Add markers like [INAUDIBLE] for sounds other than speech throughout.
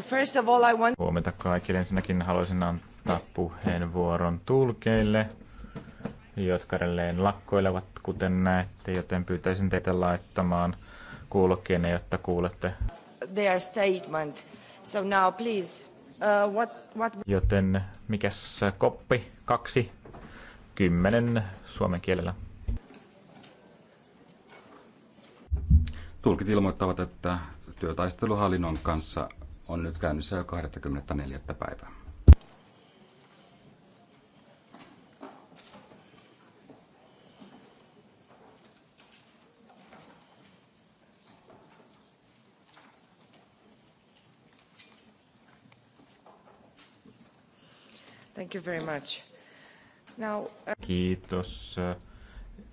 First of all, I want... Huomenta kaikille. Ensinnäkin haluaisin antaa puheenvuoron tulkeille, jotka edelleen lakkoilevat, kuten näette, joten pyytäisin teitä laittamaan kuulokkeenne, jotta kuulette. Their statement. So now please, uh, what, what... Joten mikäs koppi? Kaksi. Kymmenen suomen kielellä. Tulkit ilmoittavat, että työtaisteluhallinnon kanssa on nyt käynnissä jo 24. päivää. Thank you very much. Now, uh... Kiitos.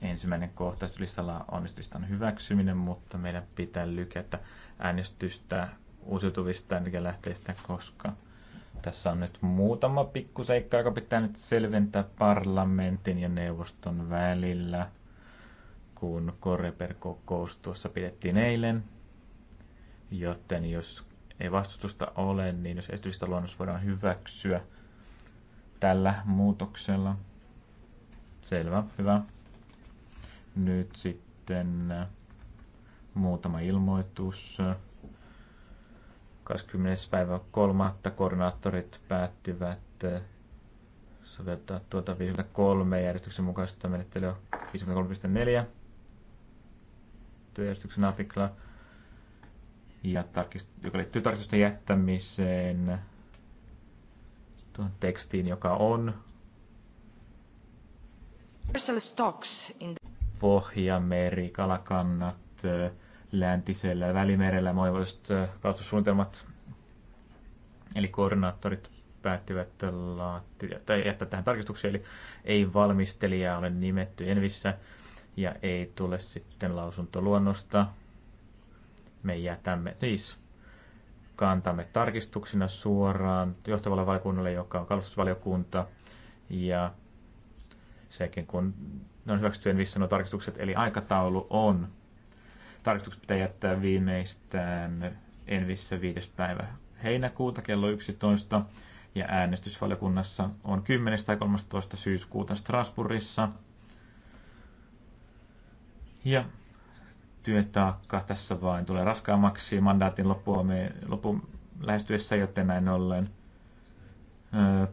Ensimmäinen kohta, listalla on hyväksyminen, mutta meidän pitää lykätä äänestystä uusiutuvista energialähteistä, koska tässä on nyt muutama pikkuseikka, joka pitää nyt selventää parlamentin ja neuvoston välillä, kun Koreper-kokous tuossa pidettiin eilen. Joten jos ei vastustusta ole, niin jos estyvistä luonnos voidaan hyväksyä tällä muutoksella. Selvä, hyvä. Nyt sitten äh, muutama ilmoitus. 20. päivä kolmatta koordinaattorit päättivät eh, soveltaa tuota 53 järjestyksen mukaista menettelyä 53.4 työjärjestyksen artikla, ja tarkist- joka liittyy tarkistusten jättämiseen tuohon tekstiin, joka on Pohjameri, kalakannat, eh, läntisellä välimerellä maailmalliset kalastussuunnitelmat, eli koordinaattorit päättivät laatia, jättää tähän tarkistuksia, eli ei valmistelijaa ole nimetty Envissä ja ei tule sitten lausuntoluonnosta. Me jätämme siis kantamme tarkistuksina suoraan johtavalle valiokunnalle, joka on kalastusvaliokunta. Ja sekin, kun ne on hyväksytty Envissä nuo tarkistukset, eli aikataulu on Tarkistukset pitää jättää viimeistään Envissä 5. päivä heinäkuuta kello 11 ja äänestysvaliokunnassa on 10. tai 13. syyskuuta Strasbourgissa. Ja työtaakka tässä vain tulee raskaammaksi mandaatin loppua lopun lähestyessä, joten näin ollen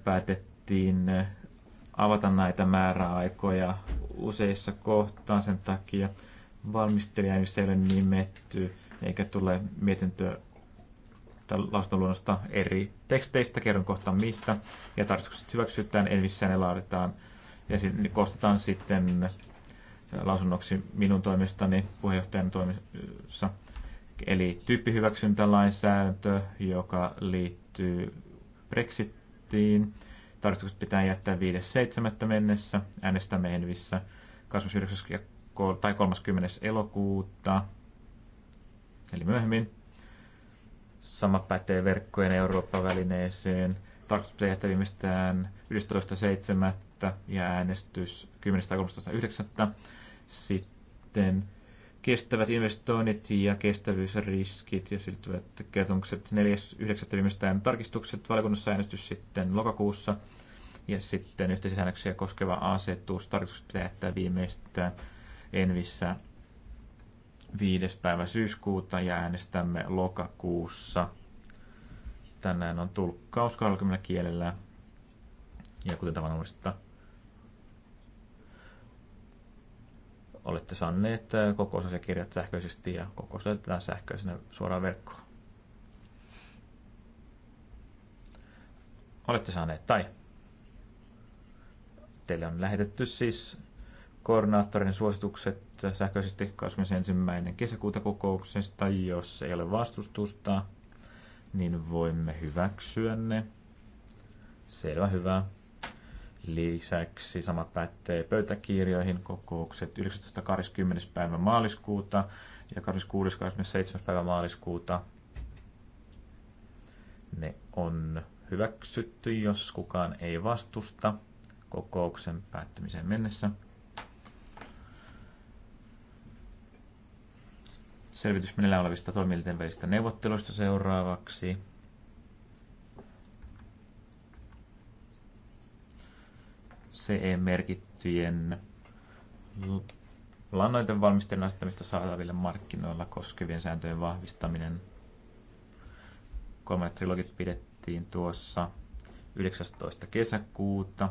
päätettiin avata näitä määräaikoja useissa kohtaan sen takia, valmistelija, jos ei ole nimetty, eikä tule mietintöä lausuntoluonnosta eri teksteistä, kerron kohta mistä, ja tarkistukset hyväksytään, eli ne laaditaan, ja sitten niin koostetaan sitten lausunnoksi minun toimestani puheenjohtajan toimissa, Eli tyyppihyväksyntälainsäädäntö, joka liittyy Brexittiin. Tarkistukset pitää jättää 5.7. mennessä, äänestämme Envissä 29. ja tai 30. elokuuta, eli myöhemmin. Sama pätee verkkojen Eurooppa-välineeseen. Tarkastus tehtävä viimeistään 11.7. ja äänestys 10.13.9. Sitten kestävät investoinnit ja kestävyysriskit ja siltyvät kertomukset 4.9. viimeistään tarkistukset valiokunnassa äänestys sitten lokakuussa ja sitten yhteisäännöksiä koskeva asetus tarkistukset pitää jättää viimeistään Envissä 5. päivä syyskuuta ja äänestämme lokakuussa. Tänään on tulkkaus 20 kielellä. Ja kuten tavallista, olette saaneet äh, kokousasiakirjat sähköisesti ja kokous lähetetään sähköisenä suoraan verkkoon. Olette saaneet tai teille on lähetetty siis koordinaattorin suositukset sähköisesti 21. kesäkuuta kokouksesta. Jos ei ole vastustusta, niin voimme hyväksyä ne. Selvä, hyvä. Lisäksi sama pätee pöytäkirjoihin kokoukset 19.20. päivä maaliskuuta ja 26.27. päivä maaliskuuta. Ne on hyväksytty, jos kukaan ei vastusta kokouksen päättymiseen mennessä. selvitys meneillään olevista toimielinten välistä neuvotteluista seuraavaksi. CE-merkittyjen lannoitevalmisteiden asettamista saataville markkinoilla koskevien sääntöjen vahvistaminen. Kolmannet trilogit pidettiin tuossa 19. kesäkuuta.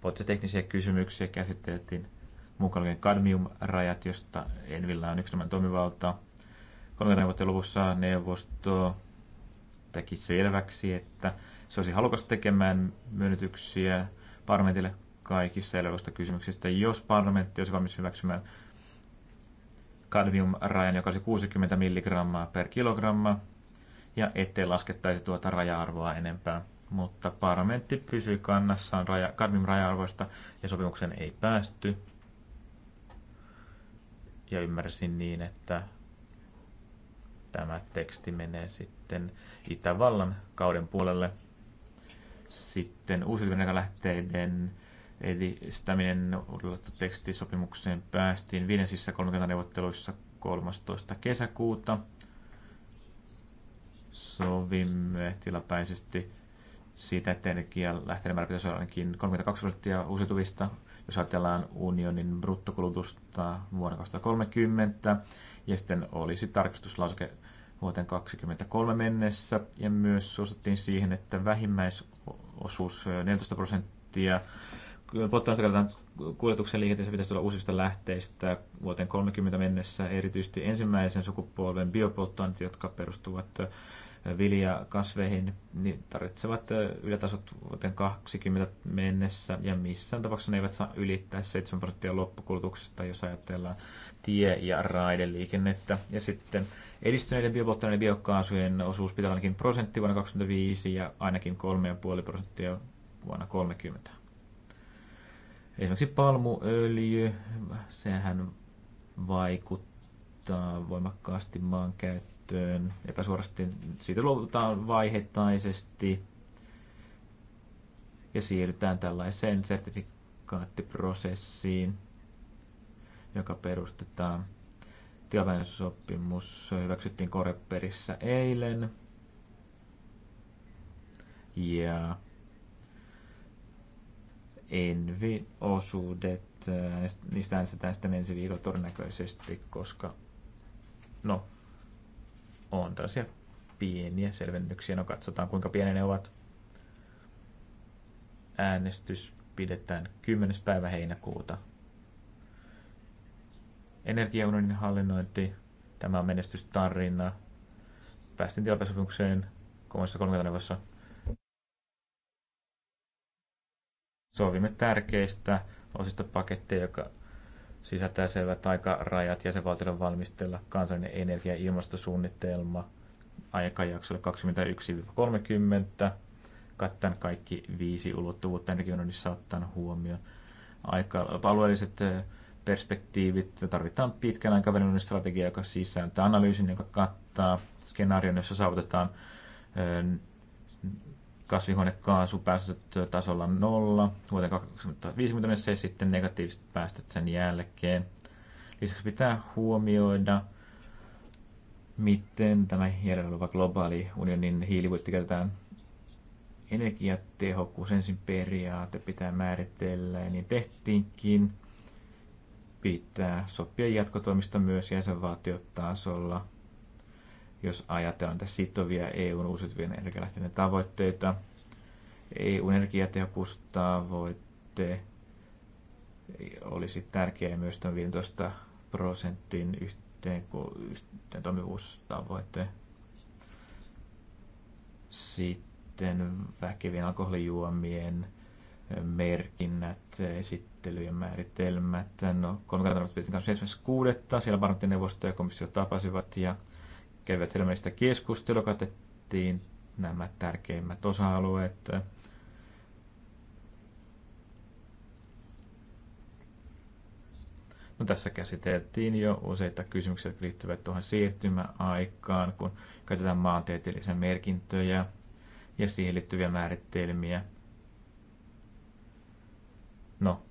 Poliittisia teknisiä kysymyksiä käsiteltiin mukaan lukien kadmiumrajat, josta Envillä on tämän toimivalta. Kolmikantaneuvottelun luvussa neuvosto teki selväksi, että se olisi halukas tekemään myönnytyksiä parlamentille kaikissa elävistä kysymyksistä, jos parlamentti olisi valmis hyväksymään kadmiumrajan, joka olisi 60 milligrammaa per kilogramma, ja ettei laskettaisi tuota raja-arvoa enempää. Mutta parlamentti pysyi kannassaan raja, arvoista ja sopimuksen ei päästy ja ymmärsin niin, että tämä teksti menee sitten Itävallan kauden puolelle. Sitten uusiutuvien lähteiden edistäminen uudellattu tekstisopimukseen päästiin viidensissä neuvotteluissa 13. kesäkuuta. Sovimme tilapäisesti siitä, että energialähteiden määrä pitäisi olla ainakin 32 prosenttia uusiutuvista jos ajatellaan unionin bruttokulutusta vuonna 2030, ja sitten olisi tarkistuslauseke vuoteen 2023 mennessä, ja myös suosittiin siihen, että vähimmäisosuus 14 prosenttia polttoaineessa kuljetuksen liikenteessä pitäisi olla uusista lähteistä vuoteen 30 mennessä, erityisesti ensimmäisen sukupolven biopolttoaineet, jotka perustuvat viljakasveihin, niin tarvitsevat ylätasot vuoteen 20 mennessä ja missään tapauksessa ne eivät saa ylittää 7 prosenttia loppukulutuksesta, jos ajatellaan tie- ja raideliikennettä. Ja sitten edistyneiden biopolttoaineiden biokaasujen osuus pitää ainakin prosentti vuonna 25 ja ainakin 3,5 prosenttia vuonna 30. Esimerkiksi palmuöljy, sehän vaikuttaa voimakkaasti maankäyttöön käyttöön epäsuorasti. Siitä luovutaan vaiheittaisesti ja siirrytään tällaiseen sertifikaattiprosessiin, joka perustetaan. Tilapäinen hyväksyttiin Koreperissä eilen. Ja Envi-osuudet, niistä äänestetään sitten ensi viikolla todennäköisesti, koska no, on tällaisia pieniä selvennyksiä. No katsotaan kuinka pieniä ne ovat. Äänestys pidetään 10. päivä heinäkuuta. Energiaunionin hallinnointi. Tämä on menestystarina. Päästin tilapäisopimukseen komissa 30 neuvossa. Sovimme tärkeistä osista paketteja, joka sisältää selvät aikarajat jäsenvaltioiden valmistella kansallinen energia- ja ilmastosuunnitelma aikajaksolle 21-30, Kattan kaikki viisi ulottuvuutta energioinnissa ottaen huomioon. Aika, alueelliset perspektiivit. Tarvitaan pitkän aikavälin strategia, joka sisältää analyysin, joka kattaa skenaarion, jossa saavutetaan kasvihuonekaasupäästöt tasolla nolla vuoteen 2050 mennessä ja sitten negatiiviset päästöt sen jälkeen. Lisäksi pitää huomioida, miten tämä hienolla globaali unionin hiilivuotti käytetään energiatehokkuus ensin periaate pitää määritellä ja niin tehtiinkin. Pitää sopia jatkotoimista myös jäsenvaltiotasolla jos ajatellaan tässä sitovia EUn uusiutuvien energialähteiden tavoitteita, EUn energiatehokustavoitte olisi tärkeä myös tämän 15 prosentin yhteen, yhteen toimivuustavoite. Sitten väkevien alkoholijuomien merkinnät, esittely ja määritelmät. No, kolmikantaneuvottelijoiden siellä varmasti neuvosto ja komissio tapasivat ja kävivät hedelmällistä keskustelua, katettiin nämä tärkeimmät osa-alueet. No, tässä käsiteltiin jo useita kysymyksiä, jotka liittyvät tuohon siirtymäaikaan, kun käytetään maantieteellisiä merkintöjä ja siihen liittyviä määritelmiä. No,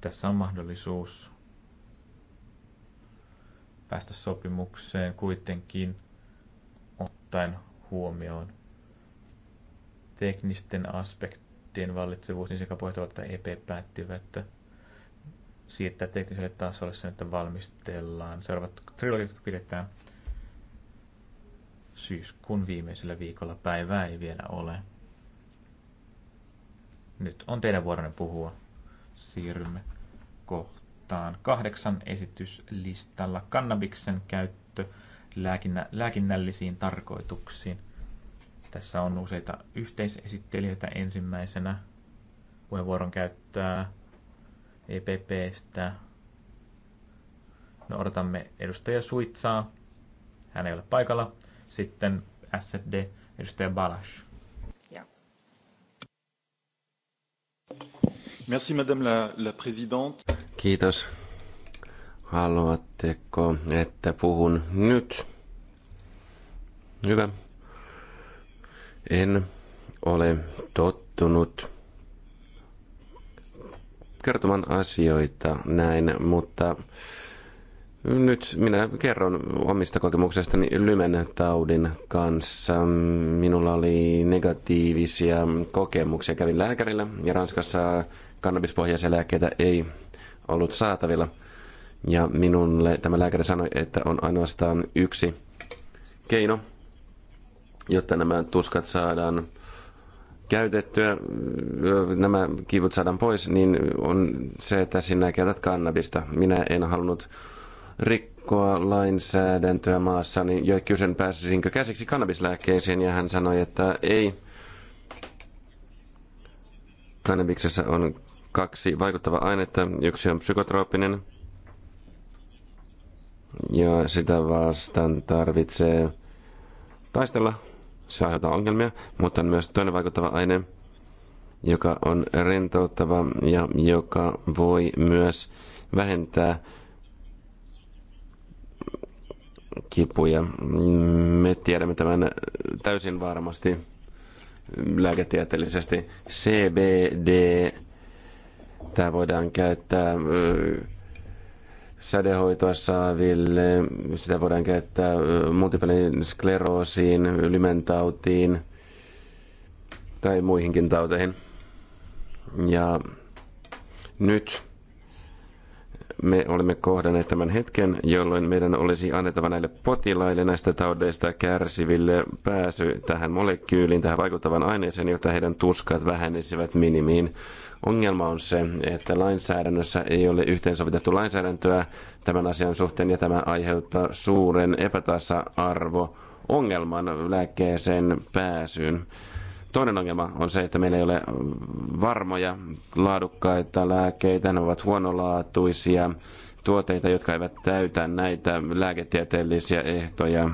tässä on mahdollisuus päästä sopimukseen kuitenkin ottaen huomioon teknisten aspektien vallitsevuus, niin sekä puheenjohtaja että EP päättivät siirtää tekniselle tasolle sen, että valmistellaan. Seuraavat trilogit pidetään syyskuun viimeisellä viikolla. Päivää ei vielä ole. Nyt on teidän vuoronne puhua. Siirrymme kohtaan kahdeksan esityslistalla kannabiksen käyttö lääkinnä, lääkinnällisiin tarkoituksiin. Tässä on useita yhteisesittelijöitä ensimmäisenä. Puheenvuoron käyttää EPPstä. No odotamme edustaja Suitsaa. Hän ei ole paikalla. Sitten SD edustaja Balash. Merci madame la, la présidente. Kiitos Haluatteko, että puhun nyt? Hyvä. En ole tottunut kertomaan asioita näin, mutta nyt minä kerron omista kokemuksestani Lymen taudin kanssa. Minulla oli negatiivisia kokemuksia. Kävin lääkärillä ja Ranskassa kannabispohjaisia lääkkeitä ei ollut saatavilla – ja minulle tämä lääkäri sanoi, että on ainoastaan yksi keino, jotta nämä tuskat saadaan käytettyä, nämä kivut saadaan pois, niin on se, että sinä käytät kannabista. Minä en halunnut rikkoa lainsäädäntöä maassa, niin jo kysyn pääsisinkö käsiksi kannabislääkkeisiin, ja hän sanoi, että ei. Kannabiksessa on kaksi vaikuttavaa ainetta. Yksi on psykotrooppinen, ja sitä vastaan tarvitsee taistella. Se aiheuttaa ongelmia, mutta on myös toinen vaikuttava aine, joka on rentouttava ja joka voi myös vähentää kipuja. Me tiedämme tämän täysin varmasti lääketieteellisesti. CBD, tämä voidaan käyttää sädehoitoa saaville. Sitä voidaan käyttää multipelin skleroosiin, lymentautiin tai muihinkin tauteihin. Ja nyt me olemme kohdanneet tämän hetken, jolloin meidän olisi annettava näille potilaille näistä taudeista kärsiville pääsy tähän molekyyliin, tähän vaikuttavan aineeseen, jotta heidän tuskat vähenisivät minimiin. Ongelma on se, että lainsäädännössä ei ole yhteensovitettu lainsäädäntöä tämän asian suhteen ja tämä aiheuttaa suuren epätasa-arvo ongelman lääkkeeseen pääsyyn. Toinen ongelma on se, että meillä ei ole varmoja laadukkaita lääkkeitä, ne ovat huonolaatuisia tuotteita, jotka eivät täytä näitä lääketieteellisiä ehtoja.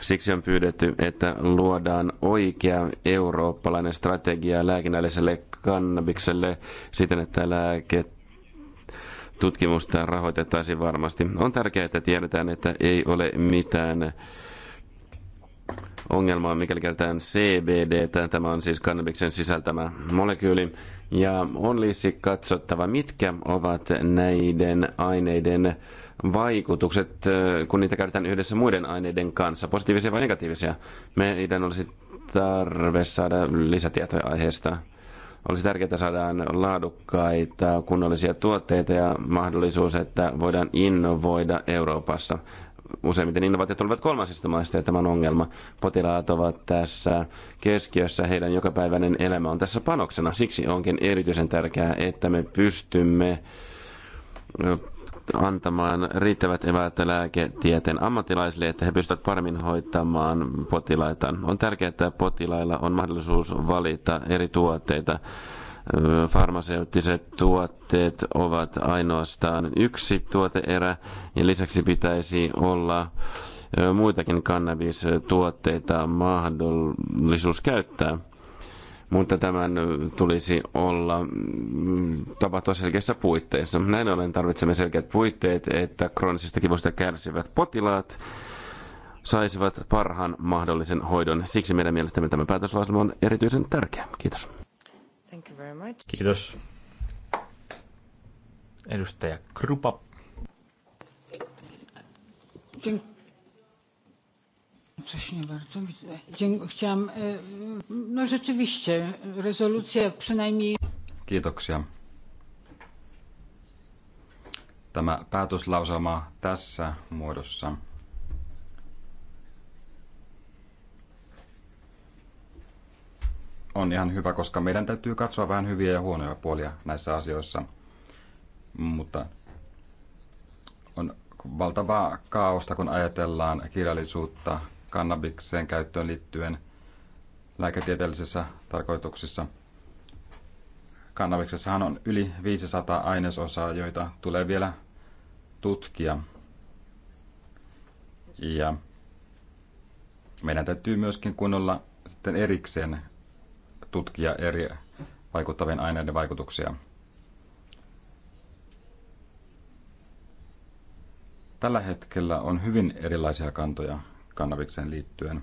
Siksi on pyydetty, että luodaan oikea eurooppalainen strategia lääkinnälliselle kannabikselle siten, että lääke tutkimusta rahoitettaisiin varmasti. On tärkeää, että tiedetään, että ei ole mitään ongelmaa, mikäli käytetään CBD, tämä on siis kannabiksen sisältämä molekyyli, ja on liisi katsottava, mitkä ovat näiden aineiden vaikutukset, äh, kun niitä käytetään yhdessä muiden aineiden kanssa, positiivisia vai negatiivisia? Meidän olisi tarve saada lisätietoja aiheesta. Olisi tärkeää, että saadaan laadukkaita, kunnollisia tuotteita ja mahdollisuus, että voidaan innovoida Euroopassa. Useimmiten innovaatiot tulevat kolmansista maista ja tämä on ongelma. Potilaat ovat tässä keskiössä, heidän jokapäiväinen elämä on tässä panoksena. Siksi onkin erityisen tärkeää, että me pystymme antamaan riittävät eväät lääketieteen ammattilaisille, että he pystyvät paremmin hoitamaan potilaitaan. On tärkeää, että potilailla on mahdollisuus valita eri tuotteita. Farmaseuttiset tuotteet ovat ainoastaan yksi tuoteerä ja lisäksi pitäisi olla muitakin kannabistuotteita mahdollisuus käyttää mutta tämän tulisi olla mm, tapahtua selkeissä puitteissa. Näin ollen tarvitsemme selkeät puitteet, että kroonisista kivusta kärsivät potilaat saisivat parhaan mahdollisen hoidon. Siksi meidän mielestämme tämä päätöslauselma on erityisen tärkeä. Kiitos. Thank you very much. Kiitos. Edustaja Krupa. Thank wcześniej bardzo. Chciałam, e, no rzeczywiście, rezolucja przynajmniej... Kiitoksia. Tämä päätöslauselma tässä muodossa on ihan hyvä, koska meidän täytyy katsoa vähän hyviä ja huonoja puolia näissä asioissa. Mutta on valtavaa kaaosta, kun ajatellaan kirjallisuutta, kannabikseen käyttöön liittyen lääketieteellisissä tarkoituksissa. Kannabiksessahan on yli 500 ainesosaa, joita tulee vielä tutkia. Ja meidän täytyy myöskin kunnolla sitten erikseen tutkia eri vaikuttavien aineiden vaikutuksia. Tällä hetkellä on hyvin erilaisia kantoja kannabikseen liittyen.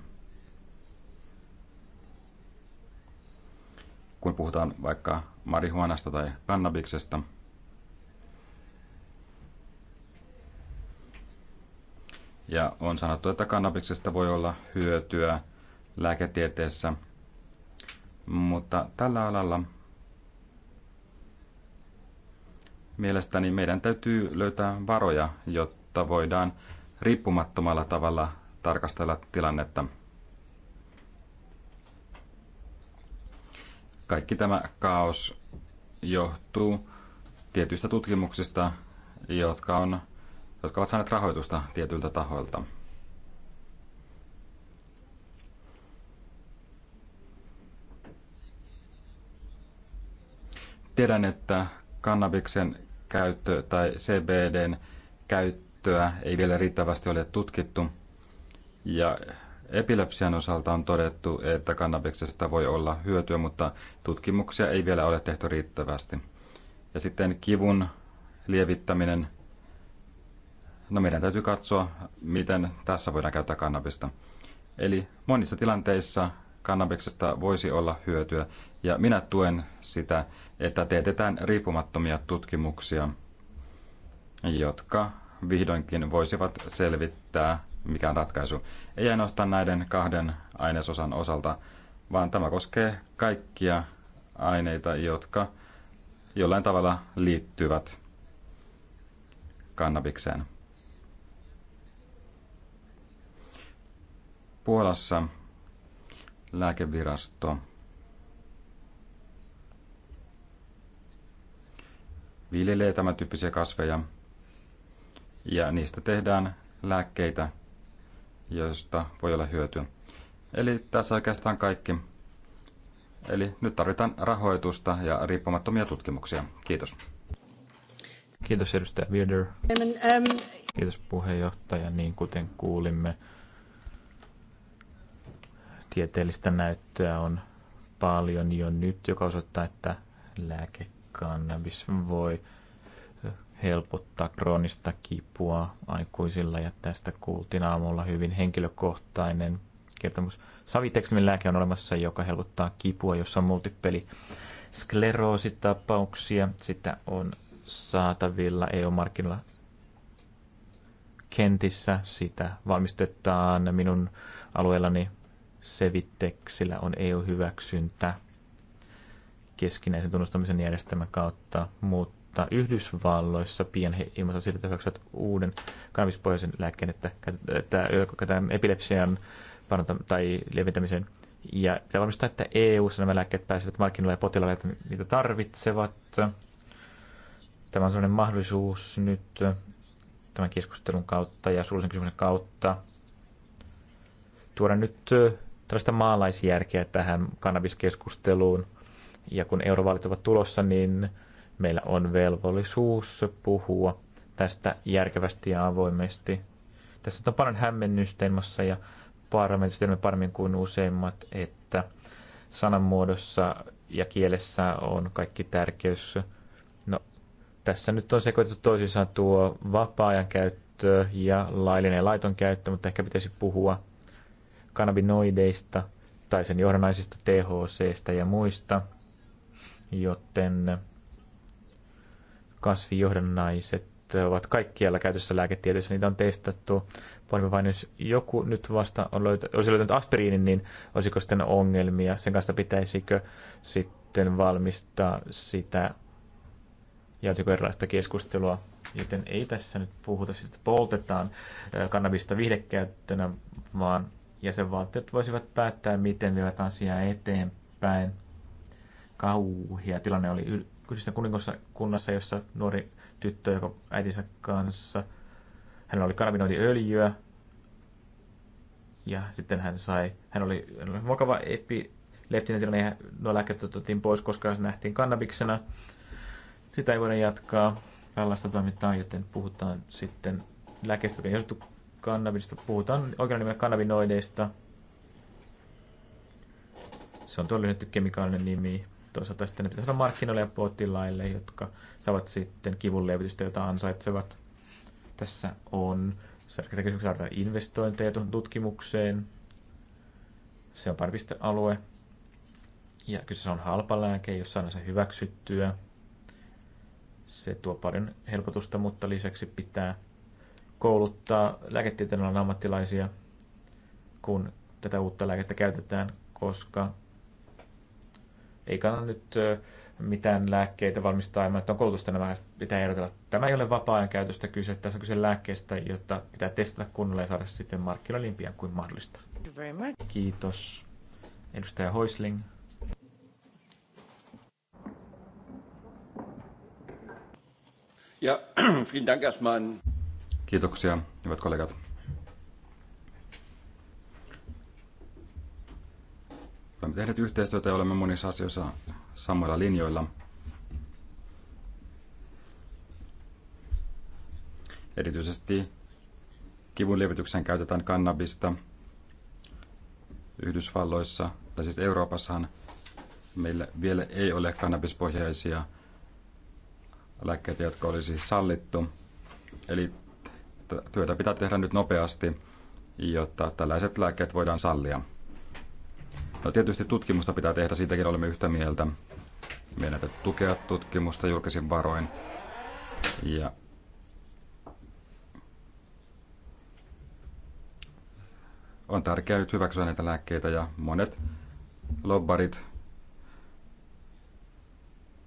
Kun puhutaan vaikka marihuanasta tai kannabiksesta, ja on sanottu, että kannabiksesta voi olla hyötyä lääketieteessä, mutta tällä alalla mielestäni meidän täytyy löytää varoja, jotta voidaan riippumattomalla tavalla tarkastella tilannetta. Kaikki tämä kaos johtuu tietyistä tutkimuksista, jotka, on, jotka ovat saaneet rahoitusta tietyiltä tahoilta. Tiedän, että kannabiksen käyttö tai CBDn käyttöä ei vielä riittävästi ole tutkittu – ja epilepsian osalta on todettu, että kannabiksesta voi olla hyötyä, mutta tutkimuksia ei vielä ole tehty riittävästi. Ja sitten kivun lievittäminen. No meidän täytyy katsoa, miten tässä voidaan käyttää kannabista. Eli monissa tilanteissa kannabiksesta voisi olla hyötyä, ja minä tuen sitä, että teetetään riippumattomia tutkimuksia, jotka vihdoinkin voisivat selvittää Mikään ratkaisu. Ei ainoastaan näiden kahden ainesosan osalta, vaan tämä koskee kaikkia aineita, jotka jollain tavalla liittyvät kannabikseen. Puolassa lääkevirasto viljelee tämän tyyppisiä kasveja ja niistä tehdään lääkkeitä joista voi olla hyötyä. Eli tässä oikeastaan kaikki. Eli nyt tarvitaan rahoitusta ja riippumattomia tutkimuksia. Kiitos. Kiitos edustaja Wilder. Um, Kiitos puheenjohtaja. Niin kuten kuulimme, tieteellistä näyttöä on paljon jo nyt, joka osoittaa, että lääkekannabis voi helpottaa kroonista kipua aikuisilla ja tästä kuultiin aamulla hyvin henkilökohtainen kertomus. Savitekstimin lääke on olemassa, joka helpottaa kipua, jossa on multipeli skleroositapauksia. Sitä on saatavilla EU-markkinoilla kentissä. Sitä valmistetaan minun alueellani Seviteksillä on EU-hyväksyntä keskinäisen tunnustamisen järjestelmän kautta. Muut mutta Yhdysvalloissa pienilmaisasiat hyväksyvät uuden kannabispohjaisen lääkkeen, että, että, että epilepsian parantam- tai levitämiseen Ja pitää varmistaa, että EU-ssa nämä lääkkeet pääsevät markkinoille ja potilaille, että niitä tarvitsevat. Tämä on sellainen mahdollisuus nyt tämän keskustelun kautta ja suullisen kysymyksen kautta tuoda nyt tällaista maalaisjärkeä tähän kannabiskeskusteluun. Ja kun eurovaalit ovat tulossa, niin meillä on velvollisuus puhua tästä järkevästi ja avoimesti. Tässä on paljon hämmennystä ja paremmin, paremmin kuin useimmat, että sananmuodossa ja kielessä on kaikki tärkeys. No, tässä nyt on sekoitettu toisiinsa tuo vapaa-ajan käyttö ja laillinen ja laiton käyttö, mutta ehkä pitäisi puhua kanabinoideista tai sen johdannaisista THCstä ja muista, joten kasvijohdannaiset ovat kaikkialla käytössä lääketieteessä, niitä on testattu. Voimme vain, jos joku nyt vasta on löytä, olisi löytänyt aspiriinin, niin olisiko sitten ongelmia? Sen kanssa pitäisikö sitten valmistaa sitä ja olisiko erilaista keskustelua? Joten ei tässä nyt puhuta siitä, että poltetaan kannabista vihdekäyttönä, vaan jäsenvaltiot voisivat päättää, miten vievät asiaa eteenpäin. Kauhia tilanne oli kyseisessä kuningaskunnassa, jossa nuori tyttö, joka äitinsä kanssa, hänellä oli karabinoidiöljyä, ja sitten hän sai, hän oli, hän oli vakava epileptinen tilanne, ja nuo lääkkeet otettiin pois, koska se nähtiin kannabiksena. Sitä ei voida jatkaa, tällaista toimintaa, joten puhutaan sitten lääkeistä, jotka ei osattu kannabista, puhutaan oikein nimellä kannabinoideista. Se on todellinen kemikaalinen nimi, toisaalta sitten ne pitäisi olla markkinoille ja potilaille, jotka saavat sitten levitystä, jota ansaitsevat. Tässä on selkeitä kysymyksiä saadaan investointeja tutkimukseen. Se on parvistealue Ja kyseessä on halpa lääke, jos saadaan se hyväksyttyä. Se tuo paljon helpotusta, mutta lisäksi pitää kouluttaa lääketieteen ammattilaisia, kun tätä uutta lääkettä käytetään, koska ei kannata nyt mitään lääkkeitä valmistaa mutta että on koulutusta nämä pitää erotella. Tämä ei ole vapaa-ajan käytöstä kyse, tässä on kyse lääkkeestä, jotta pitää testata kunnolla ja saada sitten markkinoille niin pian kuin mahdollista. Kiitos. Edustaja Hoisling. Ja, [CLEARS THROAT] vielen Dank erstmal. Kiitoksia, hyvät kollegat. Olemme tehneet yhteistyötä ja olemme monissa asioissa samoilla linjoilla. Erityisesti kivun levityksen käytetään kannabista. Yhdysvalloissa, tai siis Euroopassahan meillä vielä ei ole kannabispohjaisia lääkkeitä, jotka olisi sallittu. Eli työtä pitää tehdä nyt nopeasti, jotta tällaiset lääkkeet voidaan sallia. No tietysti tutkimusta pitää tehdä, siitäkin olemme yhtä mieltä. Meidän pitää tukea tutkimusta julkisin varoin. Ja on tärkeää nyt hyväksyä näitä lääkkeitä ja monet lobbarit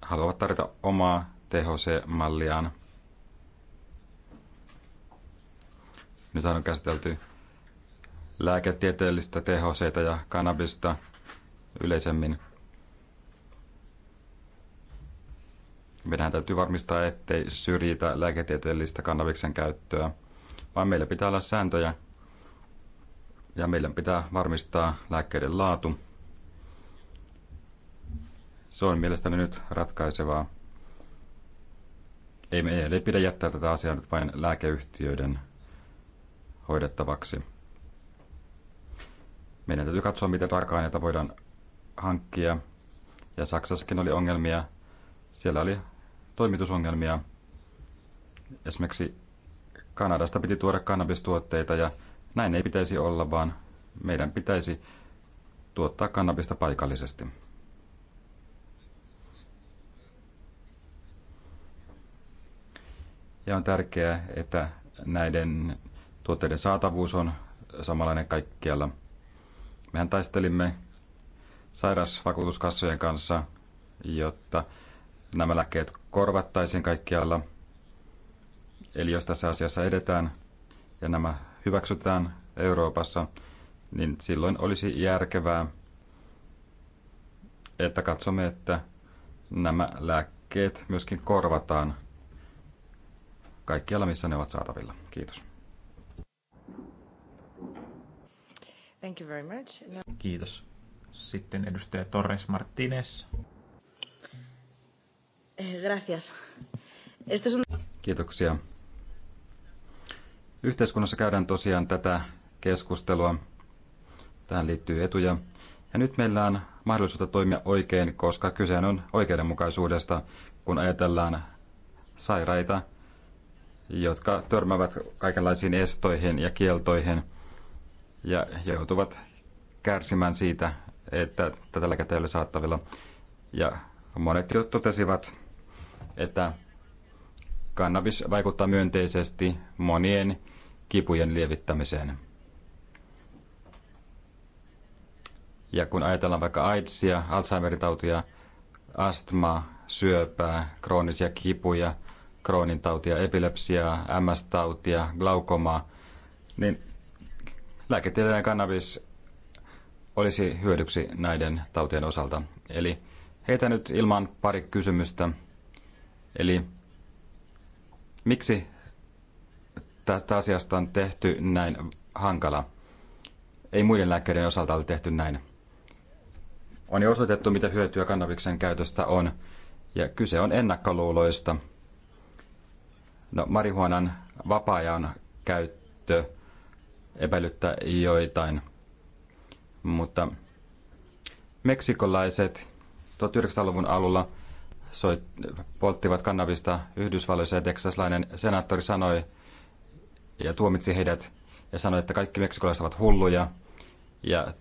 haluavat tarjota omaa THC-malliaan. Nyt on käsitelty lääketieteellistä tehoseita ja kanabista yleisemmin. Meidän täytyy varmistaa, ettei syrjitä lääketieteellistä kannabiksen käyttöä, vaan meillä pitää olla sääntöjä ja meidän pitää varmistaa lääkkeiden laatu. Se on mielestäni nyt ratkaisevaa. Ei meidän ei pidä jättää tätä asiaa nyt vain lääkeyhtiöiden hoidettavaksi. Meidän täytyy katsoa, miten raaka-aineita voidaan hankkia. Ja Saksassakin oli ongelmia. Siellä oli toimitusongelmia. Esimerkiksi Kanadasta piti tuoda kannabistuotteita ja näin ei pitäisi olla, vaan meidän pitäisi tuottaa kannabista paikallisesti. Ja on tärkeää, että näiden tuotteiden saatavuus on samanlainen kaikkialla – Mehän taistelimme sairausvakuutuskassojen kanssa, jotta nämä lääkkeet korvattaisiin kaikkialla. Eli jos tässä asiassa edetään ja nämä hyväksytään Euroopassa, niin silloin olisi järkevää, että katsomme, että nämä lääkkeet myöskin korvataan kaikkialla, missä ne ovat saatavilla. Kiitos. Thank you very much. No. Kiitos. Sitten edustaja Torres Martínez. Eh, gracias. Este Kiitoksia. Yhteiskunnassa käydään tosiaan tätä keskustelua. Tähän liittyy etuja. Ja nyt meillä on mahdollisuutta toimia oikein, koska kyse on oikeudenmukaisuudesta, kun ajatellaan sairaita, jotka törmäävät kaikenlaisiin estoihin ja kieltoihin – ja joutuvat kärsimään siitä, että tätä lääkettä ei ole saattavilla. Ja monet jo totesivat, että kannabis vaikuttaa myönteisesti monien kipujen lievittämiseen. Ja kun ajatellaan vaikka AIDSia, Alzheimerin tautia, astmaa, syöpää, kroonisia kipuja, kroonin tautia, epilepsiaa, MS-tautia, glaukomaa, niin lääketieteellinen kannabis olisi hyödyksi näiden tautien osalta. Eli heitä nyt ilman pari kysymystä. Eli miksi tästä asiasta on tehty näin hankala? Ei muiden lääkkeiden osalta ole tehty näin. On jo osoitettu, mitä hyötyä kannabiksen käytöstä on, ja kyse on ennakkoluuloista. No, marihuonan vapaa-ajan käyttö – epäilyttää joitain. Mutta meksikolaiset 1900-luvun alulla soit, polttivat kannabista Yhdysvalloissa ja teksaslainen senaattori sanoi ja tuomitsi heidät ja sanoi, että kaikki meksikolaiset ovat hulluja ja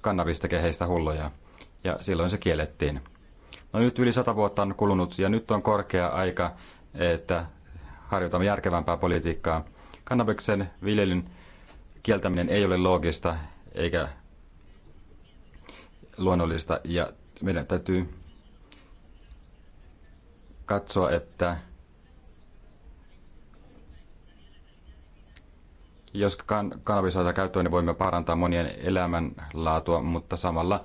kannabis tekee heistä hulluja. Ja silloin se kiellettiin. No nyt yli sata vuotta on kulunut ja nyt on korkea aika, että harjoitamme järkevämpää politiikkaa. Kannabiksen viljelyn kieltäminen ei ole loogista eikä luonnollista ja meidän täytyy katsoa, että jos kan- kannabis otetaan käyttöön, niin voimme parantaa monien elämänlaatua, mutta samalla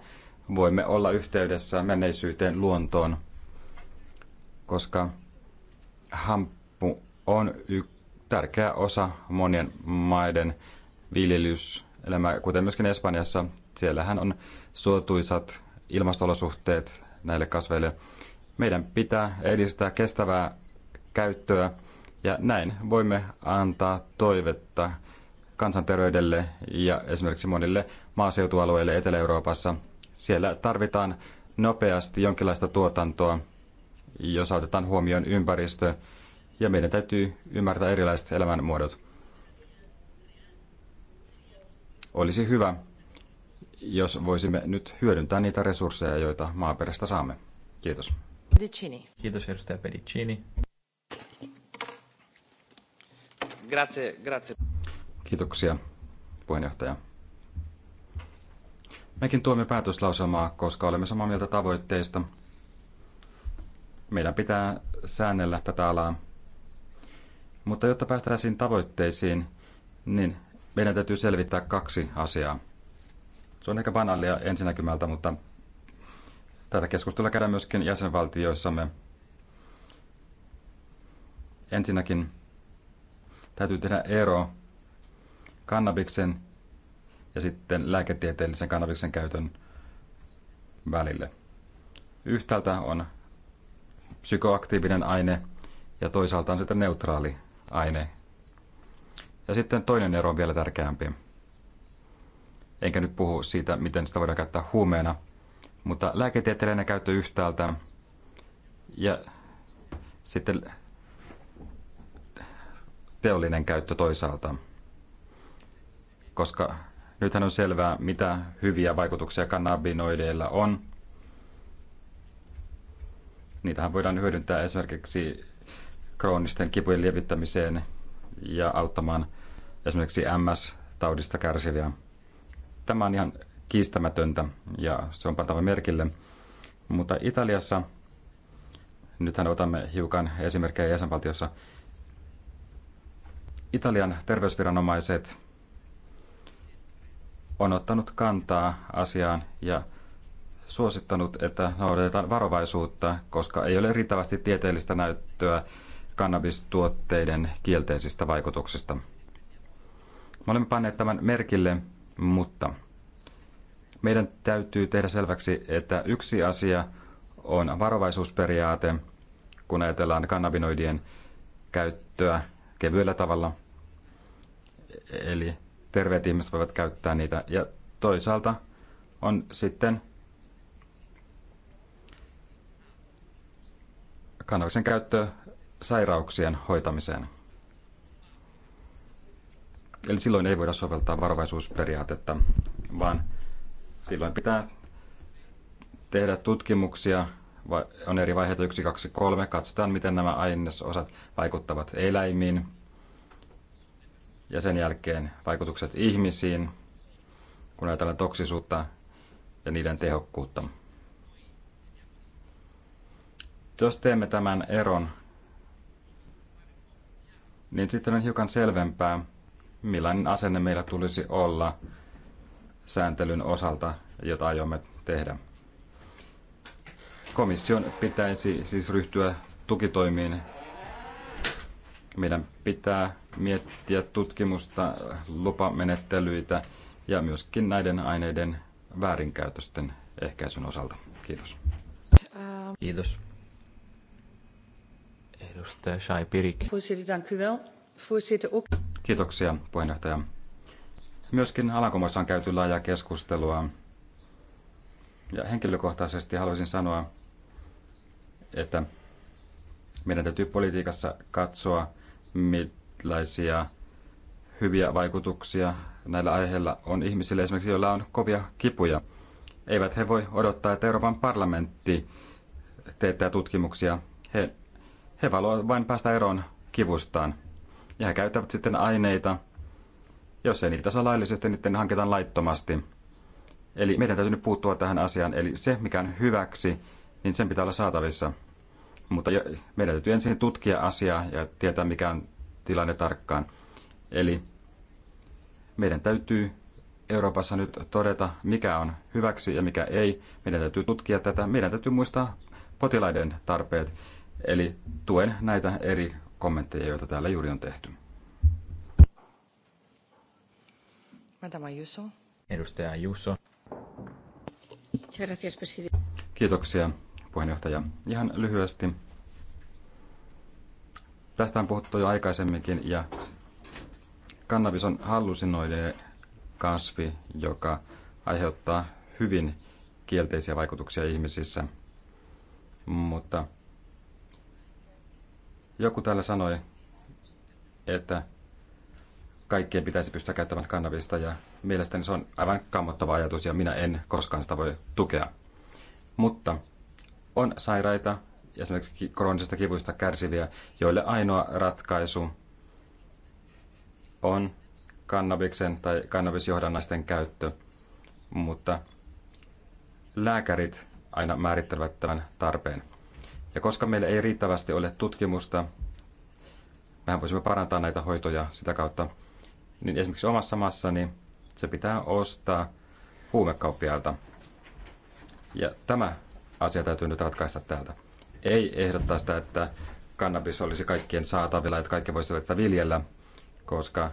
voimme olla yhteydessä menneisyyteen luontoon, koska hamppu on y- tärkeä osa monien maiden viljelyselämä, kuten myöskin Espanjassa. Siellähän on suotuisat ilmastolosuhteet näille kasveille. Meidän pitää edistää kestävää käyttöä ja näin voimme antaa toivetta kansanterveydelle ja esimerkiksi monille maaseutualueille Etelä-Euroopassa. Siellä tarvitaan nopeasti jonkinlaista tuotantoa, jos otetaan huomioon ympäristö, ja meidän täytyy ymmärtää erilaiset elämänmuodot. Olisi hyvä, jos voisimme nyt hyödyntää niitä resursseja, joita maaperästä saamme. Kiitos. Pedicini. Kiitos edustaja Pedicini. Grazie, grazie. Kiitoksia, puheenjohtaja. Mekin tuomme päätöslauselmaa, koska olemme samaa mieltä tavoitteista. Meidän pitää säännellä tätä alaa. Mutta jotta päästäisiin tavoitteisiin, niin meidän täytyy selvittää kaksi asiaa. Se on ehkä banaalia ensinäkymältä, mutta tätä keskustelua käydään myöskin jäsenvaltioissamme. Ensinnäkin täytyy tehdä ero kannabiksen ja sitten lääketieteellisen kannabiksen käytön välille. Yhtäältä on psykoaktiivinen aine ja toisaalta on sitten neutraali aine ja sitten toinen ero on vielä tärkeämpi. Enkä nyt puhu siitä, miten sitä voidaan käyttää huumeena, mutta lääketieteellinen käyttö yhtäältä ja sitten teollinen käyttö toisaalta. Koska nythän on selvää, mitä hyviä vaikutuksia kannabinoideilla on. Niitähän voidaan hyödyntää esimerkiksi kroonisten kipujen lievittämiseen ja auttamaan esimerkiksi MS-taudista kärsiviä. Tämä on ihan kiistämätöntä ja se on pantava merkille. Mutta Italiassa, nythän otamme hiukan esimerkkejä jäsenvaltiossa, Italian terveysviranomaiset on ottanut kantaa asiaan ja suosittanut, että noudatetaan varovaisuutta, koska ei ole riittävästi tieteellistä näyttöä kannabistuotteiden kielteisistä vaikutuksista. Me olemme panneet tämän merkille, mutta meidän täytyy tehdä selväksi, että yksi asia on varovaisuusperiaate, kun ajatellaan kannabinoidien käyttöä kevyellä tavalla. Eli terveet ihmiset voivat käyttää niitä. Ja toisaalta on sitten kannabisen käyttö sairauksien hoitamiseen. Eli silloin ei voida soveltaa varovaisuusperiaatetta, vaan silloin pitää tehdä tutkimuksia, on eri vaiheita 1, 2, 3, katsotaan miten nämä ainesosat vaikuttavat eläimiin ja sen jälkeen vaikutukset ihmisiin, kun ajatellaan toksisuutta ja niiden tehokkuutta. Jos teemme tämän eron niin sitten on hiukan selvempää, millainen asenne meillä tulisi olla sääntelyn osalta, jota aiomme tehdä. Komission pitäisi siis ryhtyä tukitoimiin. Meidän pitää miettiä tutkimusta, lupamenettelyitä ja myöskin näiden aineiden väärinkäytösten ehkäisyn osalta. Kiitos. Kiitos. Edustaja Shai Pirik. Kiitoksia, puheenjohtaja. Myöskin Alankomoissa on käyty laajaa keskustelua. Ja henkilökohtaisesti haluaisin sanoa, että meidän täytyy politiikassa katsoa, millaisia hyviä vaikutuksia näillä aiheilla on ihmisille, esimerkiksi joilla on kovia kipuja. Eivät he voi odottaa, että Euroopan parlamentti teettää tutkimuksia. He he valovat vain päästä eroon kivustaan. Ja he käyttävät sitten aineita. Jos ei niitä saa laillisesti, niin ne hankitaan laittomasti. Eli meidän täytyy nyt puuttua tähän asiaan. Eli se, mikä on hyväksi, niin sen pitää olla saatavissa. Mutta meidän täytyy ensin tutkia asiaa ja tietää, mikä on tilanne tarkkaan. Eli meidän täytyy Euroopassa nyt todeta, mikä on hyväksi ja mikä ei. Meidän täytyy tutkia tätä. Meidän täytyy muistaa potilaiden tarpeet. Eli tuen näitä eri kommentteja, joita täällä juuri on tehty. Madame Ayuso. Edustaja Ayuso. Kiitoksia, puheenjohtaja. Ihan lyhyesti. Tästä on puhuttu jo aikaisemminkin ja kannabis on hallusinoiden kasvi, joka aiheuttaa hyvin kielteisiä vaikutuksia ihmisissä. Mutta joku täällä sanoi, että kaikkien pitäisi pystyä käyttämään kannabista ja mielestäni se on aivan kammottava ajatus ja minä en koskaan sitä voi tukea. Mutta on sairaita, esimerkiksi kroonisista kivuista kärsiviä, joille ainoa ratkaisu on kannabiksen tai kannabisjohdannaisten käyttö, mutta lääkärit aina määrittävät tämän tarpeen. Ja koska meillä ei riittävästi ole tutkimusta, mehän voisimme parantaa näitä hoitoja sitä kautta, niin esimerkiksi omassa maassani se pitää ostaa huumekauppialta. Ja tämä asia täytyy nyt ratkaista täältä. Ei ehdottaa sitä, että kannabis olisi kaikkien saatavilla, että kaikki voisivat sitä viljellä, koska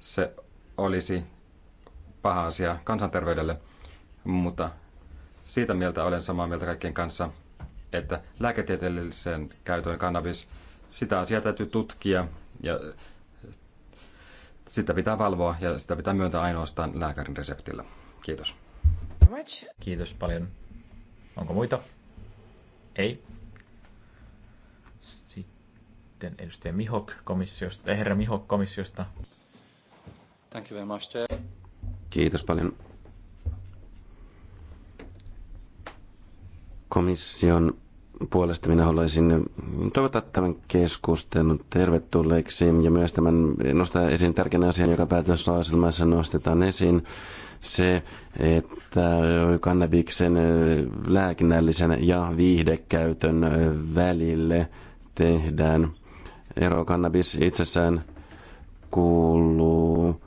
se olisi paha asia kansanterveydelle. Mutta siitä mieltä olen samaa mieltä kaikkien kanssa, että lääketieteellisen käytön kannabis, sitä asiaa täytyy tutkia ja sitä pitää valvoa ja sitä pitää myöntää ainoastaan lääkärin reseptillä. Kiitos. Kiitos paljon. Onko muita? Ei. Sitten edustaja Mihok komissiosta, eh, herra Mihok komissiosta. Thank you very much, Chair. Kiitos paljon. Komission puolesta minä haluaisin toivottaa tämän keskustelun tervetulleeksi ja myös tämän nostaa esiin tärkeän asian, joka päätöslauselmassa nostetaan esiin. Se, että kannabiksen lääkinnällisen ja viihdekäytön välille tehdään ero. Kannabis itsessään kuuluu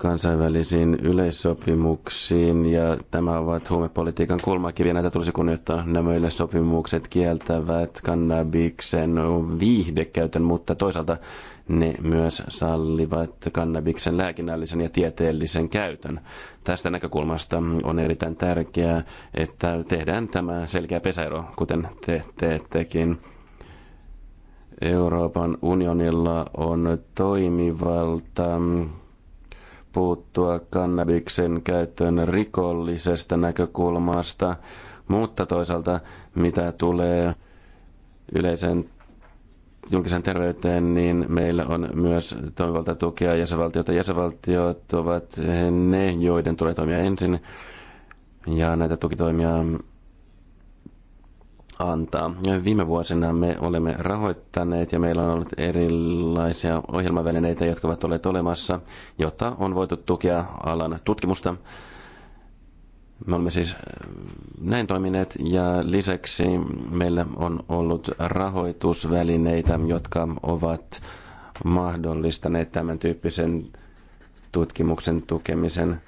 kansainvälisiin yleissopimuksiin ja tämä ovat huumepolitiikan kulmakiviä. Näitä tulisi kunnioittaa. Nämä yleissopimukset kieltävät kannabiksen viihdekäytön, mutta toisaalta ne myös sallivat kannabiksen lääkinnällisen ja tieteellisen käytön. Tästä näkökulmasta on erittäin tärkeää, että tehdään tämä selkeä pesäero, kuten te teettekin. Euroopan unionilla on toimivalta puuttua kannabiksen käyttöön rikollisesta näkökulmasta, mutta toisaalta mitä tulee yleisen julkisen terveyteen, niin meillä on myös toimivalta tukea jäsenvaltioita. Jäsenvaltiot ovat ne, joiden tulee toimia ensin. Ja näitä tukitoimia antaa. Viime vuosina me olemme rahoittaneet ja meillä on ollut erilaisia ohjelmavälineitä, jotka ovat olleet olemassa, jotta on voitu tukea alan tutkimusta. Me olemme siis äh, näin toimineet ja lisäksi meillä on ollut rahoitusvälineitä, jotka ovat mahdollistaneet tämän tyyppisen tutkimuksen tukemisen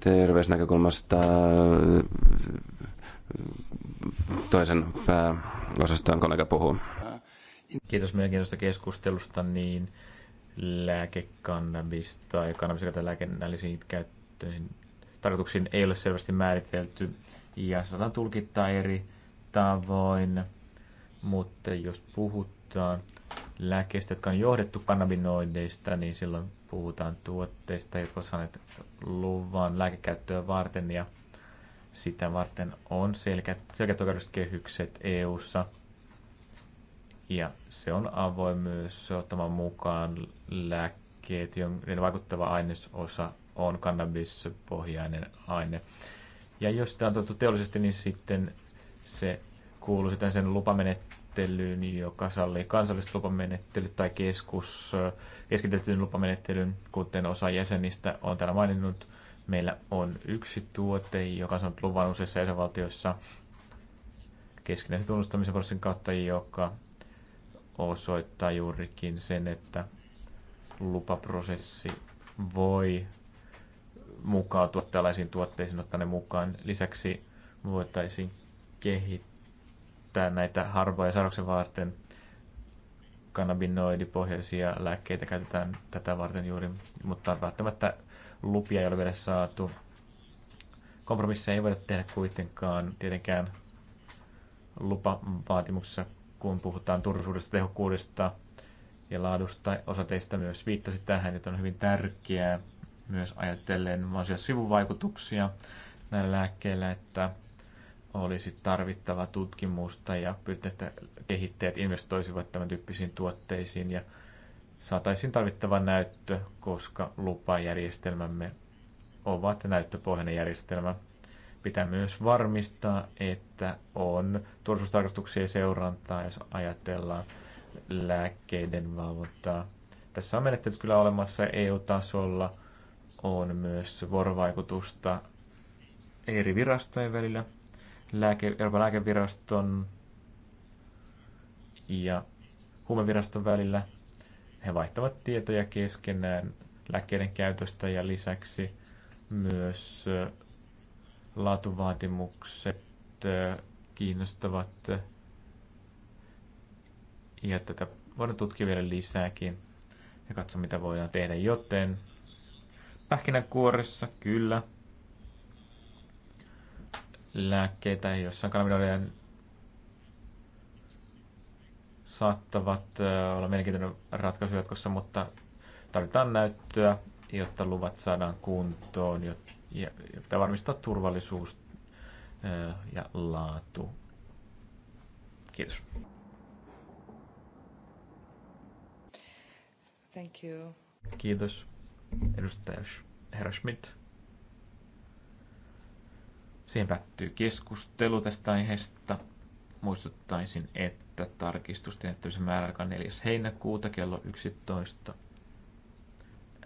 terveysnäkökulmasta toisen pääosastaan kollega puhuu. Kiitos mielenkiintoista keskustelusta, niin lääkekannabis tai kannabis lääkennällisiin käyttöihin tarkoituksiin ei ole selvästi määritelty ja saadaan tulkittaa eri tavoin, mutta jos puhutaan lääkkeistä, jotka on johdettu kannabinoideista, niin silloin puhutaan tuotteista, jotka ovat saaneet luvan lääkekäyttöä varten ja sitä varten on selkeät, selkeät oikeudelliset kehykset EU-ssa. Ja se on myös ottamaan mukaan lääkkeet, joiden vaikuttava ainesosa on kannabispohjainen aine. Ja jos tämä on tuotettu teollisesti, niin sitten se kuuluu sitten sen lupamenettelyyn, joka sallii kansalliset lupamenettelyt tai keskus, keskitetyn lupamenettelyn, kuten osa jäsenistä on täällä maininnut. Meillä on yksi tuote, joka on saanut luvan useissa jäsenvaltioissa keskinäisen tunnustamisen prosessin kautta, joka osoittaa juurikin sen, että lupaprosessi voi mukaan tällaisiin tuotteisiin ottaa ne mukaan. Lisäksi voitaisiin kehittää näitä harvoja sairauksen varten kannabinoidipohjaisia lääkkeitä käytetään tätä varten juuri, mutta välttämättä lupia ei ole vielä saatu. Kompromisseja ei voida tehdä kuitenkaan tietenkään lupavaatimuksessa, kun puhutaan turvallisuudesta, tehokkuudesta ja laadusta. Osa teistä myös viittasi tähän, että on hyvin tärkeää myös ajatellen mahdollisia sivuvaikutuksia näillä lääkkeillä, että olisi tarvittava tutkimusta ja että kehittäjät investoisivat tämän tyyppisiin tuotteisiin ja saataisiin tarvittava näyttö, koska lupajärjestelmämme ovat näyttöpohjainen järjestelmä. Pitää myös varmistaa, että on turvallisuustarkastuksia ja seurantaa, jos ajatellaan lääkkeiden valvontaa. Tässä on menettelyt kyllä olemassa EU-tasolla, on myös vuorovaikutusta eri virastojen välillä, lääke, Euroopan lääkeviraston ja huumeviraston välillä – he vaihtavat tietoja keskenään lääkkeiden käytöstä ja lisäksi myös laatuvaatimukset kiinnostavat ja tätä voidaan tutkia vielä lisääkin ja katsoa mitä voidaan tehdä, joten pähkinänkuoressa kyllä lääkkeitä jossain kanavidoiden saattavat olla mielenkiintoinen ratkaisu jatkossa, mutta tarvitaan näyttöä, jotta luvat saadaan kuntoon ja pitää varmistaa turvallisuus ja laatu. Kiitos. Thank you. Kiitos, edustaja herra Schmidt. Siihen päättyy keskustelu tästä aiheesta. Muistuttaisin, että tarkistusten jättämisen määräaika 4. heinäkuuta kello 11.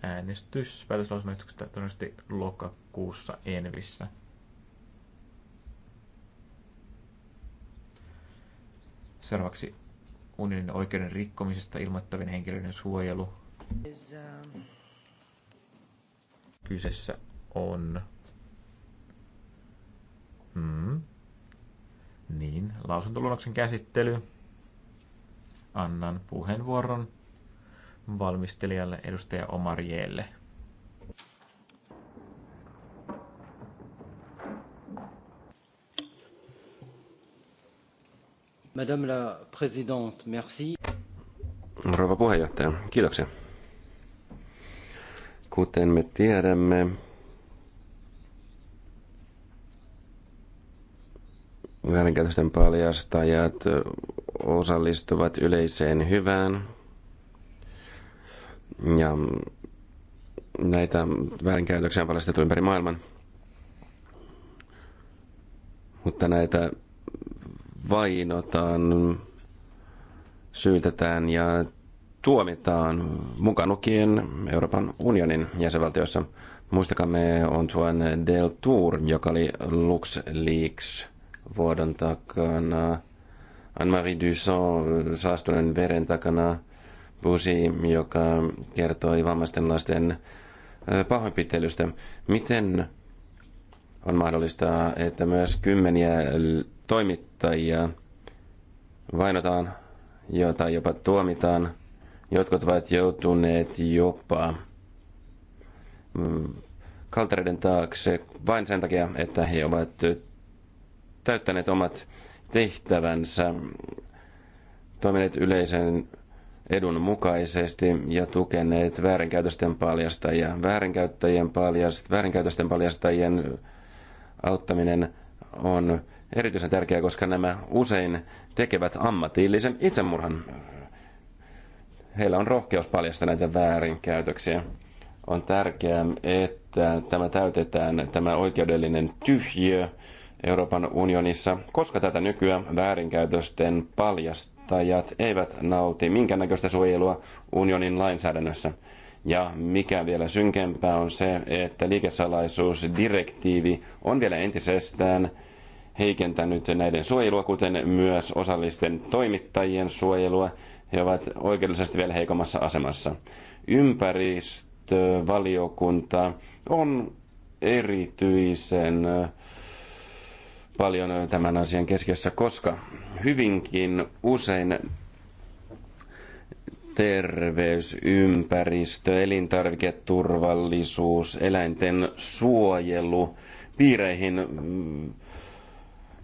Äänestys päätöslausumaistukset todennäköisesti lokakuussa Envissä. Seuraavaksi unionin oikeuden rikkomisesta ilmoittavien henkilöiden suojelu. Um, Kyseessä on... Hmm. Niin, lausuntoluonnoksen käsittely. Annan puheenvuoron valmistelijalle edustaja Omarjeelle. Madame la présidente, merci. Rouva puheenjohtaja, kiitoksia. Kuten me tiedämme, väärinkäytösten paljastajat osallistuvat yleiseen hyvään. Ja mm, näitä väärinkäytöksiä on paljastettu ympäri maailman. Mutta näitä vainotaan, syytetään ja tuomitaan mukaan lukien Euroopan unionin jäsenvaltioissa. on Antoine Del Tour, joka oli Leaks vuoden takana, Anne-Marie Dusson saastuneen veren takana, Busi, joka kertoi vammaisten lasten pahoinpitelystä. Miten on mahdollista, että myös kymmeniä toimittajia vainotaan tai jopa tuomitaan. Jotkut ovat joutuneet jopa mm, kaltereiden taakse vain sen takia, että he ovat täyttäneet omat tehtävänsä, toimineet yleisen edun mukaisesti ja tukeneet väärinkäytösten paljastajia. Väärinkäyttäjien paljast, väärinkäytösten paljastajien auttaminen on erityisen tärkeää, koska nämä usein tekevät ammatillisen itsemurhan. Heillä on rohkeus paljastaa näitä väärinkäytöksiä. On tärkeää, että tämä täytetään, tämä oikeudellinen tyhjiö, Euroopan unionissa, koska tätä nykyä väärinkäytösten paljastajat eivät nauti minkäännäköistä suojelua unionin lainsäädännössä. Ja mikä vielä synkempää on se, että liikesalaisuusdirektiivi on vielä entisestään heikentänyt näiden suojelua, kuten myös osallisten toimittajien suojelua. He ovat oikeudellisesti vielä heikommassa asemassa. Ympäristövaliokunta on erityisen paljon tämän asian keskiössä, koska hyvinkin usein terveysympäristö elintarviketurvallisuus, eläinten suojelu, piireihin mm,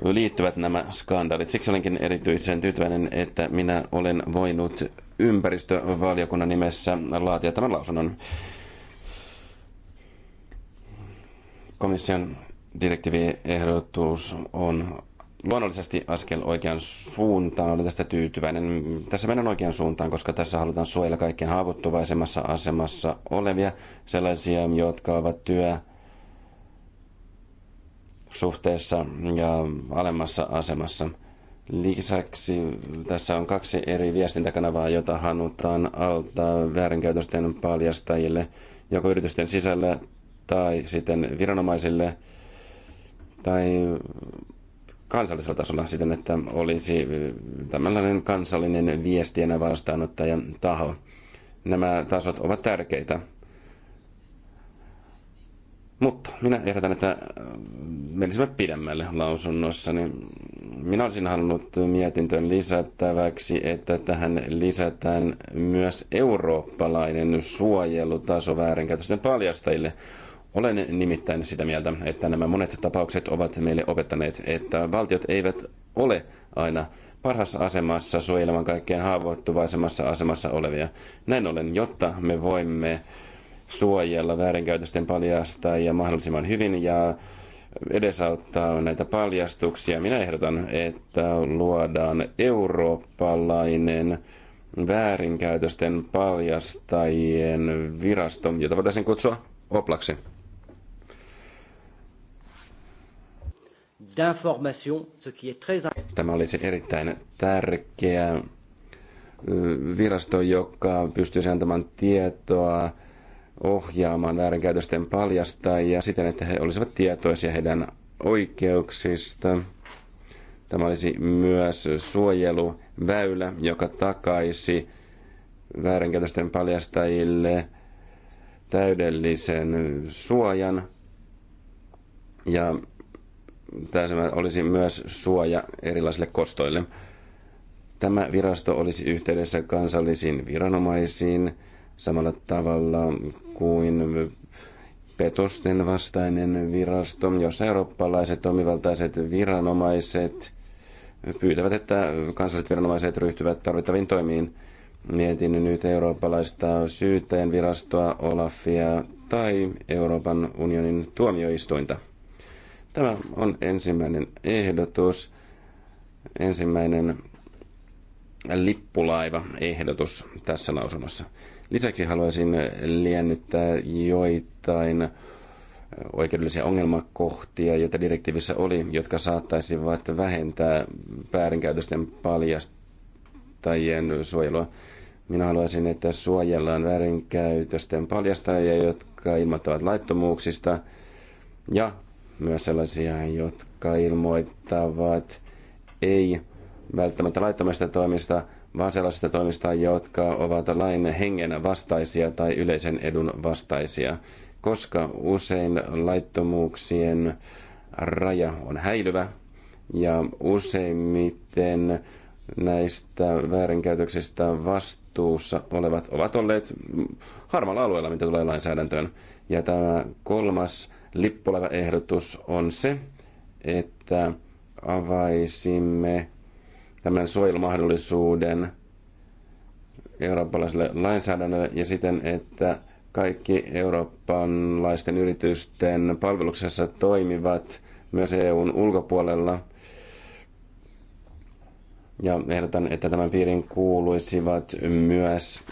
liittyvät nämä skandaalit. Siksi olenkin erityisen tyytyväinen, että minä olen voinut ympäristövaliokunnan nimessä laatia tämän lausunnon. Komission direktiiviehdotus on luonnollisesti askel oikean suuntaan. Olen tästä tyytyväinen. Tässä mennään oikean suuntaan, koska tässä halutaan suojella kaikkien haavoittuvaisemmassa asemassa olevia, sellaisia, jotka ovat työ suhteessa ja alemmassa asemassa. Lisäksi tässä on kaksi eri viestintäkanavaa, jota hannutaan alta väärinkäytösten paljastajille, joko yritysten sisällä tai sitten viranomaisille – tai kansallisella tasolla siten, että olisi tämmöinen kansallinen viestien vastaanottajan taho. Nämä tasot ovat tärkeitä. Mutta minä ehdotan, että menisimme pidemmälle lausunnossa. Minä olisin halunnut mietintöön lisättäväksi, että tähän lisätään myös eurooppalainen suojelutaso väärinkäytösten paljastajille – olen nimittäin sitä mieltä, että nämä monet tapaukset ovat meille opettaneet, että valtiot eivät ole aina parhassa asemassa suojelemaan kaikkein haavoittuvaisemmassa asemassa olevia. Näin ollen, jotta me voimme suojella väärinkäytösten paljasta ja mahdollisimman hyvin ja edesauttaa näitä paljastuksia. Minä ehdotan, että luodaan eurooppalainen väärinkäytösten paljastajien virasto, jota voitaisiin kutsua Oplaksi. d'information, ce qui est très Tämä olisi erittäin tärkeä virasto, joka pystyisi antamaan tietoa ohjaamaan väärinkäytösten paljastajia siten, että he olisivat tietoisia heidän oikeuksista. Tämä olisi myös suojeluväylä, joka takaisi väärinkäytösten paljastajille täydellisen suojan. Ja tämä olisi myös suoja erilaisille kostoille. Tämä virasto olisi yhteydessä kansallisiin viranomaisiin samalla tavalla kuin petosten vastainen virasto, jossa eurooppalaiset toimivaltaiset viranomaiset pyytävät, että kansalliset viranomaiset ryhtyvät tarvittaviin toimiin. Mietin nyt eurooppalaista syyteen virastoa, Olafia tai Euroopan unionin tuomioistuinta. Tämä on ensimmäinen ehdotus, ensimmäinen lippulaiva-ehdotus tässä lausunnossa. Lisäksi haluaisin liennyttää joitain oikeudellisia ongelmakohtia, joita direktiivissä oli, jotka saattaisivat vähentää väärinkäytösten paljastajien suojelua. Minä haluaisin, että suojellaan väärinkäytösten paljastajia, jotka ilmoittavat laittomuuksista ja myös sellaisia, jotka ilmoittavat ei välttämättä laittomista toimista, vaan sellaisista toimista, jotka ovat lain hengen vastaisia tai yleisen edun vastaisia. Koska usein laittomuuksien raja on häilyvä ja useimmiten näistä väärinkäytöksistä vastuussa olevat ovat olleet harmalla alueella, mitä tulee lainsäädäntöön. Ja tämä kolmas ehdotus on se, että avaisimme tämän suojelumahdollisuuden eurooppalaiselle lainsäädännölle ja siten, että kaikki eurooppalaisten yritysten palveluksessa toimivat myös EUn ulkopuolella – ja ehdotan, että tämän piirin kuuluisivat myös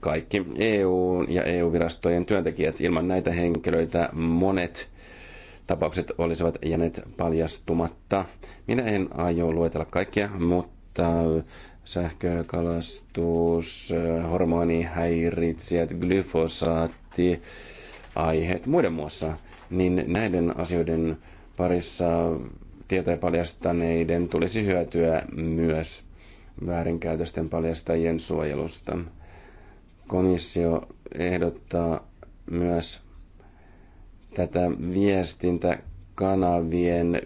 kaikki EU- ja EU-virastojen työntekijät. Ilman näitä henkilöitä monet tapaukset olisivat jääneet paljastumatta. Minä en aio luetella kaikkia, mutta sähkökalastus, hormonihäiritsijät, glyfosaatti, aiheet muiden muassa, niin näiden asioiden parissa tietoja paljastaneiden tulisi hyötyä myös väärinkäytösten paljastajien suojelusta. Komissio ehdottaa myös tätä viestintäkanavien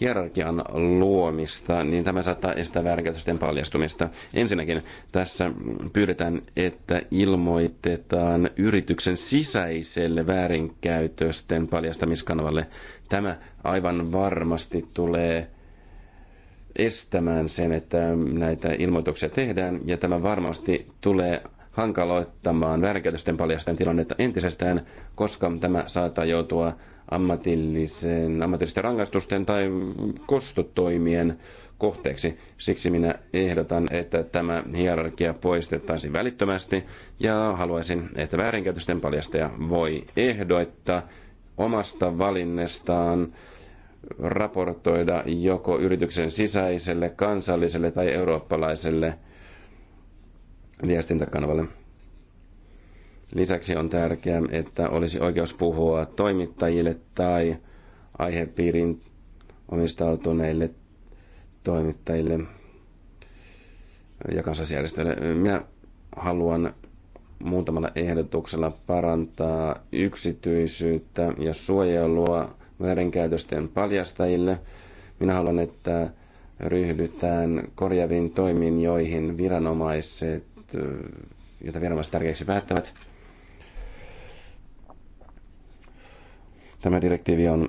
hierarkian luomista, niin tämä saattaa estää väärinkäytösten paljastumista. Ensinnäkin tässä pyydetään, että ilmoitetaan yrityksen sisäiselle väärinkäytösten paljastamiskanavalle. Tämä aivan varmasti tulee estämään sen, että näitä ilmoituksia tehdään, ja tämä varmasti tulee hankaloittamaan väärinkäytösten paljastajan tilannetta entisestään, koska tämä saattaa joutua ammatillisen, ammatillisten rangaistusten tai kostotoimien kohteeksi. Siksi minä ehdotan, että tämä hierarkia poistettaisiin välittömästi ja haluaisin, että väärinkäytösten paljastaja voi ehdoittaa omasta valinnestaan raportoida joko yrityksen sisäiselle, kansalliselle tai eurooppalaiselle viestintäkanavalle. Lisäksi on tärkeää, että olisi oikeus puhua toimittajille tai aihepiirin omistautuneille toimittajille ja kansalaisjärjestöille. Minä haluan muutamalla ehdotuksella parantaa yksityisyyttä ja suojelua väärinkäytösten paljastajille. Minä haluan, että ryhdytään korjaviin toimiin, joihin viranomaiset, joita viranomaiset tärkeiksi päättävät. Tämä direktiivi on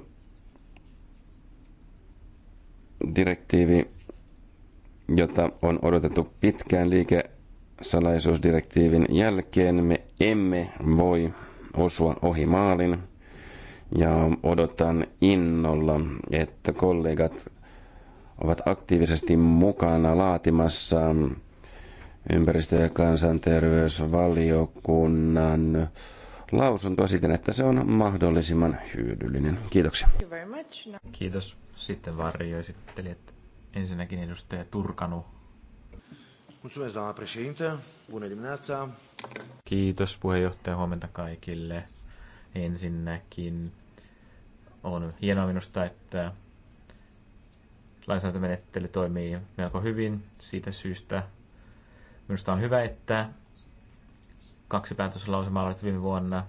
direktiivi, jota on odotettu pitkään liikesalaisuusdirektiivin jälkeen. Me emme voi osua ohi maalin ja odotan innolla, että kollegat ovat aktiivisesti mukana laatimassa ympäristö- ja kansanterveysvaliokunnan lausuntoa siten, että se on mahdollisimman hyödyllinen. Kiitoksia. No. Kiitos. Sitten että Ensinnäkin edustaja Turkanu. Kiitos puheenjohtaja, huomenta kaikille. Ensinnäkin on hienoa minusta, että lainsäädäntömenettely toimii melko hyvin siitä syystä. Minusta on hyvä, että kaksi päätöslausumaa viime vuonna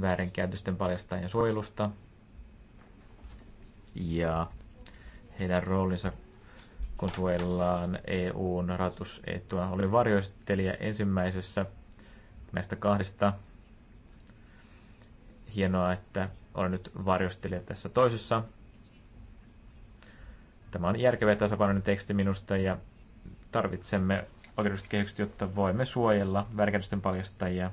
väärinkäytösten paljastajan ja suojelusta. Ja heidän roolinsa, kun suojellaan EUn rahoitusetua. Oli varjoistelija ensimmäisessä näistä kahdesta. Hienoa, että olen nyt varjostelija tässä toisessa. Tämä on järkevä tasapainoinen teksti minusta ja tarvitsemme oikeudelliset kehykset, jotta voimme suojella väärinkäytösten paljastajia.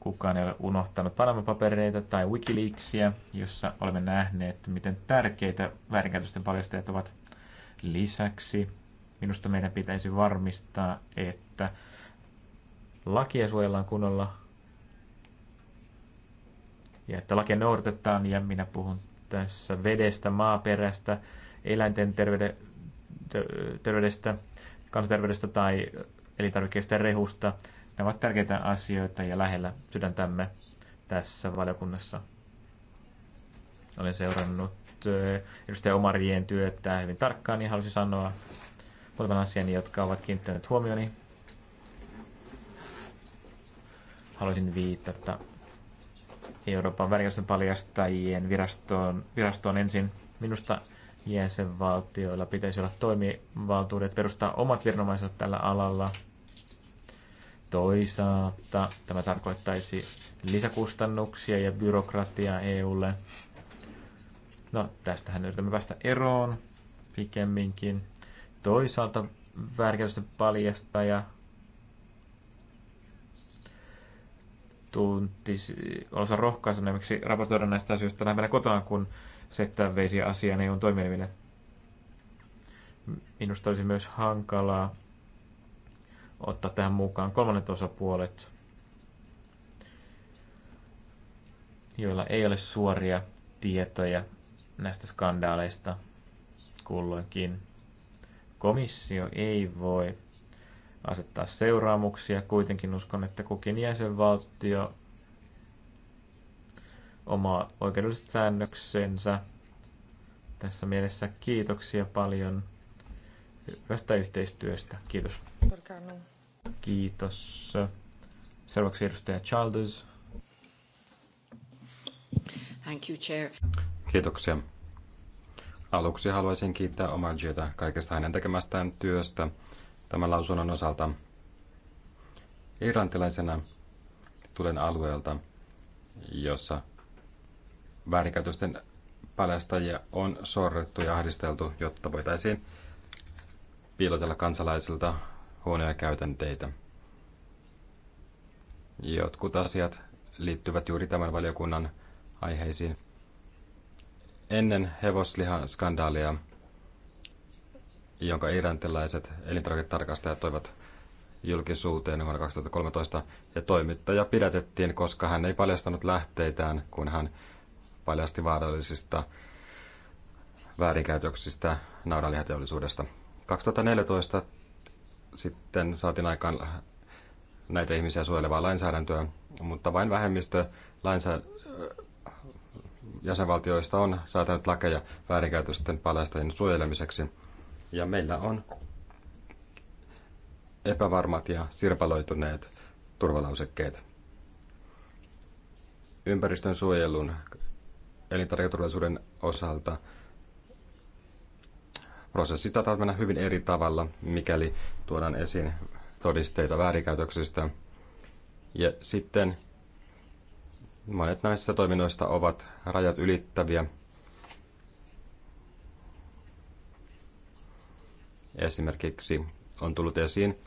Kukaan ei ole unohtanut Panama-papereita tai Wikileaksia, jossa olemme nähneet, miten tärkeitä väärinkäytösten paljastajat ovat. Lisäksi minusta meidän pitäisi varmistaa, että lakia suojellaan kunnolla ja että lakia noudatetaan ja minä puhun tässä vedestä, maaperästä, eläinten terveyden terveydestä, kansanterveydestä tai elintarvikkeista ja rehusta. Ne ovat tärkeitä asioita ja lähellä sydäntämme tässä valiokunnassa. Olen seurannut eh, edustaja Omarien työtä hyvin tarkkaan, niin halusin sanoa muutaman asian, jotka ovat kiinnittäneet huomioni. Haluaisin viitata Euroopan välikäisten paljastajien virastoon, virastoon ensin. Minusta jäsenvaltioilla pitäisi olla toimivaltuudet perustaa omat viranomaiset tällä alalla. Toisaalta tämä tarkoittaisi lisäkustannuksia ja byrokratiaa EUlle. No, tästähän yritämme päästä eroon pikemminkin. Toisaalta väärinkäytösten paljastaja tuntisi olensa rohkaisena esimerkiksi raportoida näistä asioista lähempänä kotona, kun settää että asiaa asian on toimielimille. Minusta olisi myös hankalaa ottaa tähän mukaan kolmannet osapuolet, joilla ei ole suoria tietoja näistä skandaaleista kulloinkin. Komissio ei voi asettaa seuraamuksia. Kuitenkin uskon, että kukin jäsenvaltio oma oikeudelliset säännöksensä. Tässä mielessä kiitoksia paljon hyvästä yhteistyöstä. Kiitos. Kiitos. Seuraavaksi edustaja Childers. Thank you, Chair. Kiitoksia. Aluksi haluaisin kiittää Omarjeta kaikesta hänen tekemästään työstä tämän lausunnon osalta. Irlantilaisena tulen alueelta, jossa väärinkäytösten paljastajia on sorrettu ja ahdisteltu, jotta voitaisiin piilotella kansalaisilta huonoja käytänteitä. Jotkut asiat liittyvät juuri tämän valiokunnan aiheisiin. Ennen hevoslihaskandaalia, jonka irantilaiset elintarviketarkastajat toivat julkisuuteen vuonna 2013, ja toimittaja pidätettiin, koska hän ei paljastanut lähteitään, kun hän paljasti vaarallisista väärinkäytöksistä naudanlihateollisuudesta. 2014 sitten saatiin aikaan näitä ihmisiä suojelevaa lainsäädäntöä, mutta vain vähemmistö lainsä... jäsenvaltioista on säätänyt lakeja väärinkäytösten paljastajien suojelemiseksi. Ja meillä on epävarmat ja sirpaloituneet turvalausekkeet. Ympäristön suojelun elintarjoturvallisuuden osalta prosessit saattavat mennä hyvin eri tavalla, mikäli tuodaan esiin todisteita väärinkäytöksistä. Ja sitten monet näistä toiminnoista ovat rajat ylittäviä. Esimerkiksi on tullut esiin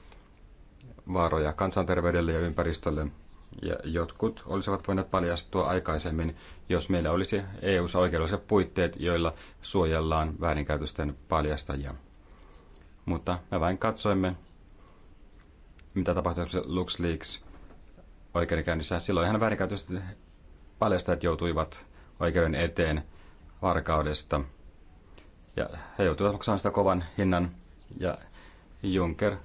vaaroja kansanterveydelle ja ympäristölle – ja jotkut olisivat voineet paljastua aikaisemmin, jos meillä olisi EU-ssa oikeudelliset puitteet, joilla suojellaan väärinkäytösten paljastajia. Mutta me vain katsoimme, mitä tapahtui LuxLeaks oikeudenkäynnissä. Silloinhan väärinkäytösten paljastajat joutuivat oikeuden eteen varkaudesta. Ja he joutuivat maksamaan sitä kovan hinnan. Ja Juncker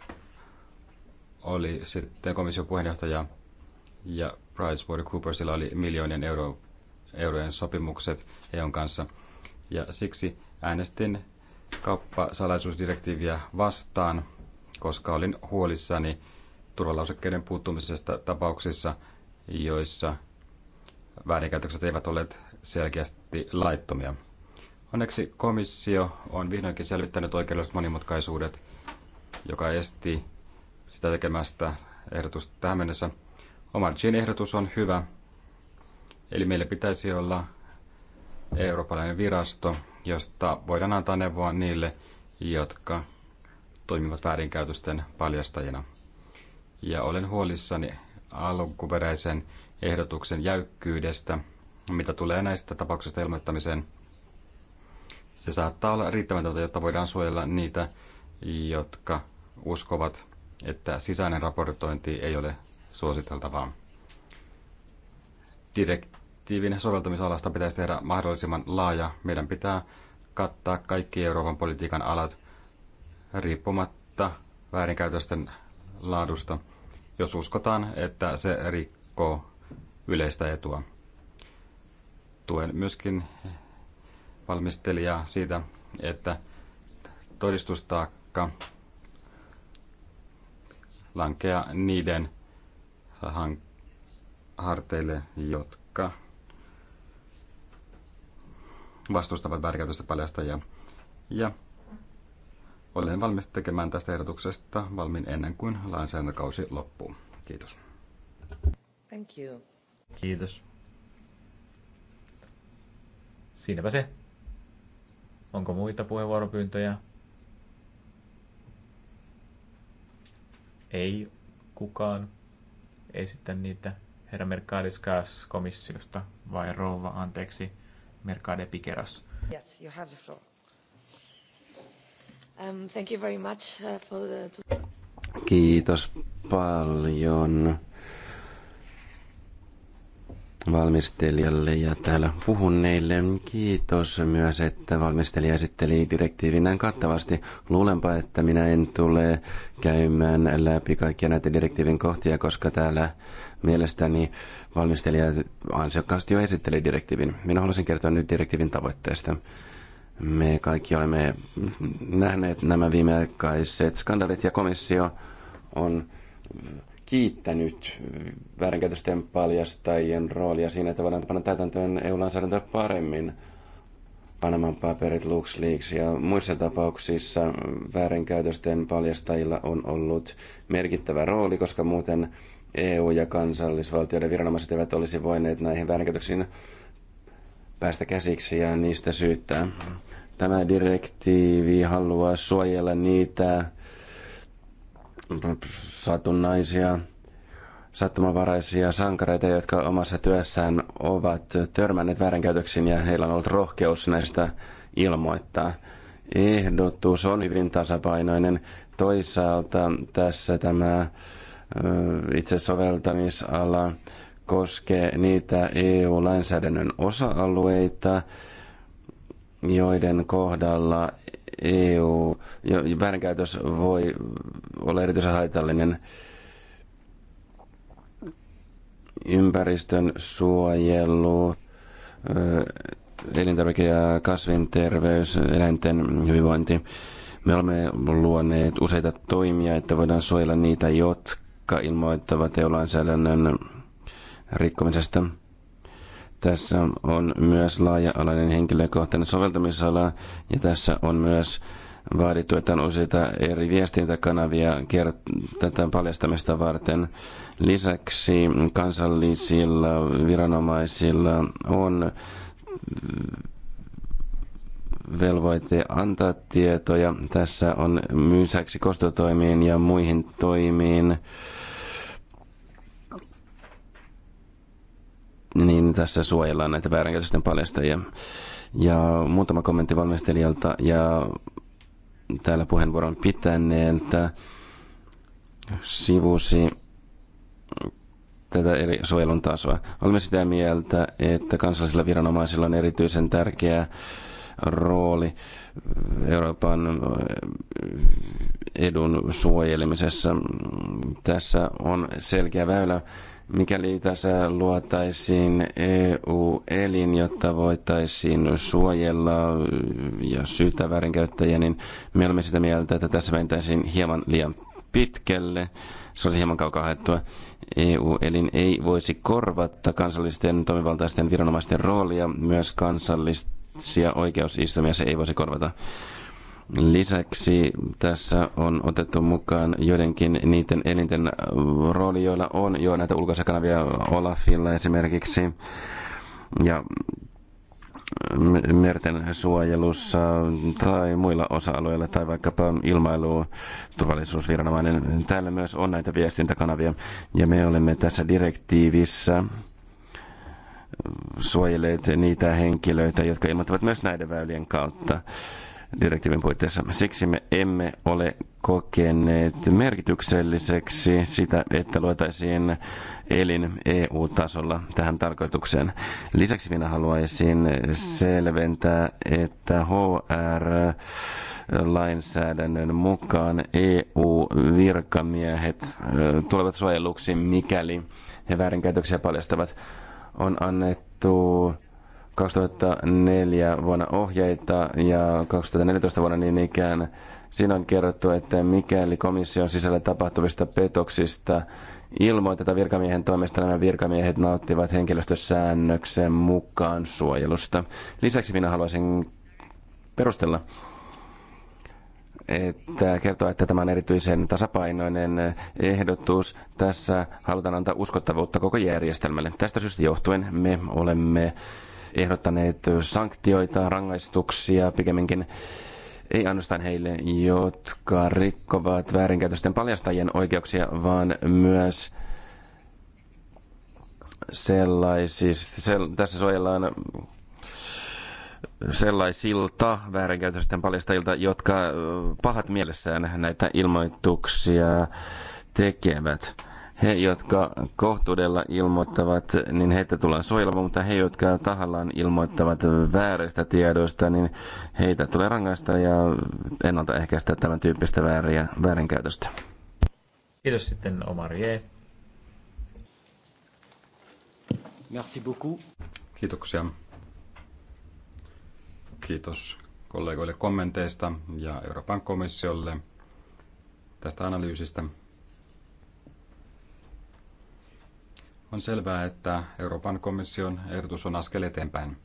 oli sitten komission puheenjohtaja ja PricewaterhouseCoopersilla oli miljoonien euro, eurojen sopimukset EUn kanssa. Ja siksi äänestin kauppasalaisuusdirektiiviä vastaan, koska olin huolissani turvalausekkeiden puuttumisesta tapauksissa, joissa väärinkäytökset eivät olleet selkeästi laittomia. Onneksi komissio on vihdoinkin selvittänyt oikeudelliset monimutkaisuudet, joka esti sitä tekemästä ehdotusta tähän mennessä – Omarjin ehdotus on hyvä. Eli meillä pitäisi olla eurooppalainen virasto, josta voidaan antaa neuvoa niille, jotka toimivat väärinkäytösten paljastajina. Ja olen huolissani alkuperäisen ehdotuksen jäykkyydestä, mitä tulee näistä tapauksista ilmoittamiseen. Se saattaa olla riittämätöntä, jotta voidaan suojella niitä, jotka uskovat, että sisäinen raportointi ei ole suositeltavaa. Direktiivin soveltamisalasta pitäisi tehdä mahdollisimman laaja. Meidän pitää kattaa kaikki Euroopan politiikan alat riippumatta väärinkäytösten laadusta, jos uskotaan, että se rikkoo yleistä etua. Tuen myöskin valmistelijaa siitä, että todistustaakka lankeaa niiden han harteille, jotka vastustavat väärinkäytöstä Ja, Ja olen valmis tekemään tästä ehdotuksesta valmiin ennen kuin lainsäädäntökausi loppuu. Kiitos. Thank you. Kiitos. Siinäpä se. Onko muita puheenvuoropyyntöjä? Ei kukaan ei sitten niitä herra Mercades Gas komissiosta, vai rouva, anteeksi, Mercade Piqueras. Yes, you have the floor. Um, thank you very much uh, for the... Kiitos paljon valmistelijalle ja täällä puhunneille Kiitos myös, että valmistelija esitteli direktiivin näin kattavasti. Luulenpa, että minä en tule käymään läpi kaikkia näitä direktiivin kohtia, koska täällä mielestäni valmistelija ansiokkaasti jo esitteli direktiivin. Minä haluaisin kertoa nyt direktiivin tavoitteesta. Me kaikki olemme nähneet nämä viimeaikaiset skandaalit ja komissio on kiittänyt väärinkäytösten paljastajien roolia siinä, että voidaan panna täytäntöön EU-lainsäädäntöä paremmin. Panaman paperit, Leaks ja muissa tapauksissa väärinkäytösten paljastajilla on ollut merkittävä rooli, koska muuten EU- ja kansallisvaltioiden viranomaiset eivät olisi voineet näihin väärinkäytöksiin päästä käsiksi ja niistä syyttää. Tämä direktiivi haluaa suojella niitä satunnaisia sattumavaraisia sankareita, jotka omassa työssään ovat törmänneet väärinkäytöksiin ja heillä on ollut rohkeus näistä ilmoittaa. Ehdotus on hyvin tasapainoinen. Toisaalta tässä tämä itse soveltamisala koskee niitä EU-lainsäädännön osa-alueita, joiden kohdalla EU, väärinkäytös voi olla erityisen haitallinen ympäristön suojelu, elintarvike- ja kasvinterveys, eläinten hyvinvointi. Me olemme luoneet useita toimia, että voidaan suojella niitä, jotka ilmoittavat EU-lainsäädännön rikkomisesta – tässä on myös laaja-alainen henkilökohtainen soveltamisala ja tässä on myös vaadittu, että on useita eri viestintäkanavia tätä paljastamista varten. Lisäksi kansallisilla viranomaisilla on velvoite antaa tietoja. Tässä on lisäksi kostotoimiin ja muihin toimiin niin tässä suojellaan näitä väärinkäytösten paljastajia. Ja muutama kommentti valmistelijalta ja täällä puheenvuoron pitäneeltä sivusi tätä eri suojelun tasoa. Olemme sitä mieltä, että kansallisilla viranomaisilla on erityisen tärkeä rooli Euroopan edun suojelemisessa. Tässä on selkeä väylä mikäli tässä luotaisiin EU-elin, jotta voitaisiin suojella ja syyttää väärinkäyttäjiä, niin me olemme sitä mieltä, että tässä mentäisiin hieman liian pitkälle. Se olisi hieman kaukaa haettua. EU-elin ei voisi korvata kansallisten toimivaltaisten viranomaisten roolia, myös kansallisia oikeusistumia se ei voisi korvata. Lisäksi tässä on otettu mukaan joidenkin niiden elinten rooli, joilla on jo näitä ulkoisia kanavia Olafilla esimerkiksi. Ja merten suojelussa tai muilla osa-alueilla tai vaikkapa ilmailu turvallisuusviranomainen. Täällä myös on näitä viestintäkanavia ja me olemme tässä direktiivissä suojelleet niitä henkilöitä, jotka ilmoittavat myös näiden väylien kautta direktiivin puitteissa. Siksi me emme ole kokeneet merkitykselliseksi sitä, että luotaisiin elin EU-tasolla tähän tarkoitukseen. Lisäksi minä haluaisin selventää, että HR lainsäädännön mukaan EU-virkamiehet tulevat suojeluksi, mikäli he väärinkäytöksiä paljastavat. On annettu 2004 vuonna ohjeita ja 2014 vuonna niin ikään siinä on kerrottu, että mikäli komission sisällä tapahtuvista petoksista ilmoitetaan virkamiehen toimesta, nämä virkamiehet nauttivat henkilöstösäännöksen mukaan suojelusta. Lisäksi minä haluaisin perustella, että kertoa, että tämä on erityisen tasapainoinen ehdotus. Tässä halutaan antaa uskottavuutta koko järjestelmälle. Tästä syystä johtuen me olemme ehdottaneet sanktioita, rangaistuksia pikemminkin ei ainoastaan heille, jotka rikkovat väärinkäytösten paljastajien oikeuksia, vaan myös sellaisista, sel, tässä suojellaan sellaisilta väärinkäytösten paljastajilta, jotka pahat mielessään näitä ilmoituksia tekevät he, jotka kohtuudella ilmoittavat, niin heitä tullaan suojelemaan, mutta he, jotka tahallaan ilmoittavat vääristä tiedoista, niin heitä tulee rangaista ja ennaltaehkäistä tämän tyyppistä vääriä, väärinkäytöstä. Kiitos sitten Omar J. Merci beaucoup. Kiitoksia. Kiitos kollegoille kommenteista ja Euroopan komissiolle tästä analyysistä. On selvää, että Euroopan komission ehdotus on askel eteenpäin.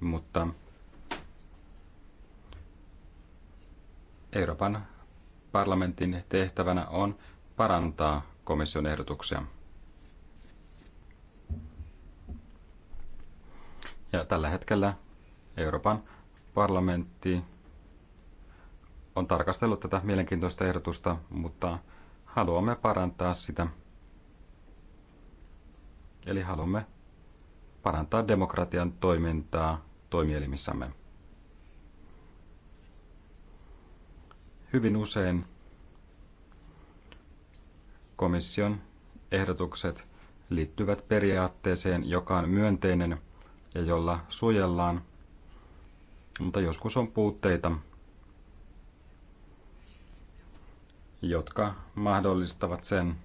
Mutta Euroopan parlamentin tehtävänä on parantaa komission ehdotuksia. Ja tällä hetkellä Euroopan parlamentti on tarkastellut tätä mielenkiintoista ehdotusta, mutta haluamme parantaa sitä – Eli haluamme parantaa demokratian toimintaa toimielimissämme. Hyvin usein komission ehdotukset liittyvät periaatteeseen, joka on myönteinen ja jolla suojellaan, mutta joskus on puutteita, jotka mahdollistavat sen,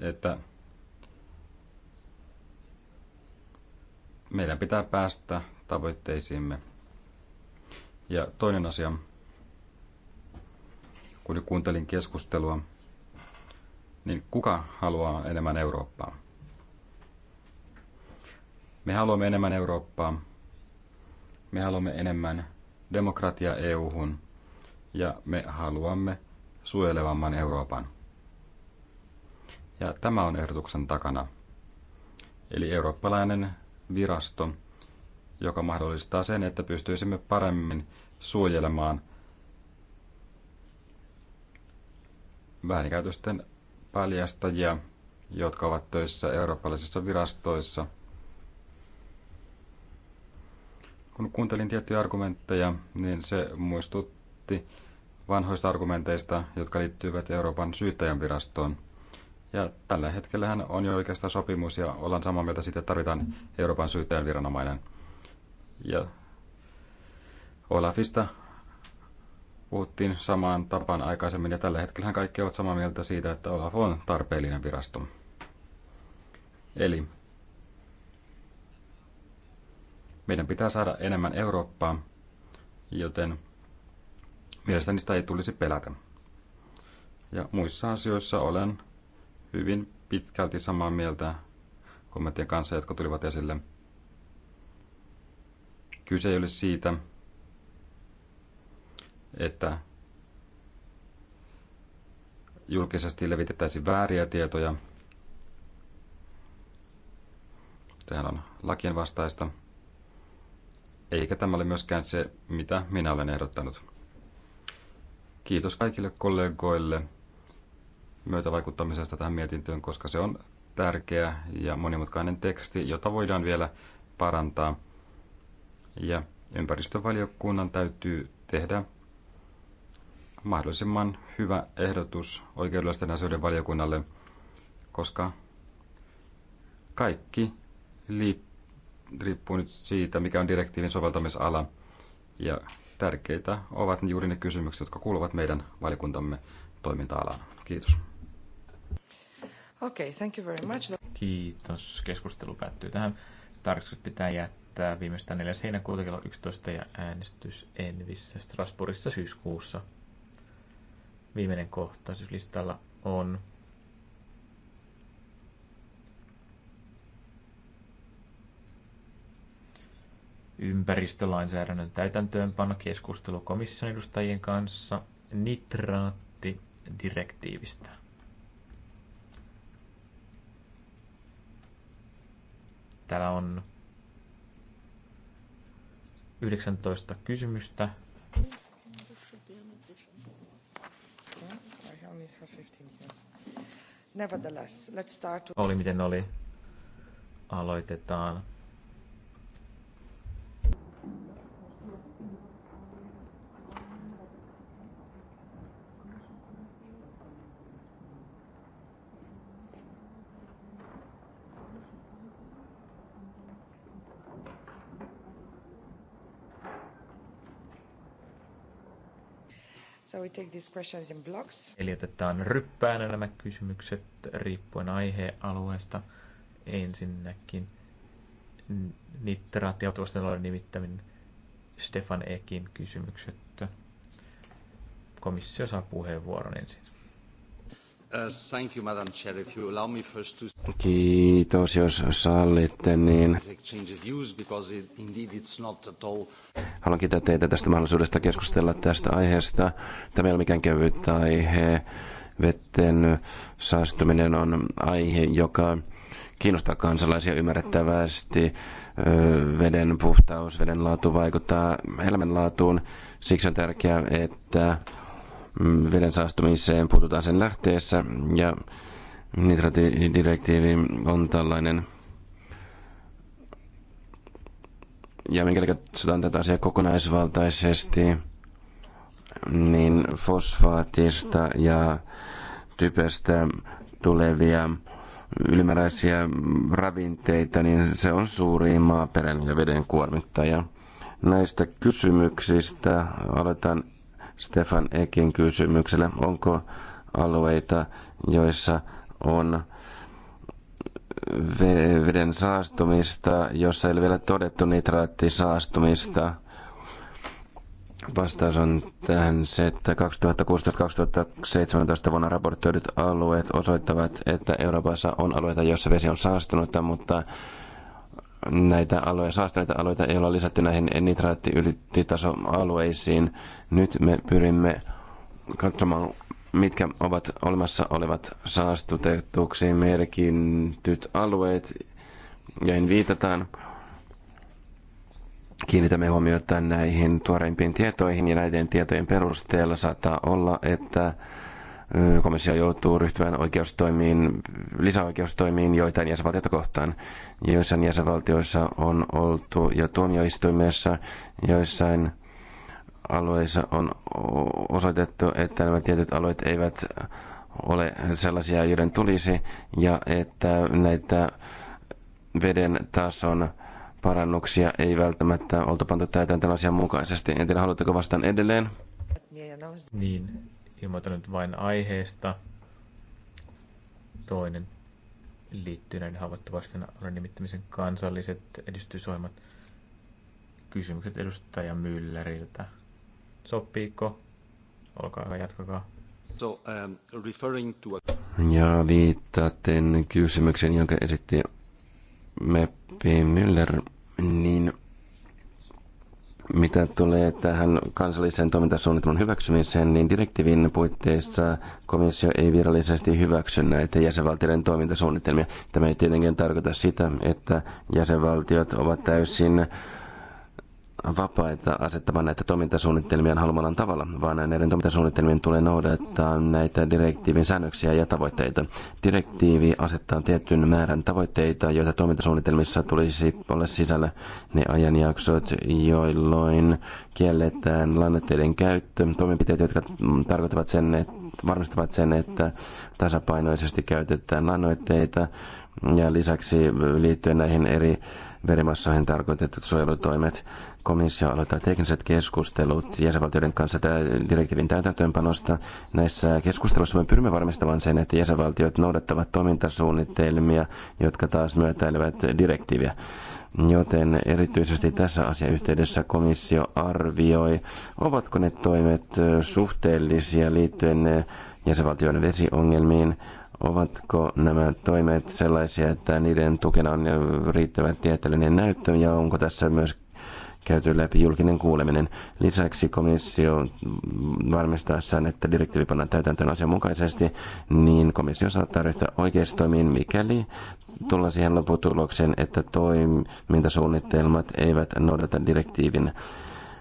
että meidän pitää päästä tavoitteisiimme. Ja toinen asia, kun kuuntelin keskustelua, niin kuka haluaa enemmän Eurooppaa? Me haluamme enemmän Eurooppaa. Me haluamme enemmän demokratia EU-hun ja me haluamme suojelevamman Euroopan. Ja tämä on ehdotuksen takana. Eli eurooppalainen virasto, joka mahdollistaa sen, että pystyisimme paremmin suojelemaan väärinkäytösten paljastajia, jotka ovat töissä eurooppalaisissa virastoissa. Kun kuuntelin tiettyjä argumentteja, niin se muistutti vanhoista argumenteista, jotka liittyvät Euroopan syyttäjän virastoon. Ja tällä hetkellähän on jo oikeastaan sopimus ja ollaan samaa mieltä siitä, että tarvitaan Euroopan syyttäjän viranomainen. Ja Olafista puhuttiin samaan tapaan aikaisemmin ja tällä hetkellä kaikki ovat samaa mieltä siitä, että Olaf on tarpeellinen virasto. Eli meidän pitää saada enemmän Eurooppaa, joten mielestäni sitä ei tulisi pelätä. Ja muissa asioissa olen hyvin pitkälti samaa mieltä kommenttien kanssa, jotka tulivat esille. Kyse ei ole siitä, että julkisesti levitettäisiin vääriä tietoja. Sehän on lakien vastaista. Eikä tämä ole myöskään se, mitä minä olen ehdottanut. Kiitos kaikille kollegoille myötävaikuttamisesta tähän mietintöön, koska se on tärkeä ja monimutkainen teksti, jota voidaan vielä parantaa. Ja ympäristövaliokunnan täytyy tehdä mahdollisimman hyvä ehdotus oikeudellisten asioiden valiokunnalle, koska kaikki riippuu nyt siitä, mikä on direktiivin soveltamisala. Ja tärkeitä ovat juuri ne kysymykset, jotka kuuluvat meidän valikuntamme toiminta-alaan. Kiitos. Okay, thank you very much. Kiitos. Keskustelu päättyy tähän. Tarkistus pitää jättää viimeistään 4. heinäkuuta kello 11 ja äänestys Envissä Strasbourgissa syyskuussa. Viimeinen kohta siis listalla on ympäristölainsäädännön täytäntöönpano keskustelu komission edustajien kanssa nitraattidirektiivistä. Täällä on 19 kysymystä. Oli miten oli. Aloitetaan So we take these questions in blocks. Eli otetaan ryppään nämä kysymykset riippuen aihealueesta. Ensinnäkin nitraatti autovastaanolle nimittäminen Stefan Ekin kysymykset. Komissio saa puheenvuoron ensin. Thank Kiitos, jos sallitte, niin haluan kiittää teitä tästä mahdollisuudesta keskustella tästä aiheesta. Tämä ei ole mikään kevyt aihe. Vetten saastuminen on aihe, joka kiinnostaa kansalaisia ymmärrettävästi. Veden puhtaus, veden laatu vaikuttaa elämänlaatuun. Siksi on tärkeää, että Mm, veden saastumiseen puututaan sen lähteessä ja nitraatidirektiivi on tällainen. Ja mikäli katsotaan tätä asiaa kokonaisvaltaisesti, niin fosfaatista ja typestä tulevia ylimääräisiä ravinteita, niin se on suuri maaperän ja veden kuormittaja. Näistä kysymyksistä aloitan Stefan Ekin kysymykselle, onko alueita, joissa on veden saastumista, jossa ei ole vielä todettu nitraattisaastumista. Vastaus on tähän se, että 2016-2017 vuonna raportoidut alueet osoittavat, että Euroopassa on alueita, joissa vesi on saastunut, mutta näitä alueita, saastuneita alueita ei ole lisätty näihin nitraattiylittasoalueisiin. Nyt me pyrimme katsomaan, mitkä ovat olemassa olevat saastutetuksi merkityt alueet, joihin viitataan. Kiinnitämme huomiota näihin tuoreimpiin tietoihin ja näiden tietojen perusteella saattaa olla, että komissio joutuu ryhtymään oikeustoimiin, lisäoikeustoimiin joitain jäsenvaltioita kohtaan. Joissain jäsenvaltioissa on oltu jo tuomioistuimessa, joissain alueissa on osoitettu, että nämä tietyt alueet eivät ole sellaisia, joiden tulisi, ja että näitä veden tason parannuksia ei välttämättä oltu pantu täytäntöön asian mukaisesti. En tiedä, haluatteko vastaan edelleen? Niin, ilmoitanut vain aiheesta. Toinen liittyy näiden haavoittuvasten olen nimittämisen kansalliset edistysohjelmat. Kysymykset edustaja Mülleriltä. Sopiiko? Olkaa hyvä, jatkakaa. So, um, referring to a... Ja viittaten kysymykseen, jonka esitti Meppi Müller, niin mitä tulee tähän kansallisen toimintasuunnitelman hyväksymiseen, niin direktiivin puitteissa komissio ei virallisesti hyväksy näitä jäsenvaltioiden toimintasuunnitelmia. Tämä ei tietenkään tarkoita sitä, että jäsenvaltiot ovat täysin vapaita asettamaan näitä toimintasuunnitelmia haluamallaan tavalla, vaan näiden toimintasuunnitelmien tulee noudattaa näitä direktiivin säännöksiä ja tavoitteita. Direktiivi asettaa tietyn määrän tavoitteita, joita toimintasuunnitelmissa tulisi olla sisällä ne ajanjaksot, jolloin kielletään lannetteiden käyttö, toimenpiteet, jotka tarkoittavat sen, että varmistavat sen, että tasapainoisesti käytetään lannoitteita ja lisäksi liittyen näihin eri Verimassahan tarkoitetut suojelutoimet. Komissio aloittaa tekniset keskustelut jäsenvaltioiden kanssa tämä direktiivin täytäntöönpanosta. Näissä keskusteluissa me pyrimme varmistamaan sen, että jäsenvaltiot noudattavat toimintasuunnitelmia, jotka taas myötäilevät direktiiviä. Joten erityisesti tässä asiayhteydessä komissio arvioi, ovatko ne toimet suhteellisia liittyen jäsenvaltioiden vesiongelmiin, Ovatko nämä toimet sellaisia, että niiden tukena on riittävä tieteellinen näyttö ja onko tässä myös käyty läpi julkinen kuuleminen. Lisäksi komissio varmistaessaan, että direktiivi pannaan täytäntöön asianmukaisesti, niin komissio saattaa ryhtyä oikeistoimiin, mikäli tullaan siihen lopputulokseen, että toimintasuunnitelmat eivät noudata direktiivin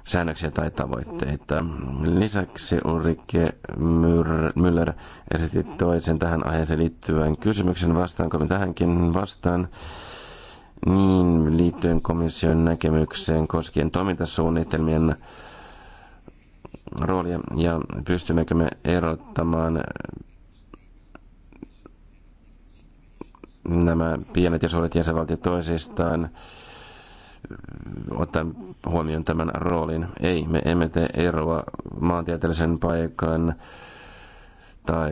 säännöksiä tai tavoitteita. Lisäksi Ulrike Müller esitti toisen tähän aiheeseen liittyvän kysymyksen. Vastaanko me tähänkin vastaan? Niin, liittyen komission näkemykseen koskien toimintasuunnitelmien roolia ja pystymmekö me erottamaan nämä pienet ja suuret jäsenvaltiot toisistaan ottaen huomioon tämän roolin. Ei, me emme tee eroa maantieteellisen paikan tai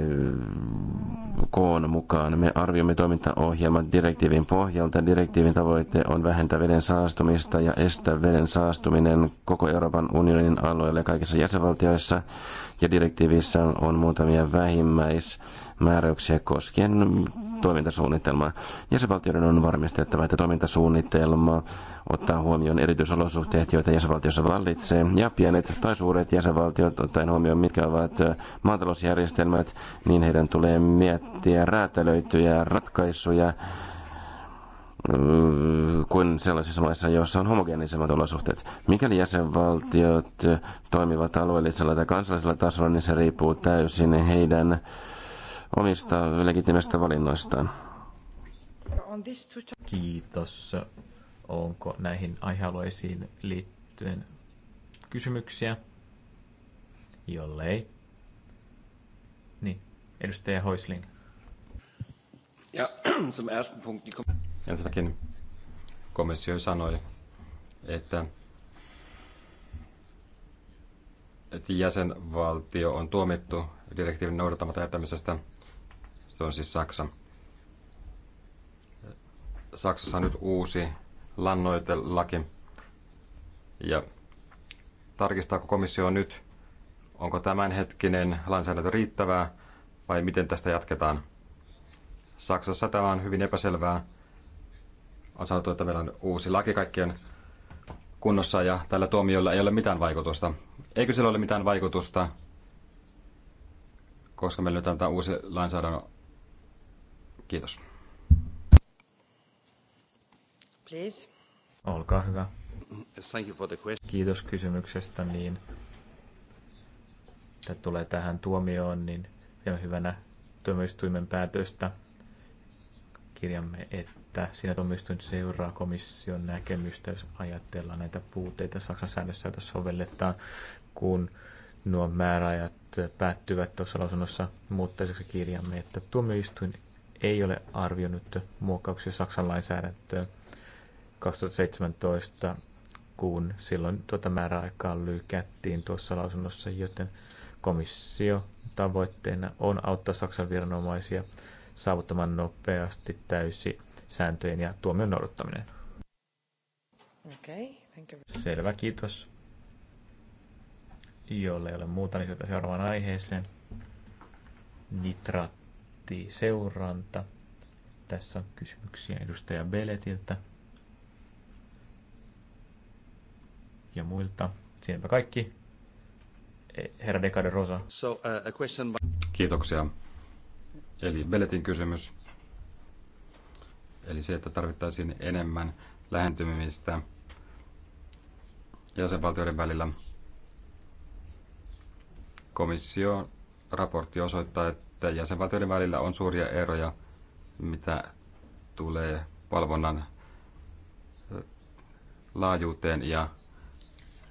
koon mukaan. Me arvioimme toimintaohjelman direktiivin pohjalta. Direktiivin tavoite on vähentää veden saastumista ja estää veden saastuminen koko Euroopan unionin alueelle kaikissa jäsenvaltioissa. Ja direktiivissä on muutamia vähimmäis määräyksiä koskien toimintasuunnitelmaa. Jäsenvaltioiden on varmistettava, että toimintasuunnitelma ottaa huomioon erityisolosuhteet, joita jäsenvaltiossa vallitsee, ja pienet tai suuret jäsenvaltiot ottaen huomioon, mitkä ovat maatalousjärjestelmät, niin heidän tulee miettiä räätälöityjä ratkaisuja, mm, kuin sellaisissa maissa, joissa on homogeenisemmat olosuhteet. Mikäli jäsenvaltiot toimivat alueellisella tai kansallisella tasolla, niin se riippuu täysin heidän omista legitimistä valinnoistaan. Kiitos. Onko näihin aihealueisiin liittyen kysymyksiä? Jollei. Niin, edustaja Hoisling. Ja [CLEARS THROAT] zum ersten Punkt. Ensinnäkin komissio sanoi, että, että jäsenvaltio on tuomittu direktiivin noudattamatta jättämisestä – se on siis Saksa. Saksassa on nyt uusi lannoitelaki. Ja tarkistaako komissio nyt, onko tämänhetkinen lainsäädäntö riittävää vai miten tästä jatketaan? Saksassa tämä on hyvin epäselvää. On sanottu, että meillä on uusi laki kaikkien kunnossa ja tällä tuomiolla ei ole mitään vaikutusta. Eikö sillä ole mitään vaikutusta, koska meillä nyt tämä uusi lainsäädäntö Kiitos. Please. Olkaa hyvä. Thank you for the question. Kiitos kysymyksestä. Niin, mitä tulee tähän tuomioon, niin pidän hyvänä tuomioistuimen päätöstä. Kirjamme, että siinä tuomioistuin seuraa komission näkemystä, jos ajatellaan näitä puutteita Saksan säännössä, joita sovelletaan, kun nuo määräajat päättyvät tuossa lausunnossa, mutta kirjamme, että tuomioistuin ei ole arvioinut muokkauksia Saksan lainsäädäntöön 2017, kun silloin tuota määräaikaa lykättiin tuossa lausunnossa, joten komissio tavoitteena on auttaa Saksan viranomaisia saavuttamaan nopeasti täysi sääntöjen ja tuomion noudattaminen. Okay, thank you. Selvä, kiitos. Jolle ei ole muuta, niin seuraavaan aiheeseen. Nitrat vaatii seuranta. Tässä on kysymyksiä edustaja Beletiltä ja muilta. Siinäpä kaikki. Eh, herra Dekade Rosa. So, uh, a question... Kiitoksia. Eli Beletin kysymys. Eli se, että tarvittaisiin enemmän lähentymistä jäsenvaltioiden välillä. Komissio raportti osoittaa, että jäsenvaltioiden välillä on suuria eroja, mitä tulee valvonnan laajuuteen ja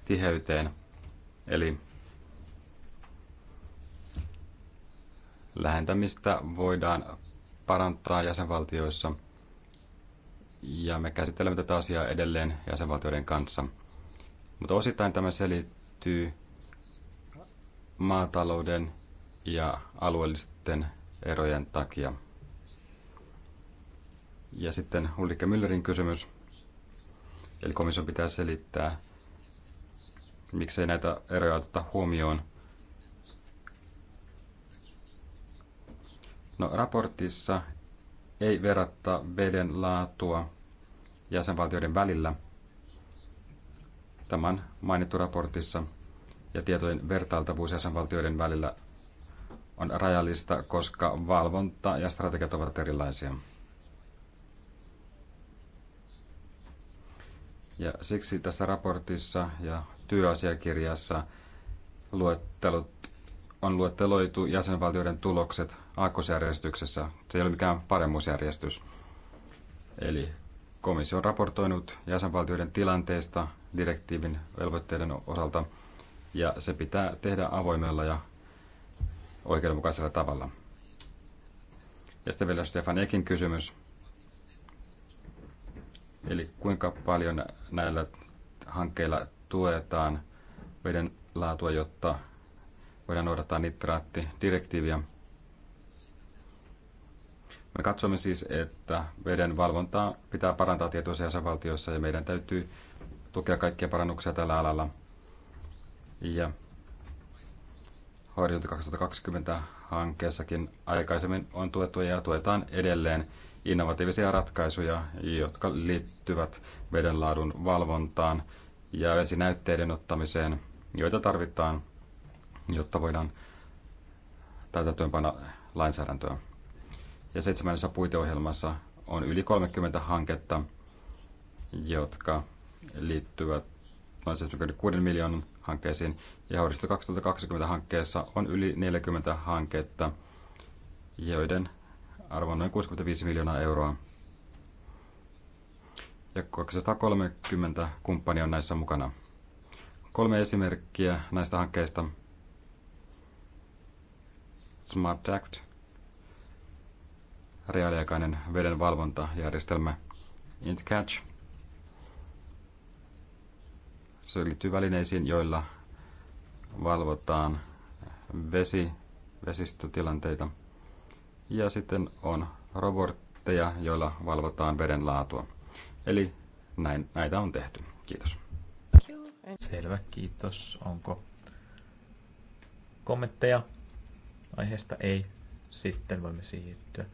tiheyteen. Eli lähentämistä voidaan parantaa jäsenvaltioissa ja me käsittelemme tätä asiaa edelleen jäsenvaltioiden kanssa. Mutta osittain tämä selittyy maatalouden ja alueellisten erojen takia. Ja sitten Ulrike Müllerin kysymys. Eli komission pitää selittää, miksei näitä eroja oteta huomioon. No, raportissa ei verratta veden laatua jäsenvaltioiden välillä. tämän mainittu raportissa ja tietojen vertailtavuus jäsenvaltioiden välillä on rajallista, koska valvonta ja strategiat ovat erilaisia. Ja siksi tässä raportissa ja työasiakirjassa luettelut, on luetteloitu jäsenvaltioiden tulokset aakkosjärjestyksessä. Se ei ole mikään paremmuusjärjestys. Eli komissio on raportoinut jäsenvaltioiden tilanteesta direktiivin velvoitteiden osalta, ja se pitää tehdä avoimella ja oikeudenmukaisella tavalla. Ja sitten vielä Stefan Ekin kysymys. Eli kuinka paljon näillä hankkeilla tuetaan veden laatua, jotta voidaan noudattaa nitraattidirektiiviä. Me katsomme siis, että veden valvontaa pitää parantaa tietoisia jäsenvaltioissa ja meidän täytyy tukea kaikkia parannuksia tällä alalla. Ja Horjunta 2020 hankkeessakin aikaisemmin on tuettu ja tuetaan edelleen innovatiivisia ratkaisuja, jotka liittyvät vedenlaadun valvontaan ja vesinäytteiden ottamiseen, joita tarvitaan, jotta voidaan täytäntöönpana lainsäädäntöä. Ja seitsemännessä puiteohjelmassa on yli 30 hanketta, jotka liittyvät noin 76 miljoonan hankkeisiin. Ja Horisto 2020 hankkeessa on yli 40 hanketta, joiden arvo on noin 65 miljoonaa euroa. Ja 230 kumppania on näissä mukana. Kolme esimerkkiä näistä hankkeista. Smart Act, reaaliaikainen vedenvalvontajärjestelmä, IntCatch – se liittyy välineisiin, joilla valvotaan vesi, vesistötilanteita. Ja sitten on robotteja, joilla valvotaan veden laatua. Eli näin, näitä on tehty. Kiitos. Selvä, kiitos. Onko kommentteja aiheesta? Ei. Sitten voimme siirtyä.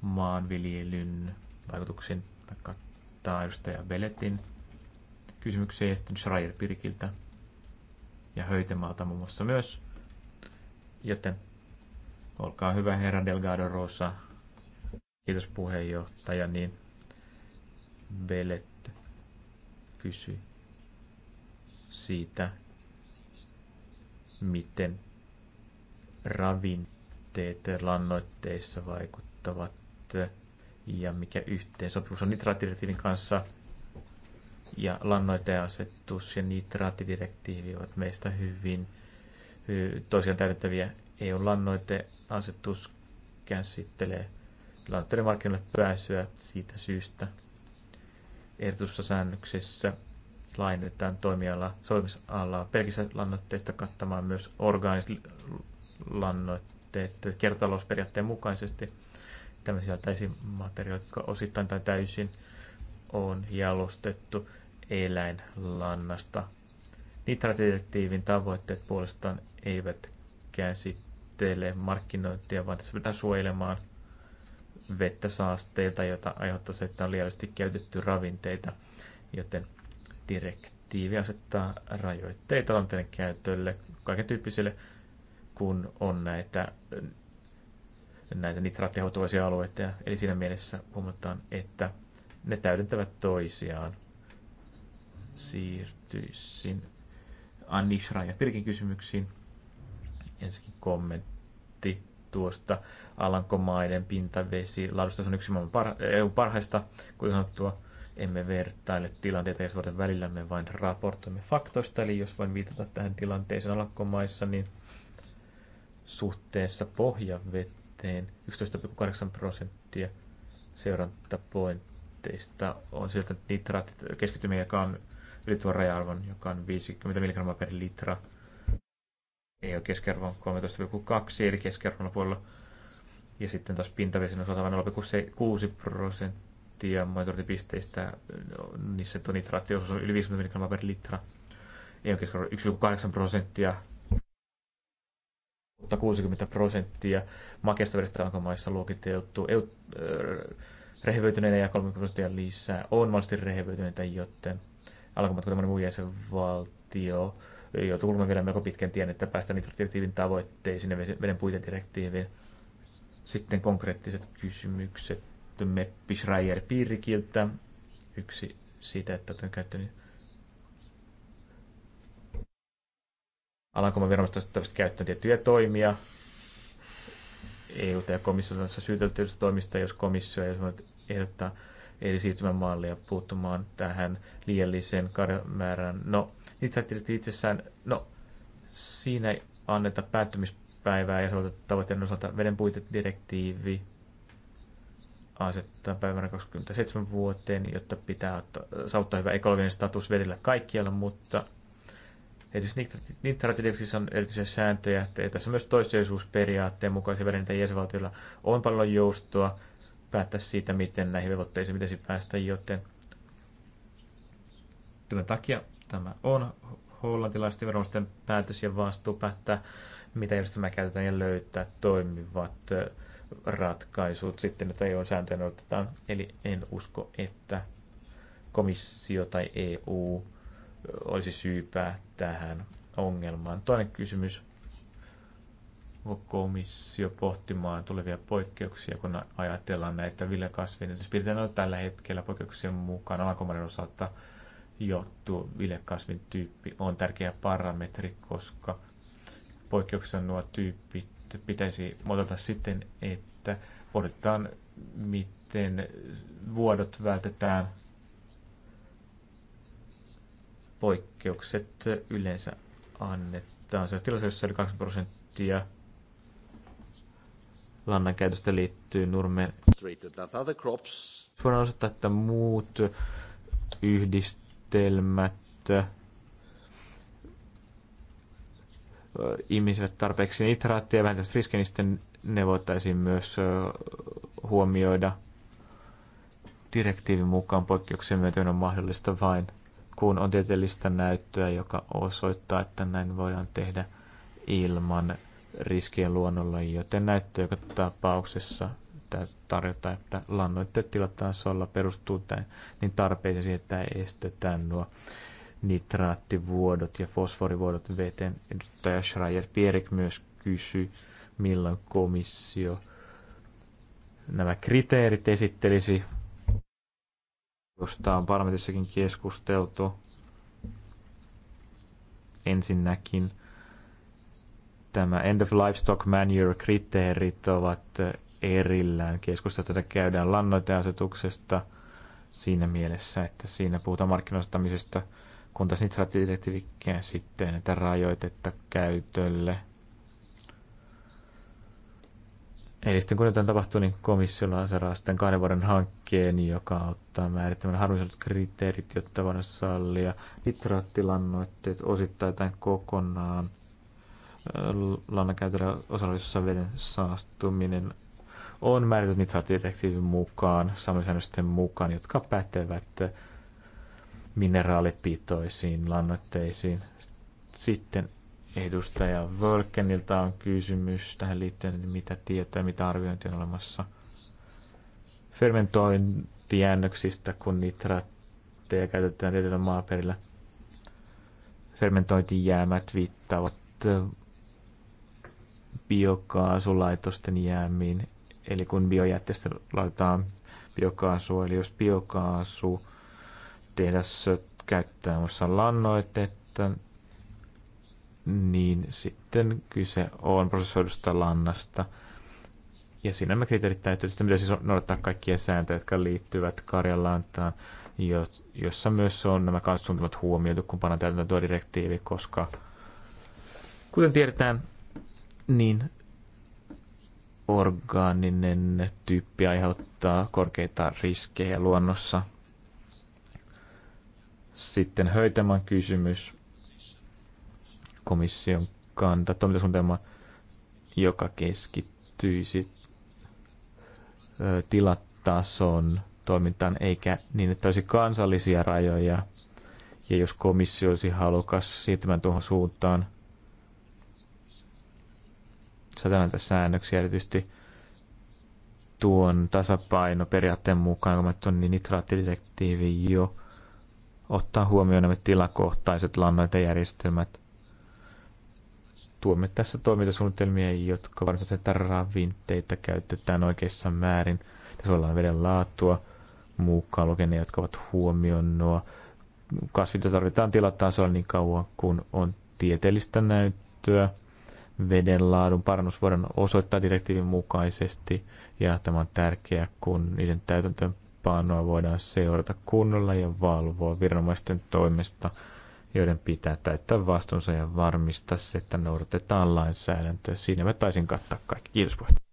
maanviljelyn vaikutuksiin. Kattaa edustaja Belletin kysymyksiä ja sitten Schreier Pirkiltä ja Höytemaalta muun muassa myös. Joten olkaa hyvä herra Delgado Rosa. Kiitos puheenjohtaja. Niin Belet kysyi siitä, miten ravinteet lannoitteissa vaikuttavat ja mikä yhteensopivuus on nitraattidirektiivin kanssa. Ja lannoiteasetus ja nitraattidirektiivi ovat meistä hyvin toisiaan täydentäviä. EU-lannoiteasetus käsittelee lannoitteiden markkinoille pääsyä siitä syystä. Ehdotussa säännöksessä laajennetaan toimiala soveltamisalaa pelkistä lannoitteista kattamaan myös orgaaniset lannoitteet kertalousperiaatteen mukaisesti – Tämä täysin materiaaleja, jotka osittain tai täysin on jalostettu eläinlannasta. Nitratidektiivin tavoitteet puolestaan eivät käsittele markkinointia, vaan tässä pitää suojelemaan vettä saasteilta, jota aiheuttaa se, että on liiallisesti käytetty ravinteita, joten direktiivi asettaa rajoitteita lanteiden käytölle kaiken tyyppisille, kun on näitä näitä nitraattihoitoisia alueita. Eli siinä mielessä huomataan, että ne täydentävät toisiaan. Siirtyisin Anishra ja Pirkin kysymyksiin. Ensinnäkin kommentti tuosta Alankomaiden pintavesi laadusta. Se on yksi maailman parha- eh, EU parhaista, kuten sanottua. Emme vertaile tilanteita jos vuoden välillä, me vain raportoimme faktoista. Eli jos vain viitata tähän tilanteeseen Alankomaissa, niin suhteessa pohjavet eteen. 11,8 prosenttia seurantapointeista on sieltä nitraat keskittymiä, joka on ylittävän raja-arvon, joka on 50 mg per litra. Ei ole keskiarvo on 13,2, eli keskiarvon puolella. Ja sitten taas pintavesien osalta vain 0,6 prosenttia monitorointipisteistä, no, niissä tuo nitraattiosuus on yli 50 mg per litra. Ei ole keskiarvo 1,8 prosenttia mutta 60 prosenttia makeasta vedestä alkomaissa luokiteltu eu, äh, rehevöityneitä ja 30 prosenttia lisää on mahdollisesti rehevöityneitä, joten alkomaat kuten muu jäsenvaltio joutuu kulman vielä melko pitkän tien, että päästään nitrodirektiivin tavoitteisiin ja veden puitedirektiiviin. Sitten konkreettiset kysymykset Meppi Schreier Piirikiltä. Yksi siitä, että otan käyttänyt Alankomaviranomaista käyttöön tiettyjä toimia, EU- ja komissiossa syytetyistä toimista, jos komissio ei ehdottaa eri siirtymämallia puuttumaan tähän liialliseen määrään. No, niitä asiassa no, siinä ei anneta päättymispäivää ja tavoitteen osalta veden puitedirektiivi asettaa päivänä 27 vuoteen, jotta pitää saavuttaa hyvä ekologinen status vedellä kaikkialla, mutta siis nitraattidioksidissa on erityisiä sääntöjä. Tässä on myös toissijaisuusperiaatteen mukaisia välineitä jäsenvaltioilla on paljon joustoa päättää siitä, miten näihin velvoitteisiin pitäisi päästä, joten tämän takia tämä on hollantilaisten viranomaisten päätös ja vastuu päättää, mitä järjestelmää käytetään ja löytää toimivat ratkaisut sitten, että EU-sääntöjä noudatetaan. Eli en usko, että komissio tai EU olisi syypää tähän ongelmaan. Toinen kysymys. Onko komissio pohtimaan tulevia poikkeuksia, kun ajatellaan näitä viljakasveja? Jos pidetään noita tällä hetkellä poikkeuksien mukaan alankomaiden osalta johtuu viljakasvin tyyppi on tärkeä parametri, koska poikkeuksessa nuo tyypit pitäisi muotoilla sitten, että pohditaan, miten vuodot vältetään poikkeukset yleensä annetaan. Se tilassa, jossa yli 2 prosenttia lannan käytöstä liittyy nurmeen. Voidaan osoittaa, että muut yhdistelmät äh, ihmisille tarpeeksi nitraattia vähentävät riskejä, niin sitten ne voitaisiin myös äh, huomioida direktiivin mukaan poikkeuksien myötä on mahdollista vain – kun on tieteellistä näyttöä, joka osoittaa, että näin voidaan tehdä ilman riskien luonnolla, joten näyttö joka tapauksessa tarjota, että lannoitteet solla perustuu tämän, niin tarpeeseen että estetään nuo nitraattivuodot ja fosforivuodot veteen. Edustaja Schreier Pierik myös kysyi, milloin komissio nämä kriteerit esittelisi josta on parlamentissakin keskusteltu. Ensinnäkin tämä End of Livestock Manure-kriteerit ovat erillään. Keskustelua tätä käydään lannoiteasetuksesta siinä mielessä, että siinä puhutaan markkinoistamisesta, kun taas nitraattidirektiivi sitten, että rajoitetta käytölle – Eli sitten kun jotain tapahtuu, niin komissio lanseraa sitten kahden vuoden hankkeen, joka ottaa määrittämään harvinaiset kriteerit, jotta voidaan sallia nitraattilannoitteet osittain tai kokonaan lannakäytöllä osallisessa veden saastuminen on määritelty nitraattidirektiivin mukaan, säännösten mukaan, jotka pätevät mineraalipitoisiin lannoitteisiin. Sitten edustaja Völkeniltä on kysymys tähän liittyen, mitä tietoja, mitä arviointia on olemassa fermentointijäännöksistä, kun nitraatteja käytetään tietyllä maaperillä. Fermentointijäämät viittaavat biokaasulaitosten jäämiin, eli kun biojätteestä laitetaan biokaasua, eli jos biokaasu tehdas käyttää muassa lannoitetta, niin sitten kyse on prosessoidusta lannasta. Ja siinä nämä kriteerit täytyy sitten, pitäisi siis noudattaa kaikkia sääntöjä, jotka liittyvät Karjalantaan, jossa myös on nämä kansantuntumat huomioitu, kun pannaan täytäntöön tuo direktiivi, koska kuten tiedetään, niin orgaaninen tyyppi aiheuttaa korkeita riskejä luonnossa. Sitten höytämän kysymys komission kanta, toimintasuunnitelma, joka keskittyisi tilatason toimintaan, eikä niin, että olisi kansallisia rajoja. Ja jos komissio olisi halukas siirtymään tuohon suuntaan, saadaan näitä säännöksiä erityisesti tuon tasapaino periaatteen mukaan, kun mä tuon, niin nitraattidirektiivi jo ottaa huomioon nämä tilakohtaiset lannoitejärjestelmät tuomme tässä toimintasuunnitelmia, jotka varmasti että ravinteita käytetään oikeassa määrin. Tässä ollaan veden laatua mukaan lukien jotka ovat huomioon Kasvit tarvitaan tilatasolla niin kauan, kun on tieteellistä näyttöä. Veden laadun parannus voidaan osoittaa direktiivin mukaisesti ja tämä on tärkeää, kun niiden täytäntöönpanoa voidaan seurata kunnolla ja valvoa viranomaisten toimesta joiden pitää täyttää vastuunsa ja varmistaa se, että noudatetaan lainsäädäntöä. Siinä mä taisin kattaa kaikki. Kiitos puheenjohtaja.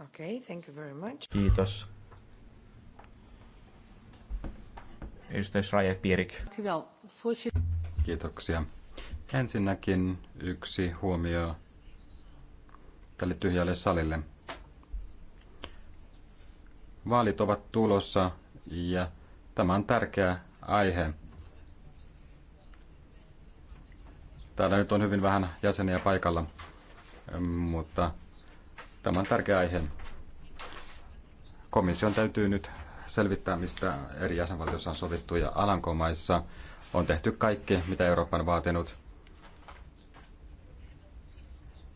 Okay, thank you very much. Kiitos. Edustaja Schreier Pierik. Kiitoksia. Ensinnäkin yksi huomio tälle tyhjälle salille. Vaalit ovat tulossa ja tämä on tärkeä aihe Täällä nyt on hyvin vähän jäseniä paikalla, mutta tämä on tärkeä aihe. Komission täytyy nyt selvittää, mistä eri jäsenvaltioissa on sovittu ja Alankomaissa on tehty kaikki, mitä Eurooppa on vaatinut.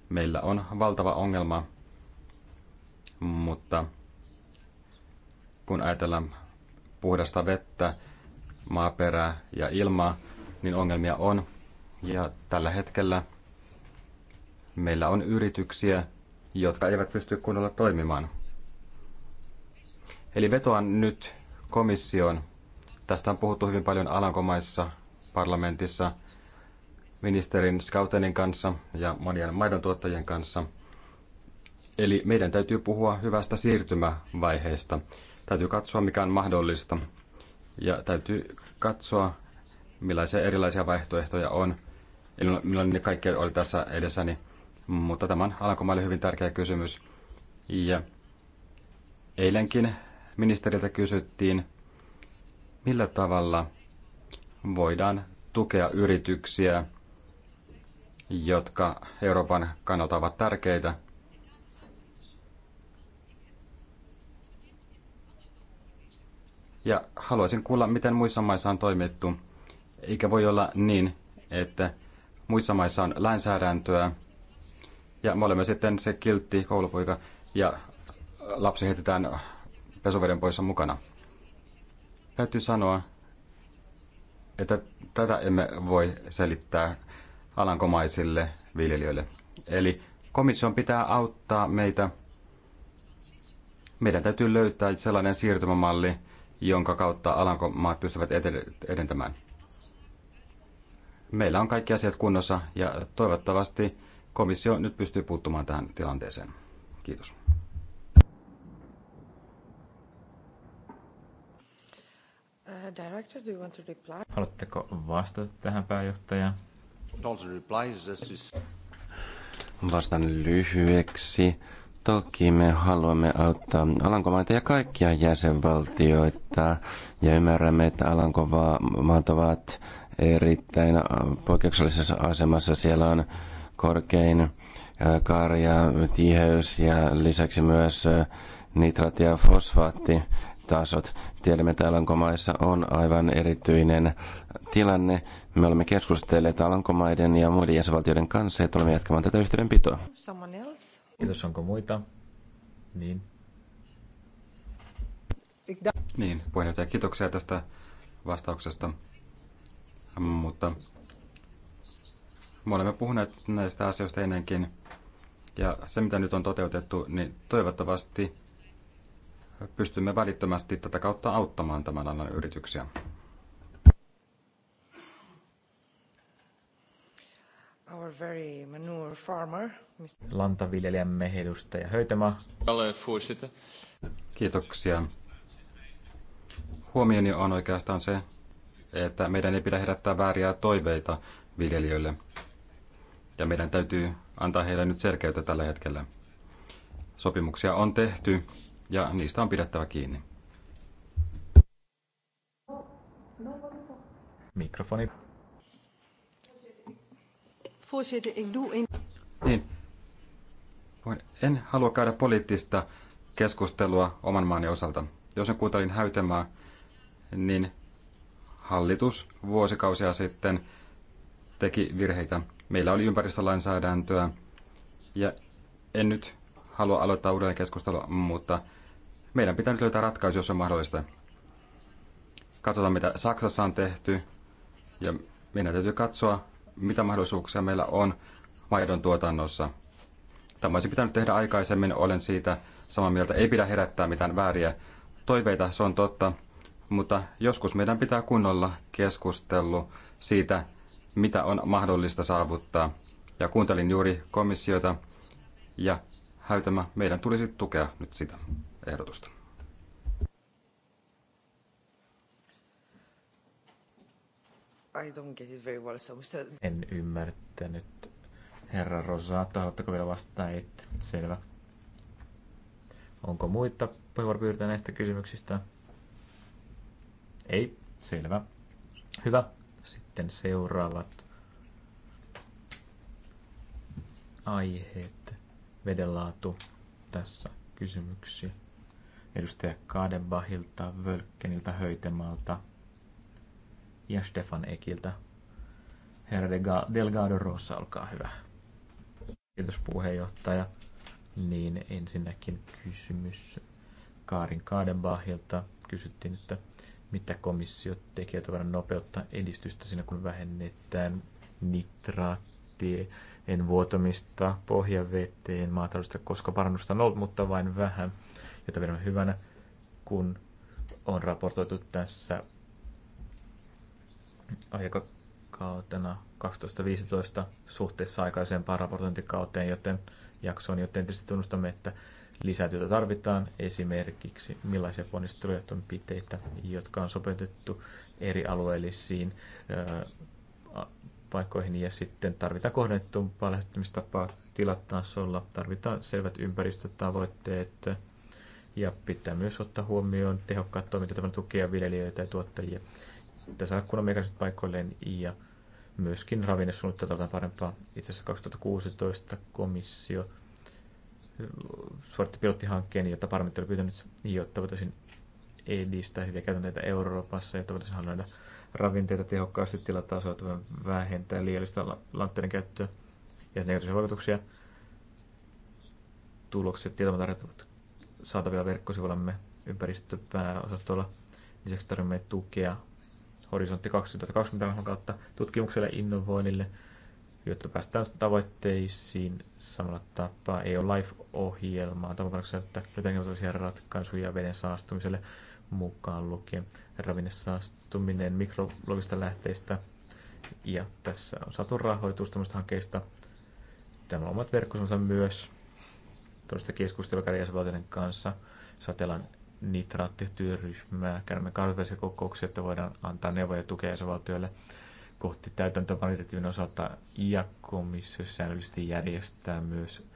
Meillä on valtava ongelma, mutta kun ajatellaan puhdasta vettä, maaperää ja ilmaa, niin ongelmia on. Ja tällä hetkellä meillä on yrityksiä, jotka eivät pysty kunnolla toimimaan. Eli vetoan nyt komissioon. Tästä on puhuttu hyvin paljon Alankomaissa, parlamentissa, ministerin Skautenin kanssa ja monien maidon tuottajien kanssa. Eli meidän täytyy puhua hyvästä siirtymävaiheesta. Täytyy katsoa, mikä on mahdollista. Ja täytyy katsoa, millaisia erilaisia vaihtoehtoja on. Minulla ne kaikki oli tässä edessäni. Mutta tämä on Alankomaille hyvin tärkeä kysymys. Ja eilenkin ministeriltä kysyttiin, millä tavalla voidaan tukea yrityksiä, jotka Euroopan kannalta ovat tärkeitä. Ja haluaisin kuulla, miten muissa maissa on toimittu. Eikä voi olla niin, että Muissa maissa on lainsäädäntöä ja me olemme sitten se kiltti koulupoika ja lapsi heitetään pesuveden poissa mukana. Täytyy sanoa, että tätä emme voi selittää alankomaisille viljelijöille. Eli komission pitää auttaa meitä. Meidän täytyy löytää sellainen siirtymämalli, jonka kautta alankomaat pystyvät edentämään meillä on kaikki asiat kunnossa ja toivottavasti komissio nyt pystyy puuttumaan tähän tilanteeseen. Kiitos. Uh, director, do you want to reply? Haluatteko vastata tähän pääjohtaja? Vastaan lyhyeksi. Toki me haluamme auttaa Alankomaita ja kaikkia jäsenvaltioita ja ymmärrämme, että Alankomaat ovat erittäin äh, poikkeuksellisessa asemassa. Siellä on korkein äh, karja, tiheys ja lisäksi myös äh, nitraatti- ja fosfaattitasot. Tiedämme, että Alankomaissa on aivan erityinen tilanne. Me olemme keskustelleet Alankomaiden ja muiden jäsenvaltioiden kanssa ja tulemme jatkamaan tätä yhteydenpitoa. Kiitos, onko muita? Niin. Niin, puheenjohtaja, kiitoksia tästä vastauksesta mutta me olemme puhuneet näistä asioista ennenkin. Ja se, mitä nyt on toteutettu, niin toivottavasti pystymme välittömästi tätä kautta auttamaan tämän alan yrityksiä. Our very manure farmer, Mr. Lantaviljelijämme edustaja Höytämaa. Kiitoksia. Huomioni on oikeastaan se, että meidän ei pidä herättää vääriä toiveita viljelijöille. Ja meidän täytyy antaa heille nyt selkeyttä tällä hetkellä. Sopimuksia on tehty ja niistä on pidettävä kiinni. Mikrofoni. Niin. En halua käydä poliittista keskustelua oman maani osalta. Jos en kuuntelin häytemää, niin hallitus vuosikausia sitten teki virheitä. Meillä oli ympäristölainsäädäntöä ja en nyt halua aloittaa uudelleen keskustelua, mutta meidän pitää nyt löytää ratkaisu, jos on mahdollista. Katsotaan, mitä Saksassa on tehty ja meidän täytyy katsoa, mitä mahdollisuuksia meillä on maidon tuotannossa. Tämä olisi pitänyt tehdä aikaisemmin, olen siitä samaa mieltä. Ei pidä herättää mitään vääriä toiveita, se on totta, mutta joskus meidän pitää kunnolla keskustelu siitä, mitä on mahdollista saavuttaa. Ja kuuntelin juuri komissiota ja häytämä, meidän tulisi tukea nyt sitä ehdotusta. I don't get it very well, so Mr. En ymmärtänyt. Herra Rosato, haluatteko vielä vastata? Ei, selvä. Onko muita puheenvuoropyyntöjä näistä kysymyksistä? Ei, selvä. Hyvä. Sitten seuraavat aiheet. Vedenlaatu tässä kysymyksiä. Edustaja Kadebahilta, Völkkeniltä, Höytemalta ja Stefan Ekiltä. Herra Delgado Rossa, olkaa hyvä. Kiitos puheenjohtaja. Niin ensinnäkin kysymys Kaarin Kadebahilta. Kysyttiin, että mitä komissio tekee, että voidaan nopeuttaa edistystä siinä, kun vähennetään nitraattien vuotamista pohjaveteen maataloudesta, koska parannusta on ollut, mutta vain vähän, jota pidämme hyvänä, kun on raportoitu tässä aikakautena 2015 suhteessa aikaisempaan raportointikauteen, joten jaksoon, joten tietysti tunnustamme, että lisätyötä tarvitaan, esimerkiksi millaisia ponnistelujohtoimenpiteitä, jotka on sopeutettu eri alueellisiin paikkoihin ja sitten tarvitaan kohdennettumpaa lähestymistapaa tilatasolla, tarvitaan selvät ympäristötavoitteet ja pitää myös ottaa huomioon tehokkaat toimintatavan tukea viljelijöitä ja tuottajia. Tässä on kunnon mekanismit paikoilleen ja myöskin ravinnesuunnittelua parempaa. Itse asiassa 2016 komissio suoritti pilottihankkeen, jota parlamentti oli pyytänyt, jotta voitaisiin edistää hyviä käytänteitä Euroopassa, jotta voitaisiin hallinnoida ravinteita tehokkaasti tilatasoa, vähentää liiallista lantteiden käyttöä ja negatiivisia vaikutuksia. Tulokset tietomme tarjottavat saatavilla verkkosivuillamme ympäristöpääosastolla. Lisäksi tarjoamme tukea Horisontti 2020 kautta tutkimukselle, innovoinnille, jotta päästään tavoitteisiin samalla tapaa. Ei ole life ohjelmaa tavoitteena, että jotenkin tällaisia ratkaisuja veden saastumiselle mukaan lukien ravinnesaastuminen mikrologisista lähteistä. Ja tässä on saatu rahoitus tämmöistä hankkeista. Tämä omat verkkosonsa myös tuosta keskustelua käydä jäsenvaltioiden kanssa. Satellan nitraattityöryhmää. Käymme kahdenvälisiä kokouksia, että voidaan antaa neuvoja ja tukea jäsenvaltioille kohti täytäntöönpanodirektiivin osalta ja komissio säännöllisesti järjestää myös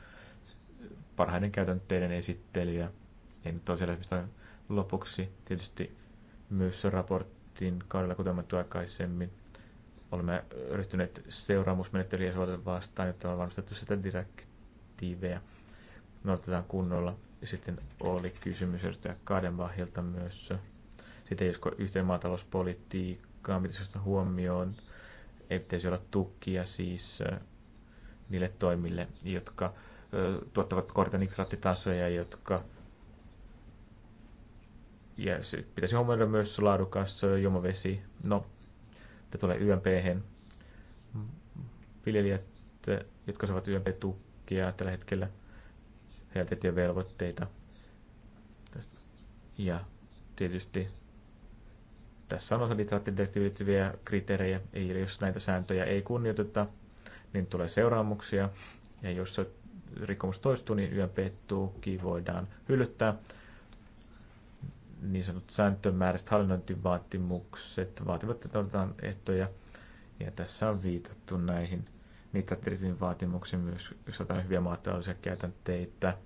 parhaiden käytänteiden esittelyjä. Ja nyt on siellä lopuksi tietysti myös raportin kaudella, kuten mainittu aikaisemmin, olemme ryhtyneet seuraamusmenettelyjä vastaan, jotta on varmistettu sitä direktiivejä otetaan kunnolla. Ja sitten oli kysymys edustaja Kadenbahilta myös. Sitten josko yhteen maatalouspolitiikkaa mitä se huomioon ei pitäisi olla tukkia siis niille toimille, jotka tuottavat kortenitraattitasoja, jotka ja pitäisi huomioida myös laadukas juomavesi. No, mitä tulee ymp viljelijät, jotka saavat YMP-tukkia tällä hetkellä, heiltä velvoitteita. Ja tietysti tässä on osa liittyvät kriteerejä, eli jos näitä sääntöjä ei kunnioiteta, niin tulee seuraamuksia. Ja jos rikkomus toistuu, niin YMP-tuki voidaan hyllyttää. Niin sanotut sääntömääräiset hallinnointivaatimukset vaativat, että otetaan ehtoja. Ja tässä on viitattu näihin niitä vaatimuksiin myös, jos otetaan hyviä maataloudellisia käytänteitä –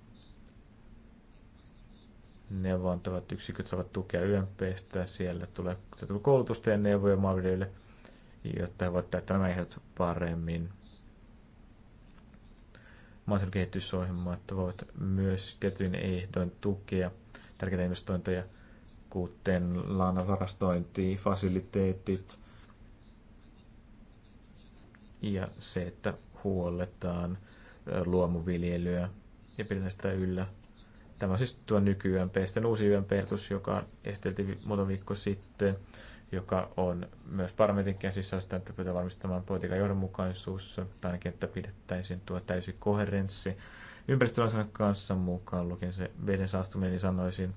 neuvontavat yksiköt saavat tukea YMPstä. Siellä tulee, se tulee koulutusta ja neuvoja maanviljelijöille, jotta he voivat täyttää nämä ehdot paremmin. Maaseudun kehitysohjelmat voivat myös tietyin ehdoin tukea tärkeitä investointeja, kuten laanavarastointi, fasiliteetit ja se, että huolletaan luomuviljelyä ja pidetään sitä yllä Tämä on siis tuo nyky-YMP. Sitten uusi ymp joka esiteltiin muutama viikko sitten, joka on myös parlamentin käsissä sitä, että pitää varmistamaan politiikan johdonmukaisuus, tai ainakin, että pidettäisiin tuo täysi koherenssi ympäristölainsäädännön kanssa mukaan lukien se veden saastuminen, niin sanoisin,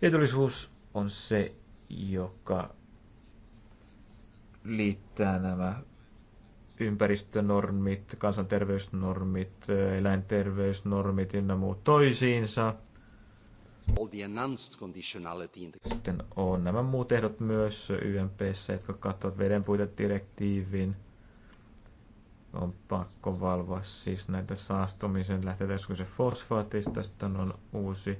Tietollisuus on se, joka liittää nämä ympäristönormit, kansanterveysnormit, eläinterveysnormit ynnä muut toisiinsa. Sitten on nämä muut ehdot myös YMPssä, jotka katsovat vedenpuitedirektiivin. On pakko valvoa siis näitä saastumisen lähteitä, kun se fosfaatista, sitten on uusi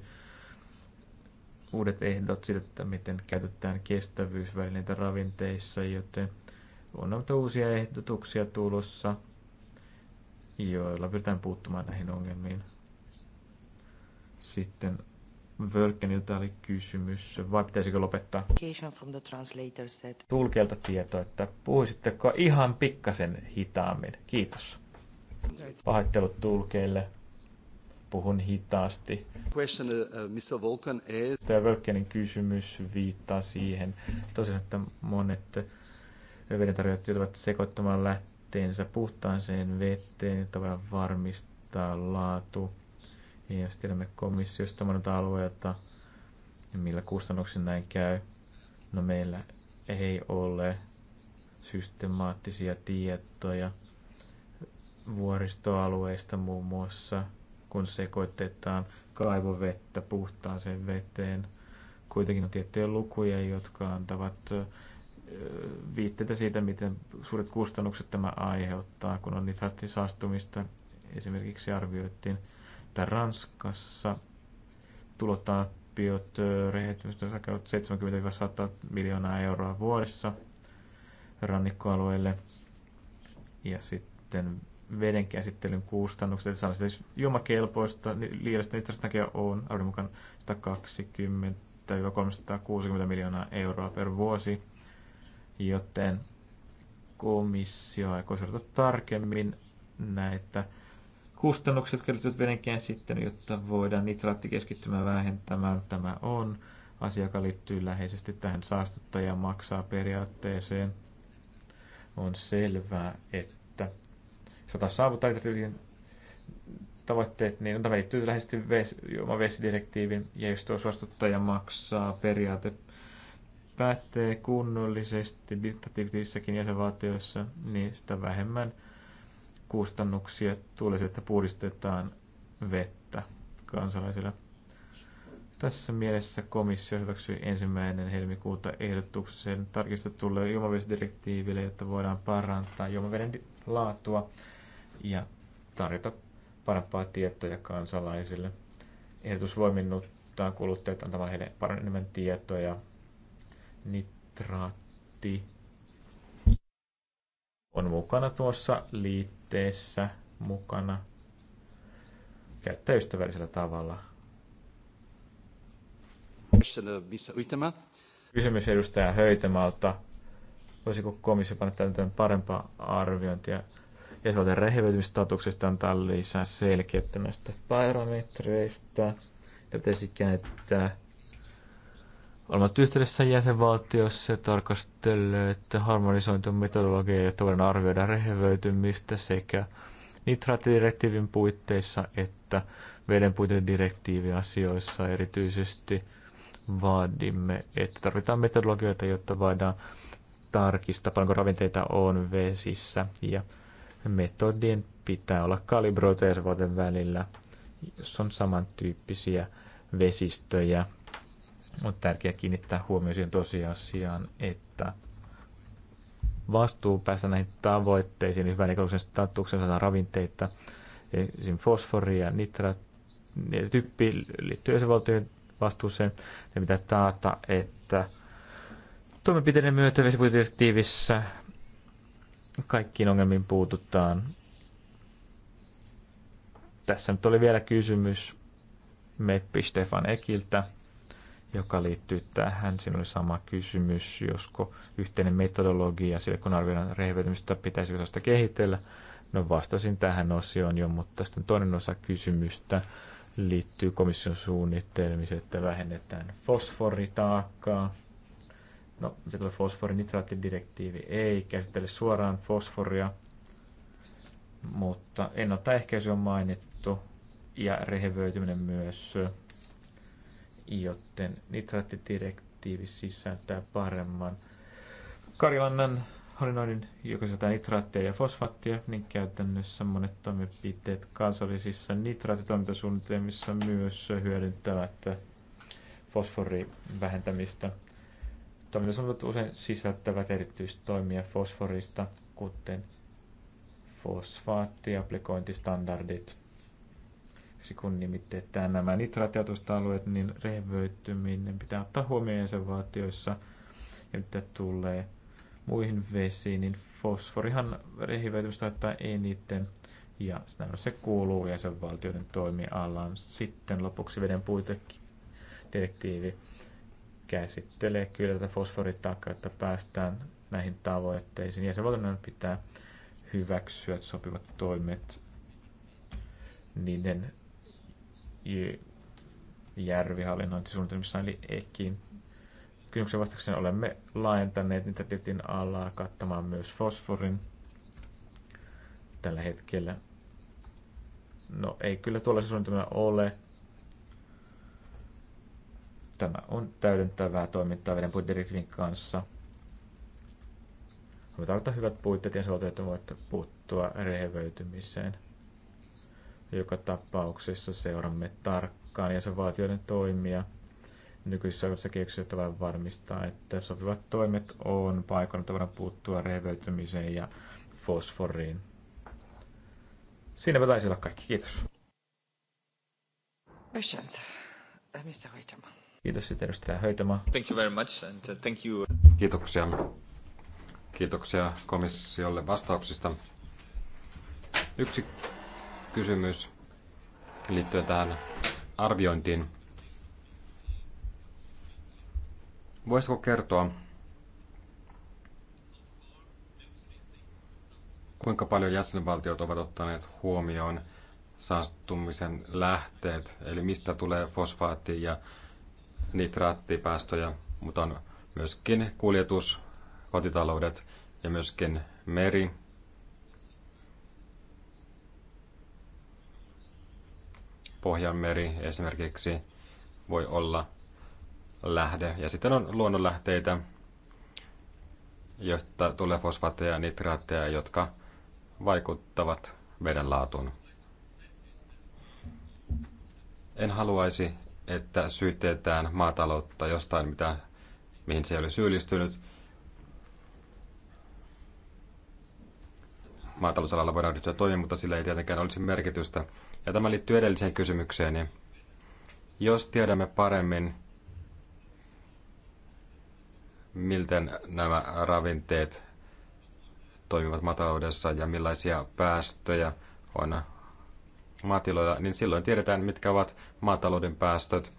uudet ehdot siitä, että miten käytetään kestävyysvälineitä ravinteissa, joten on uusia ehdotuksia tulossa, joilla pyritään puuttumaan näihin ongelmiin. Sitten Völkeniltä oli kysymys, vai pitäisikö lopettaa? From the translators that... Tulkelta tieto, että puhuisitteko ihan pikkasen hitaammin. Kiitos. Pahoittelut tulkeille. Puhun hitaasti. Question, uh, uh Mr. is... Tämä Völkenin kysymys viittaa siihen, tosiaan, että monet vedentarjoajat joutuvat sekoittamaan lähteensä puhtaaseen veteen, jotta voidaan varmistaa laatu. Ja jos tiedämme komissiosta monelta alueelta, niin millä kustannuksilla näin käy, no meillä ei ole systemaattisia tietoja vuoristoalueista muun muassa, kun sekoitetaan kaivovettä puhtaaseen veteen. Kuitenkin on tiettyjä lukuja, jotka antavat viitteitä siitä, miten suuret kustannukset tämä aiheuttaa, kun on nitraattin saastumista. Esimerkiksi arvioittiin, että Ranskassa tulotappiot rehevöitymistä 70-100 miljoonaa euroa vuodessa rannikkoalueelle. Ja sitten vedenkäsittelyn kustannukset, eli saadaan siis juomakelpoista niin liiallista nitrasta on arvion mukaan 120 160-360 miljoonaa euroa per vuosi joten komissio aikoo seurata tarkemmin näitä kustannukset, jotka liittyvät sitten, jotta voidaan nitraattikeskittymällä vähentämään. Tämä on asia, joka liittyy läheisesti tähän saastuttaja maksaa periaatteeseen. On selvää, että sota saavuttaa nitraattikin tavoitteet, niin tämä liittyy läheisesti vesidirektiivin, ja jos tuo saastuttaja maksaa periaate pätee kunnollisesti diktatiivisissakin jäsenvaltioissa, niin sitä vähemmän kustannuksia tulisi, että puhdistetaan vettä kansalaisilla. Tässä mielessä komissio hyväksyi ensimmäinen helmikuuta ehdotuksen tarkistetulle juomavesidirektiiville, jotta voidaan parantaa juomaveden laatua ja tarjota parempaa tietoja kansalaisille. Ehdotus voiminnuttaa kuluttajat antamaan heille paremmin tietoja nitraatti on mukana tuossa liitteessä mukana käyttäjäystävällisellä tavalla. Kysymys edustaja Höytämältä. Voisiko komissio panna tämän parempaa arviointia jäsenvaltion rehevöitymisstatuksesta antaa lisää näistä parametreista. Tätä pitäisi käyttää Olemat yhteydessä jäsenvaltiossa se tarkastelee, että harmonisointi on metodologia, jotta voidaan arvioida rehevöitymistä sekä nitraattidirektiivin puitteissa että veden asioissa. erityisesti vaadimme, että tarvitaan metodologioita, jotta voidaan tarkistaa, paljonko ravinteita on vesissä ja metodien pitää olla kalibroita vuoden välillä, jos on samantyyppisiä vesistöjä on tärkeää kiinnittää huomioon siihen tosiasiaan, että vastuu päästä näihin tavoitteisiin, hyvän ekologisen statuksen saadaan ravinteita, esim. fosforia, nitra, typpi liittyy jäsenvaltojen vastuuseen, ja mitä taata, että toimenpiteiden myötä vesipuitedirektiivissä kaikkiin ongelmiin puututaan. Tässä nyt oli vielä kysymys Meppi Stefan Ekiltä joka liittyy tähän. Siinä oli sama kysymys, josko yhteinen metodologia sille, kun arvioidaan rehevöitymistä, pitäisikö sellaista kehitellä. No vastasin tähän osioon jo, mutta sitten toinen osa kysymystä liittyy komission suunnitelmiin, että vähennetään fosforitaakkaa. No, se tulee fosforinitraattidirektiivi, ei käsittele suoraan fosforia, mutta ennaltaehkäisy on mainittu ja rehevöityminen myös joten nitraattidirektiivi sisältää paremman Karjalannan hallinnoinnin, joka sisältää nitraattia ja fosfaattia, niin käytännössä monet toimenpiteet kansallisissa nitraattitoimintasuunnitelmissa myös hyödyntävät fosforivähentämistä. Toimintasuunnitelmat usein sisältävät erityistoimia fosforista, kuten fosfaatti- ja aplikointistandardit kun nimitetään nämä nitraattiautoista alueet, niin rehevöityminen pitää ottaa huomioon jäsenvaatioissa Ja mitä tulee muihin vesiin, niin fosforihan rehevöitymistä haittaa eniten. Ja se kuuluu jäsenvaltioiden toimialaan. Sitten lopuksi veden puitedirektiivi käsittelee kyllä tätä fosforitaakkaa, että päästään näihin tavoitteisiin. Jäsenvaltioiden pitää hyväksyä sopivat toimet niiden järvihallinnointisuunnitelmissa eli EKIN. Kysymyksen vastauksena olemme laajentaneet niitä tietin alaa kattamaan myös fosforin tällä hetkellä. No ei kyllä tuollaisia suunnitelmia ole. Tämä on täydentävää toimintaa vedenpuitedirektiivin kanssa. Halutaan ottaa hyvät puitteet ja suoteet voit puuttua rehevöitymiseen. Joka tapauksessa seuraamme tarkkaan jäsenvaltioiden toimia nykyisissä oikeudellisissa vain varmistaa, että sopivat toimet on paikalla, tavana puuttua rehevöitymiseen ja fosforiin. Siinäpä taisi olla kaikki. Kiitos. Questions. Äh, Mr. hoitama? Kiitos sitten edustaja Höytämä. Thank you very much and uh, thank you. Kiitoksia. Kiitoksia komissiolle vastauksista. Yksi kysymys liittyen tähän arviointiin. Voisiko kertoa, kuinka paljon jäsenvaltiot ovat ottaneet huomioon saastumisen lähteet, eli mistä tulee fosfaatti- ja nitraattipäästöjä, mutta on myöskin kuljetus, kotitaloudet ja myöskin meri Pohjanmeri esimerkiksi voi olla lähde. Ja sitten on luonnonlähteitä, joista tulee fosfaatteja ja nitraatteja, jotka vaikuttavat veden laatuun. En haluaisi, että syytetään maataloutta jostain, mitä, mihin se ei ole syyllistynyt. Maatalousalalla voidaan ryhtyä toimiin, mutta sillä ei tietenkään olisi merkitystä, ja tämä liittyy edelliseen kysymykseeni. Jos tiedämme paremmin, miltä nämä ravinteet toimivat maataloudessa ja millaisia päästöjä on maatiloilla, niin silloin tiedetään, mitkä ovat maatalouden päästöt.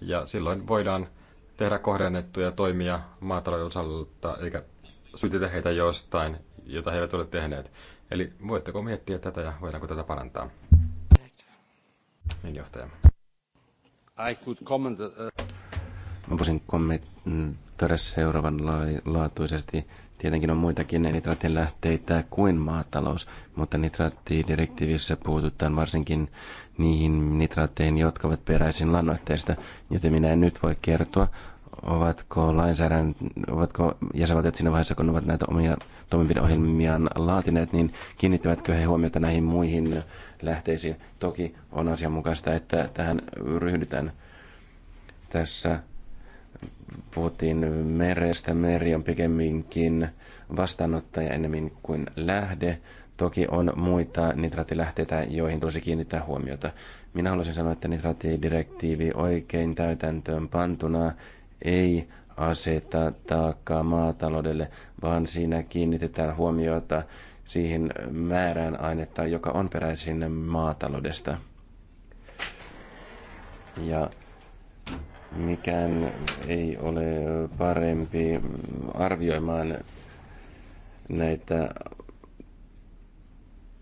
Ja silloin voidaan tehdä kohdennettuja toimia maatalouden osalta, eikä syytetä heitä jostain, jota he eivät ole tehneet. Eli voitteko miettiä tätä ja voidaanko tätä parantaa? Niin, johtaja. I could comment, uh... Mä voisin kommentoida seuraavan laatuisesti. Tietenkin on muitakin nitraatin lähteitä kuin maatalous, mutta nitraattidirektiivissä puututaan varsinkin niihin nitraatteihin, jotka ovat peräisin lannoitteista, joten minä en nyt voi kertoa, ovatko, lainsäädäntö, ovatko jäsenvaltiot siinä vaiheessa, kun ovat näitä omia toimenpideohjelmiaan laatineet, niin kiinnittävätkö he huomiota näihin muihin lähteisiin? Toki on asianmukaista, että tähän ryhdytään. Tässä puhuttiin merestä. Meri on pikemminkin vastaanottaja enemmän kuin lähde. Toki on muita nitraattilähteitä, joihin tulisi kiinnittää huomiota. Minä haluaisin sanoa, että nitraattidirektiivi oikein täytäntöön pantuna ei aseta taakkaa maataloudelle, vaan siinä kiinnitetään huomiota siihen määrään ainetta, joka on peräisin maataloudesta. Ja mikään ei ole parempi arvioimaan näitä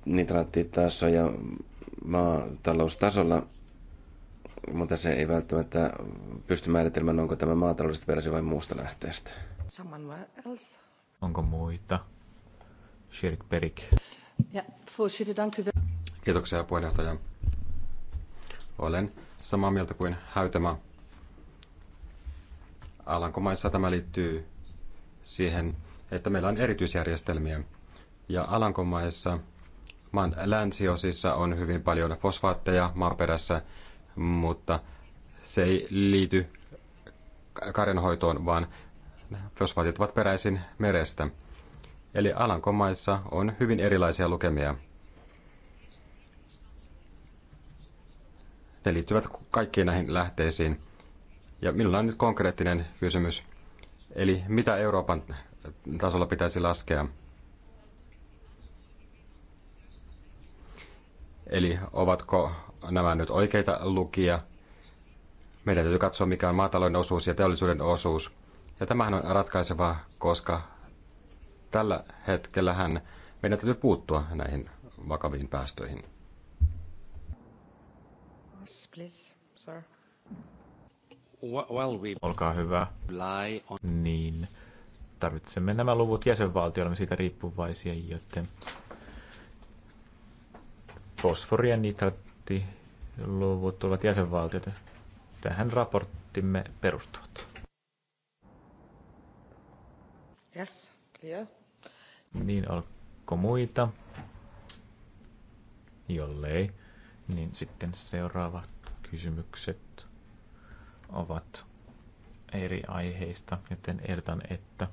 nitraattitasoja maataloustasolla mutta se ei välttämättä pysty määritelmään, onko tämä maataloudesta peräsi vai muusta lähteestä. Onko muita? Shirk Perik. Ja, Kiitoksia puheenjohtaja. Olen samaa mieltä kuin Häytämä. Alankomaissa tämä liittyy siihen, että meillä on erityisjärjestelmiä. Ja Alankomaissa maan länsiosissa on hyvin paljon fosfaatteja maaperässä, mutta se ei liity karjanhoitoon, vaan fosfaatit ovat peräisin merestä. Eli Alankomaissa on hyvin erilaisia lukemia. Ne liittyvät kaikkiin näihin lähteisiin. Ja minulla on nyt konkreettinen kysymys. Eli mitä Euroopan tasolla pitäisi laskea? Eli ovatko nämä nyt oikeita lukia. Meidän täytyy katsoa, mikä on maatalouden osuus ja teollisuuden osuus. Ja tämähän on ratkaisevaa, koska tällä hetkellähän meidän täytyy puuttua näihin vakaviin päästöihin. Please, sir. Well, we... Olkaa hyvä. On... Niin, tarvitsemme nämä luvut jäsenvaltioille, siitä riippuvaisia, joten fosforia niitä prosenttiluvut tulevat jäsenvaltiot. Tähän raporttimme perustuvat. Yes, clear. Niin, olko muita? Jollei, niin sitten seuraavat kysymykset ovat eri aiheista, joten ehdotan, että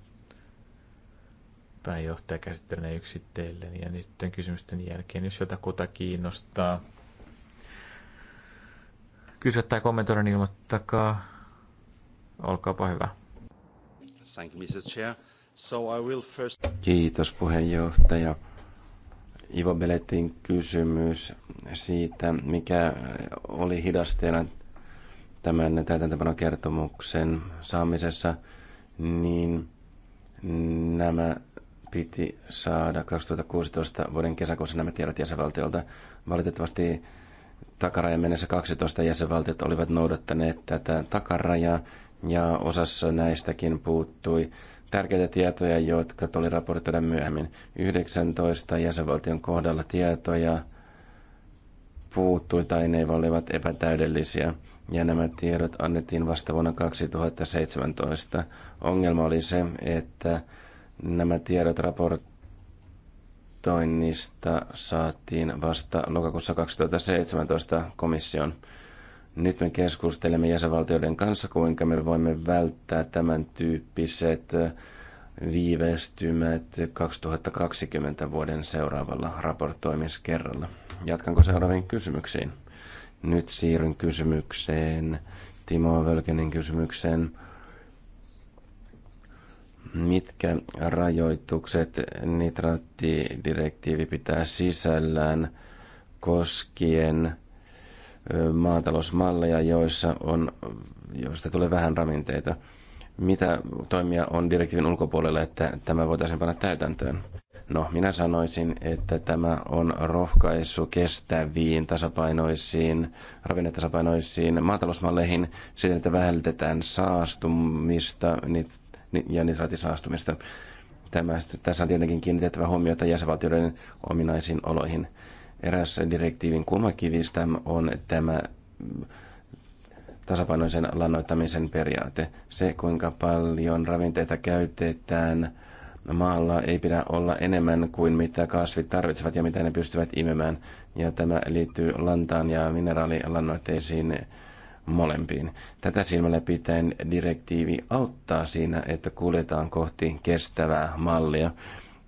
pääjohtaja käsittelee yksitellen ja niin sitten kysymysten jälkeen, jos jotakuta kiinnostaa, kysyä tai kommentoida, niin ilmoittakaa. Olkaapa hyvä. Thank you, Mr. Chair. So I will first... Kiitos puheenjohtaja. Ivo Beletin kysymys siitä, mikä oli hidasteena tämän täytäntöpanon kertomuksen saamisessa, niin nämä piti saada 2016 vuoden kesäkuussa nämä tiedot jäsenvaltiolta. Valitettavasti takarajan mennessä 12 jäsenvaltiot olivat noudattaneet tätä takarajaa ja osassa näistäkin puuttui tärkeitä tietoja, jotka tuli raportoida myöhemmin. 19 jäsenvaltion kohdalla tietoja puuttui tai ne olivat epätäydellisiä ja nämä tiedot annettiin vasta vuonna 2017. Ongelma oli se, että nämä tiedot raportoivat raportoinnista saatiin vasta lokakuussa 2017 komission. Nyt me keskustelemme jäsenvaltioiden kanssa, kuinka me voimme välttää tämän tyyppiset viivästymät 2020 vuoden seuraavalla raportoimiskerralla. Jatkanko seuraaviin kysymyksiin? Nyt siirryn kysymykseen, Timo Völkenen kysymykseen mitkä rajoitukset nitraattidirektiivi pitää sisällään koskien maatalousmalleja, joissa on, joista tulee vähän ravinteita. Mitä toimia on direktiivin ulkopuolella, että tämä voitaisiin panna täytäntöön? No, minä sanoisin, että tämä on rohkaisu kestäviin, tasapainoisiin, ravinnetasapainoisiin maatalousmalleihin siten, että vältetään saastumista, niitä ja nitraatin saastumista. Tämä, tässä on tietenkin kiinnitettävä huomiota jäsenvaltioiden ominaisiin oloihin. Eräs direktiivin kulmakivistä on tämä tasapainoisen lannoittamisen periaate. Se, kuinka paljon ravinteita käytetään maalla, ei pidä olla enemmän kuin mitä kasvit tarvitsevat ja mitä ne pystyvät imemään. Ja tämä liittyy lantaan ja mineraalilannoitteisiin molempiin. Tätä silmällä pitäen direktiivi auttaa siinä, että kuljetaan kohti kestävää mallia.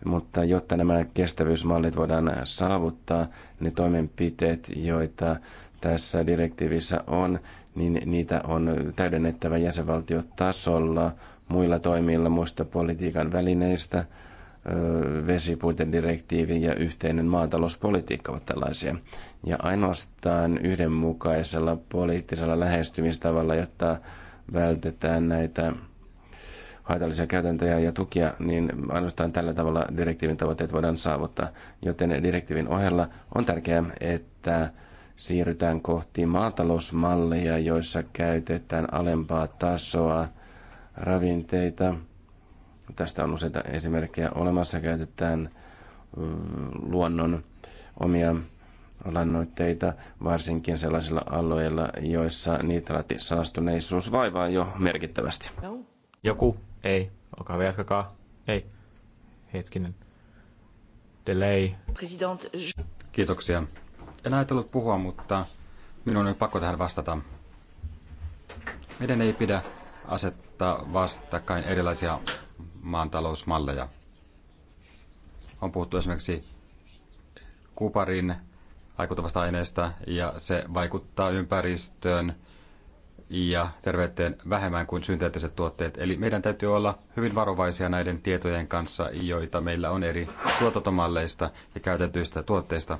Mutta jotta nämä kestävyysmallit voidaan saavuttaa, ne toimenpiteet, joita tässä direktiivissä on, niin niitä on täydennettävä jäsenvaltiotasolla muilla toimilla muista politiikan välineistä – direktiivi ja yhteinen maatalouspolitiikka ovat tällaisia. Ja ainoastaan yhdenmukaisella poliittisella lähestymistavalla, jotta vältetään näitä haitallisia käytäntöjä ja tukia, niin ainoastaan tällä tavalla direktiivin tavoitteet voidaan saavuttaa. Joten direktiivin ohella on tärkeää, että siirrytään kohti maatalousmalleja, joissa käytetään alempaa tasoa ravinteita – Tästä on useita esimerkkejä olemassa. Käytetään luonnon omia lannoitteita, varsinkin sellaisilla alueilla, joissa nitraattisaastuneisuus vaivaa jo merkittävästi. No. Joku? Ei. Olkaa hyvä, jatkakaa. Ei. Hetkinen. Delay. President. Kiitoksia. En ajatellut puhua, mutta minun on pakko tähän vastata. Meidän ei pidä asettaa vastakkain erilaisia maantalousmalleja. On puhuttu esimerkiksi kuparin vaikuttavasta aineesta ja se vaikuttaa ympäristöön ja terveyteen vähemmän kuin synteettiset tuotteet. Eli meidän täytyy olla hyvin varovaisia näiden tietojen kanssa, joita meillä on eri tuotantomalleista ja käytetyistä tuotteista.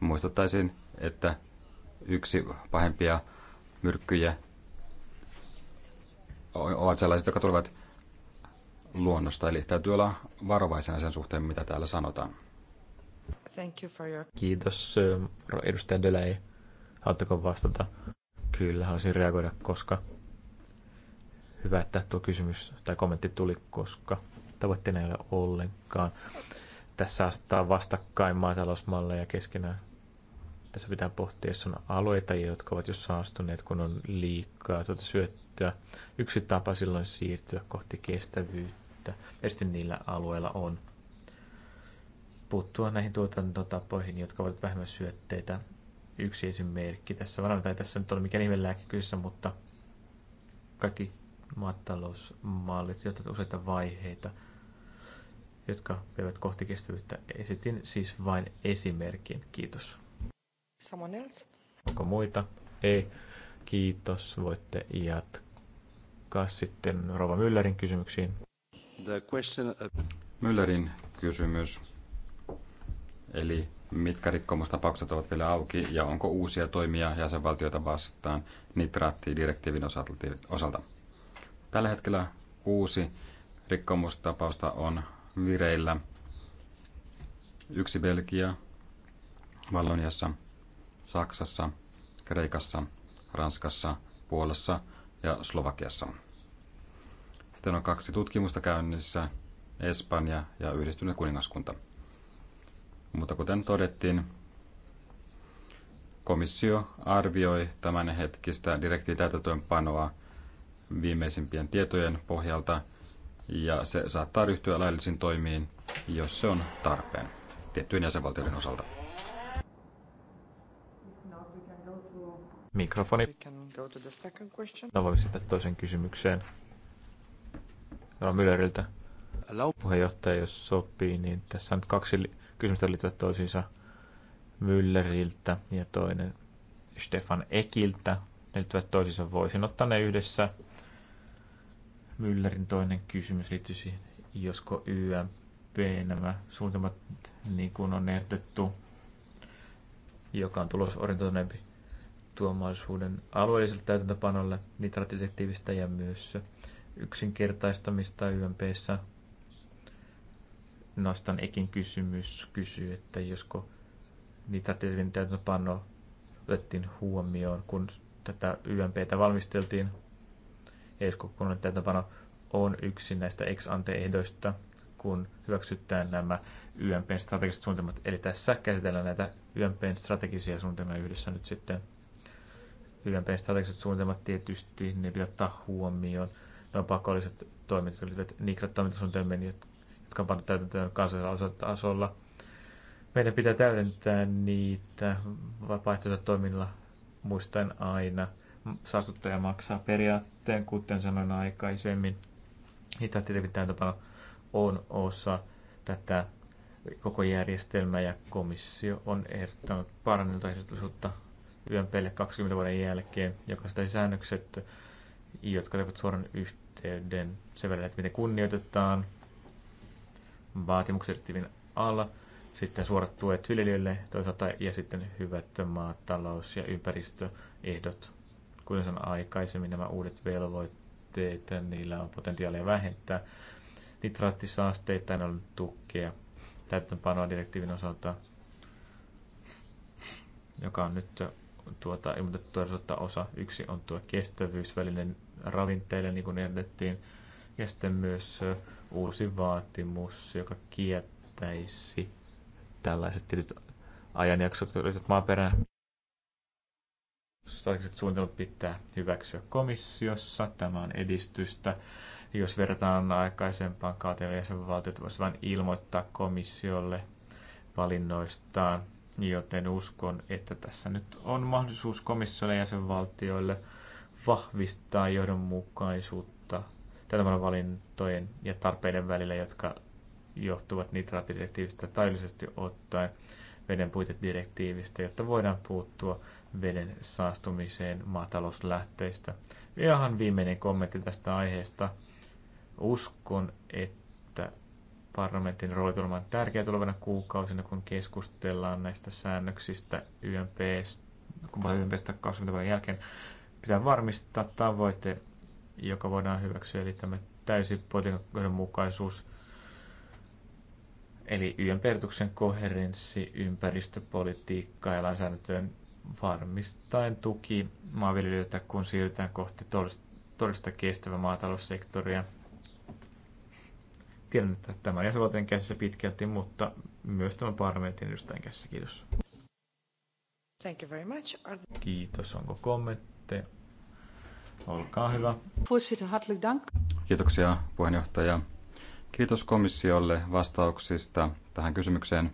Muistuttaisin, että yksi pahempia myrkkyjä ovat sellaiset, jotka tulevat luonnosta, eli täytyy olla varovaisena sen suhteen, mitä täällä sanotaan. Thank you for your... Kiitos, edustaja Delay. Haluatteko vastata? Kyllä, haluaisin reagoida, koska hyvä, että tuo kysymys tai kommentti tuli, koska tavoitteena ei ole ollenkaan tässä asettaa vastakkain maatalousmalleja keskenään tässä pitää pohtia, jos on alueita, jotka ovat jo saastuneet, kun on liikaa tuota syöttöä. Yksi tapa silloin siirtyä kohti kestävyyttä, tietysti niillä alueilla on puuttua näihin tuotantotapoihin, jotka ovat vähemmän syötteitä. Yksi esimerkki tässä, varmaan tai tässä nyt on mikä nimen lääke kyseessä, mutta kaikki maatalousmallit sijoittavat useita vaiheita, jotka vievät kohti kestävyyttä. Esitin siis vain esimerkin. Kiitos. Someone else? Onko muita? Ei. Kiitos. Voitte jatkaa sitten Rova Müllerin kysymyksiin. The question... Müllerin kysymys. Eli mitkä rikkomustapaukset ovat vielä auki ja onko uusia toimia jäsenvaltioita vastaan nitraattidirektiivin osalta? Tällä hetkellä uusi rikkomustapausta on vireillä. Yksi Belgia, Valloniassa Saksassa, Kreikassa, Ranskassa, Puolassa ja Slovakiassa. Sitten on kaksi tutkimusta käynnissä, Espanja ja Yhdistynyt kuningaskunta. Mutta kuten todettiin, komissio arvioi tämän hetkistä direktiivitäytäntöönpanoa viimeisimpien tietojen pohjalta ja se saattaa ryhtyä laillisiin toimiin, jos se on tarpeen tiettyjen jäsenvaltioiden osalta. Mikrofoni. No voimme sitten toisen kysymykseen. on Mülleriltä. Puheenjohtaja, jos sopii, niin tässä on kaksi kysymystä liittyvät toisiinsa. Mülleriltä ja toinen Stefan Ekiltä. Ne liittyvät toisiinsa. Voisin ottaa ne yhdessä. Müllerin toinen kysymys liittyy siihen, josko YMP nämä suunnitelmat niin kuin on ehdotettu, joka on tulosorientoituneempi tuo alueelliselle täytäntöpanolle nitraattidirektiivistä ja myös yksinkertaistamista YMPssä. Nostan Ekin kysymys kysyy, että josko nitraattidirektiivin täytäntöpano otettiin huomioon, kun tätä YMPtä valmisteltiin. Esko, kun täytäntöpano on yksi näistä ex ante ehdoista, kun hyväksytään nämä YMPn strategiset suunnitelmat. Eli tässä käsitellään näitä YMPn strategisia suunnitelmia yhdessä nyt sitten YMPn strategiset suunnitelmat tietysti, ne pitää ottaa huomioon. Ne on pakolliset toimet, jotka liittyvät Nikrat-toimintasuunnitelmiin, jotka on pannut täytäntöön kansallisella tasolla. Meidän pitää täydentää niitä vapaaehtoisilla toiminnalla muistaen aina saastuttaja maksaa periaatteen, kuten sanoin aikaisemmin. Hitaattitekit täytäntöpano on osa tätä koko järjestelmää ja komissio on ehdottanut parannelta YMPlle 20 vuoden jälkeen, joka sitä säännökset, jotka olivat suoran yhteyden sen välillä, että miten kunnioitetaan vaatimukset direktiivin alla, sitten suorat tuet viljelijöille toisaalta ja sitten hyvät maatalous- ja ympäristöehdot. Kuten sanoin aikaisemmin, nämä uudet velvoitteet, niillä on potentiaalia vähentää nitraattisaasteita, en on tukea täytäntöönpanoa direktiivin osalta, joka on nyt tuota ilmoitettu osa. Yksi on tuo kestävyysvälinen ravinteille, niin kuin ehdotettiin. Ja sitten myös uusi vaatimus, joka kiettäisi tällaiset tietyt ajanjaksot, jotka löytyvät maaperään. Strategiset suunnitelmat pitää hyväksyä komissiossa. Tämä on edistystä. Jos verrataan aikaisempaan kauteen, jäsenvaltiot voisi vain ilmoittaa komissiolle valinnoistaan joten uskon, että tässä nyt on mahdollisuus komissiolle ja sen valtioille vahvistaa johdonmukaisuutta tätä valintojen ja tarpeiden välillä, jotka johtuvat nitraattidirektiivistä tai ottaen veden puitedirektiivistä, jotta voidaan puuttua veden saastumiseen maatalouslähteistä. Ihan viimeinen kommentti tästä aiheesta. Uskon, että Parlamentin rooli tulee olemaan tärkeä tulevana kuukausina, kun keskustellaan näistä säännöksistä YMPstä, YMPstä 20 vuoden jälkeen. Pitää varmistaa tavoite, joka voidaan hyväksyä, eli tämä täysi mukaisuus eli YMP-ehdotuksen koherenssi ympäristöpolitiikka ja lainsäädäntöön varmistaen tuki maanviljelijöitä, kun siirrytään kohti todellista kestävää maataloussektoria – Tiedän, että tämä on jäsenvaltion käsissä pitkälti, mutta myös tämän parlamentin edustajan käsissä. Kiitos. Thank you very much. Kiitos. Onko kommentteja? Olkaa hyvä. Kiitoksia puheenjohtaja. Kiitos komissiolle vastauksista tähän kysymykseen.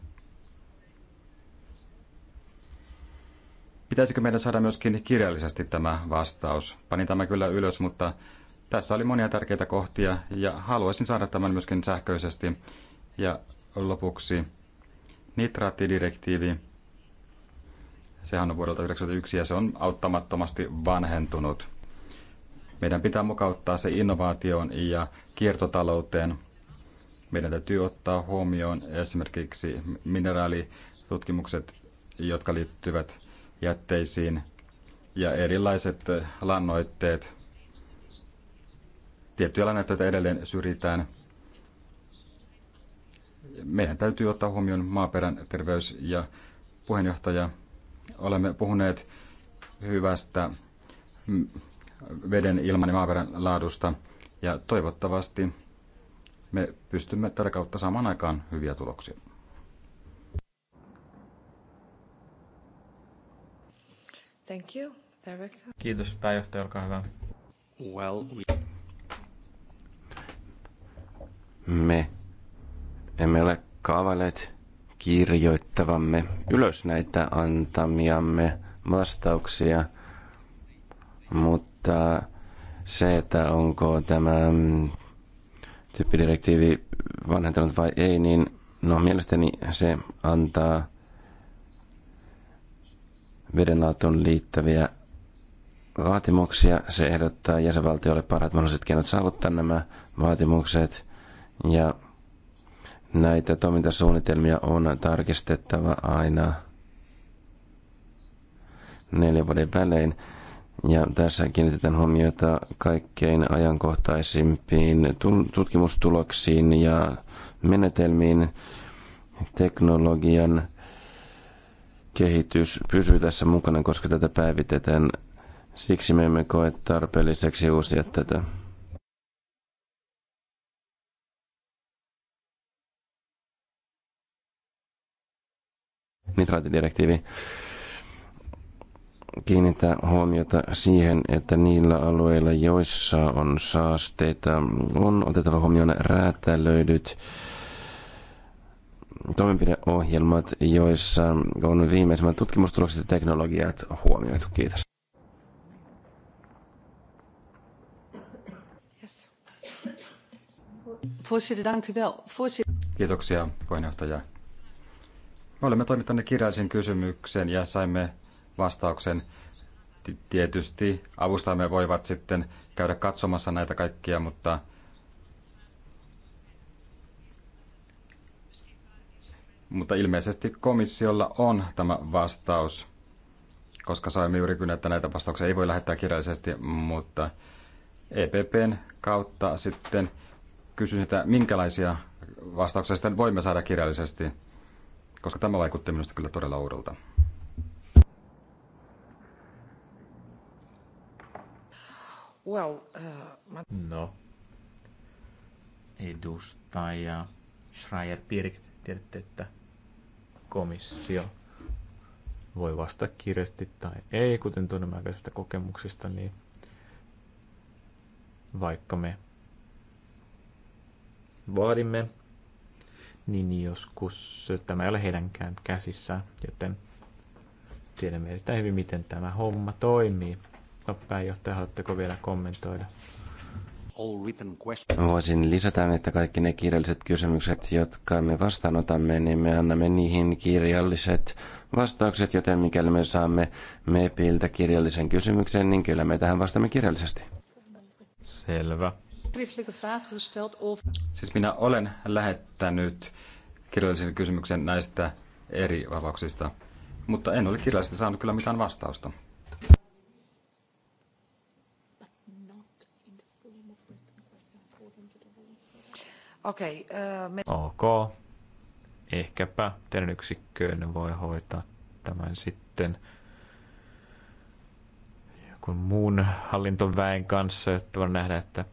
Pitäisikö meidän saada myöskin kirjallisesti tämä vastaus? Panin tämä kyllä ylös, mutta tässä oli monia tärkeitä kohtia ja haluaisin saada tämän myöskin sähköisesti. Ja lopuksi nitraattidirektiivi. Sehän on vuodelta 1991 ja se on auttamattomasti vanhentunut. Meidän pitää mukauttaa se innovaatioon ja kiertotalouteen. Meidän täytyy ottaa huomioon esimerkiksi mineraalitutkimukset, jotka liittyvät jätteisiin ja erilaiset lannoitteet, Tiettyjä lainatöitä edelleen syrjitään. Meidän täytyy ottaa huomioon maaperän terveys ja puheenjohtaja. Olemme puhuneet hyvästä mm, veden, ilman ja maaperän laadusta ja toivottavasti me pystymme tätä kautta saamaan aikaan hyviä tuloksia. Thank you, director. Kiitos pääjohtaja, olkaa hyvä. Well, we... Me emme ole kaavailleet kirjoittavamme ylös näitä antamiamme vastauksia, mutta se, että onko tämä mm, tyyppidirektiivi vanhentunut vai ei, niin no mielestäni se antaa vedenlaatuun liittäviä vaatimuksia. Se ehdottaa jäsenvaltioille parhaat mahdolliset keinot saavuttaa nämä vaatimukset. Ja näitä toimintasuunnitelmia on tarkistettava aina neljän vuoden välein. Ja tässä kiinnitetään huomiota kaikkein ajankohtaisimpiin tutkimustuloksiin ja menetelmiin. Teknologian kehitys pysyy tässä mukana, koska tätä päivitetään. Siksi me emme koe tarpeelliseksi uusia tätä. nitraatidirektiivi kiinnittää huomiota siihen, että niillä alueilla, joissa on saasteita, on otettava huomioon räätälöidyt toimenpideohjelmat, joissa on viimeisimmät tutkimustulokset ja teknologiat huomioitu. Kiitos. Kiitoksia puheenjohtaja. Me olemme toimittaneet kirjallisen kysymyksen ja saimme vastauksen. Tietysti avustamme voivat sitten käydä katsomassa näitä kaikkia, mutta mutta ilmeisesti komissiolla on tämä vastaus, koska saimme juuri kyllä, että näitä vastauksia ei voi lähettää kirjallisesti, mutta EPPn kautta sitten kysyn, että minkälaisia vastauksia sitten voimme saada kirjallisesti koska tämä vaikutti minusta kyllä todella oudolta. Well, uh, No, edustaja Schreier Pirk, tiedätte, että komissio voi vastata kirjasti tai ei, kuten tunnen kokemuksista, niin vaikka me vaadimme niin joskus tämä ei ole heidänkään käsissään, joten tiedämme erittäin hyvin, miten tämä homma toimii. No pääjohtaja, haluatteko vielä kommentoida? Voisin lisätä, että kaikki ne kirjalliset kysymykset, jotka me vastaanotamme, niin me annamme niihin kirjalliset vastaukset, joten mikäli me saamme MEPiltä kirjallisen kysymyksen, niin kyllä me tähän vastaamme kirjallisesti. Selvä. Siis minä olen lähettänyt kirjallisen kysymyksen näistä eri vapauksista, mutta en ole kirjallisesti saanut kyllä mitään vastausta. Okei. Okay, uh, me... Ok. Ehkäpä teidän yksikköön voi hoitaa tämän sitten jonkun muun hallintoväen kanssa, että voidaan nähdä, että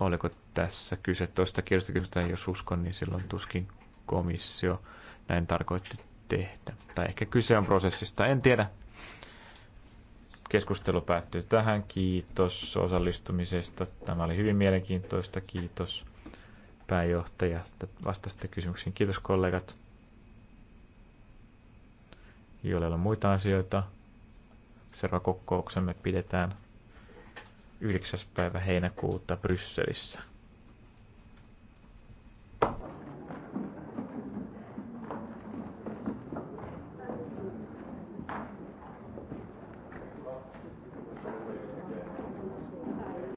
Oliko tässä kyse tuosta kirjasta jos uskon, niin silloin tuskin komissio näin tarkoitti tehdä. Tai ehkä kyse on prosessista, en tiedä. Keskustelu päättyy tähän. Kiitos osallistumisesta. Tämä oli hyvin mielenkiintoista. Kiitos pääjohtaja. Vastasitte kysymyksiin. Kiitos kollegat. Joilla on muita asioita. Seuraava kokouksemme pidetään 9. päivä heinäkuuta Brysselissä.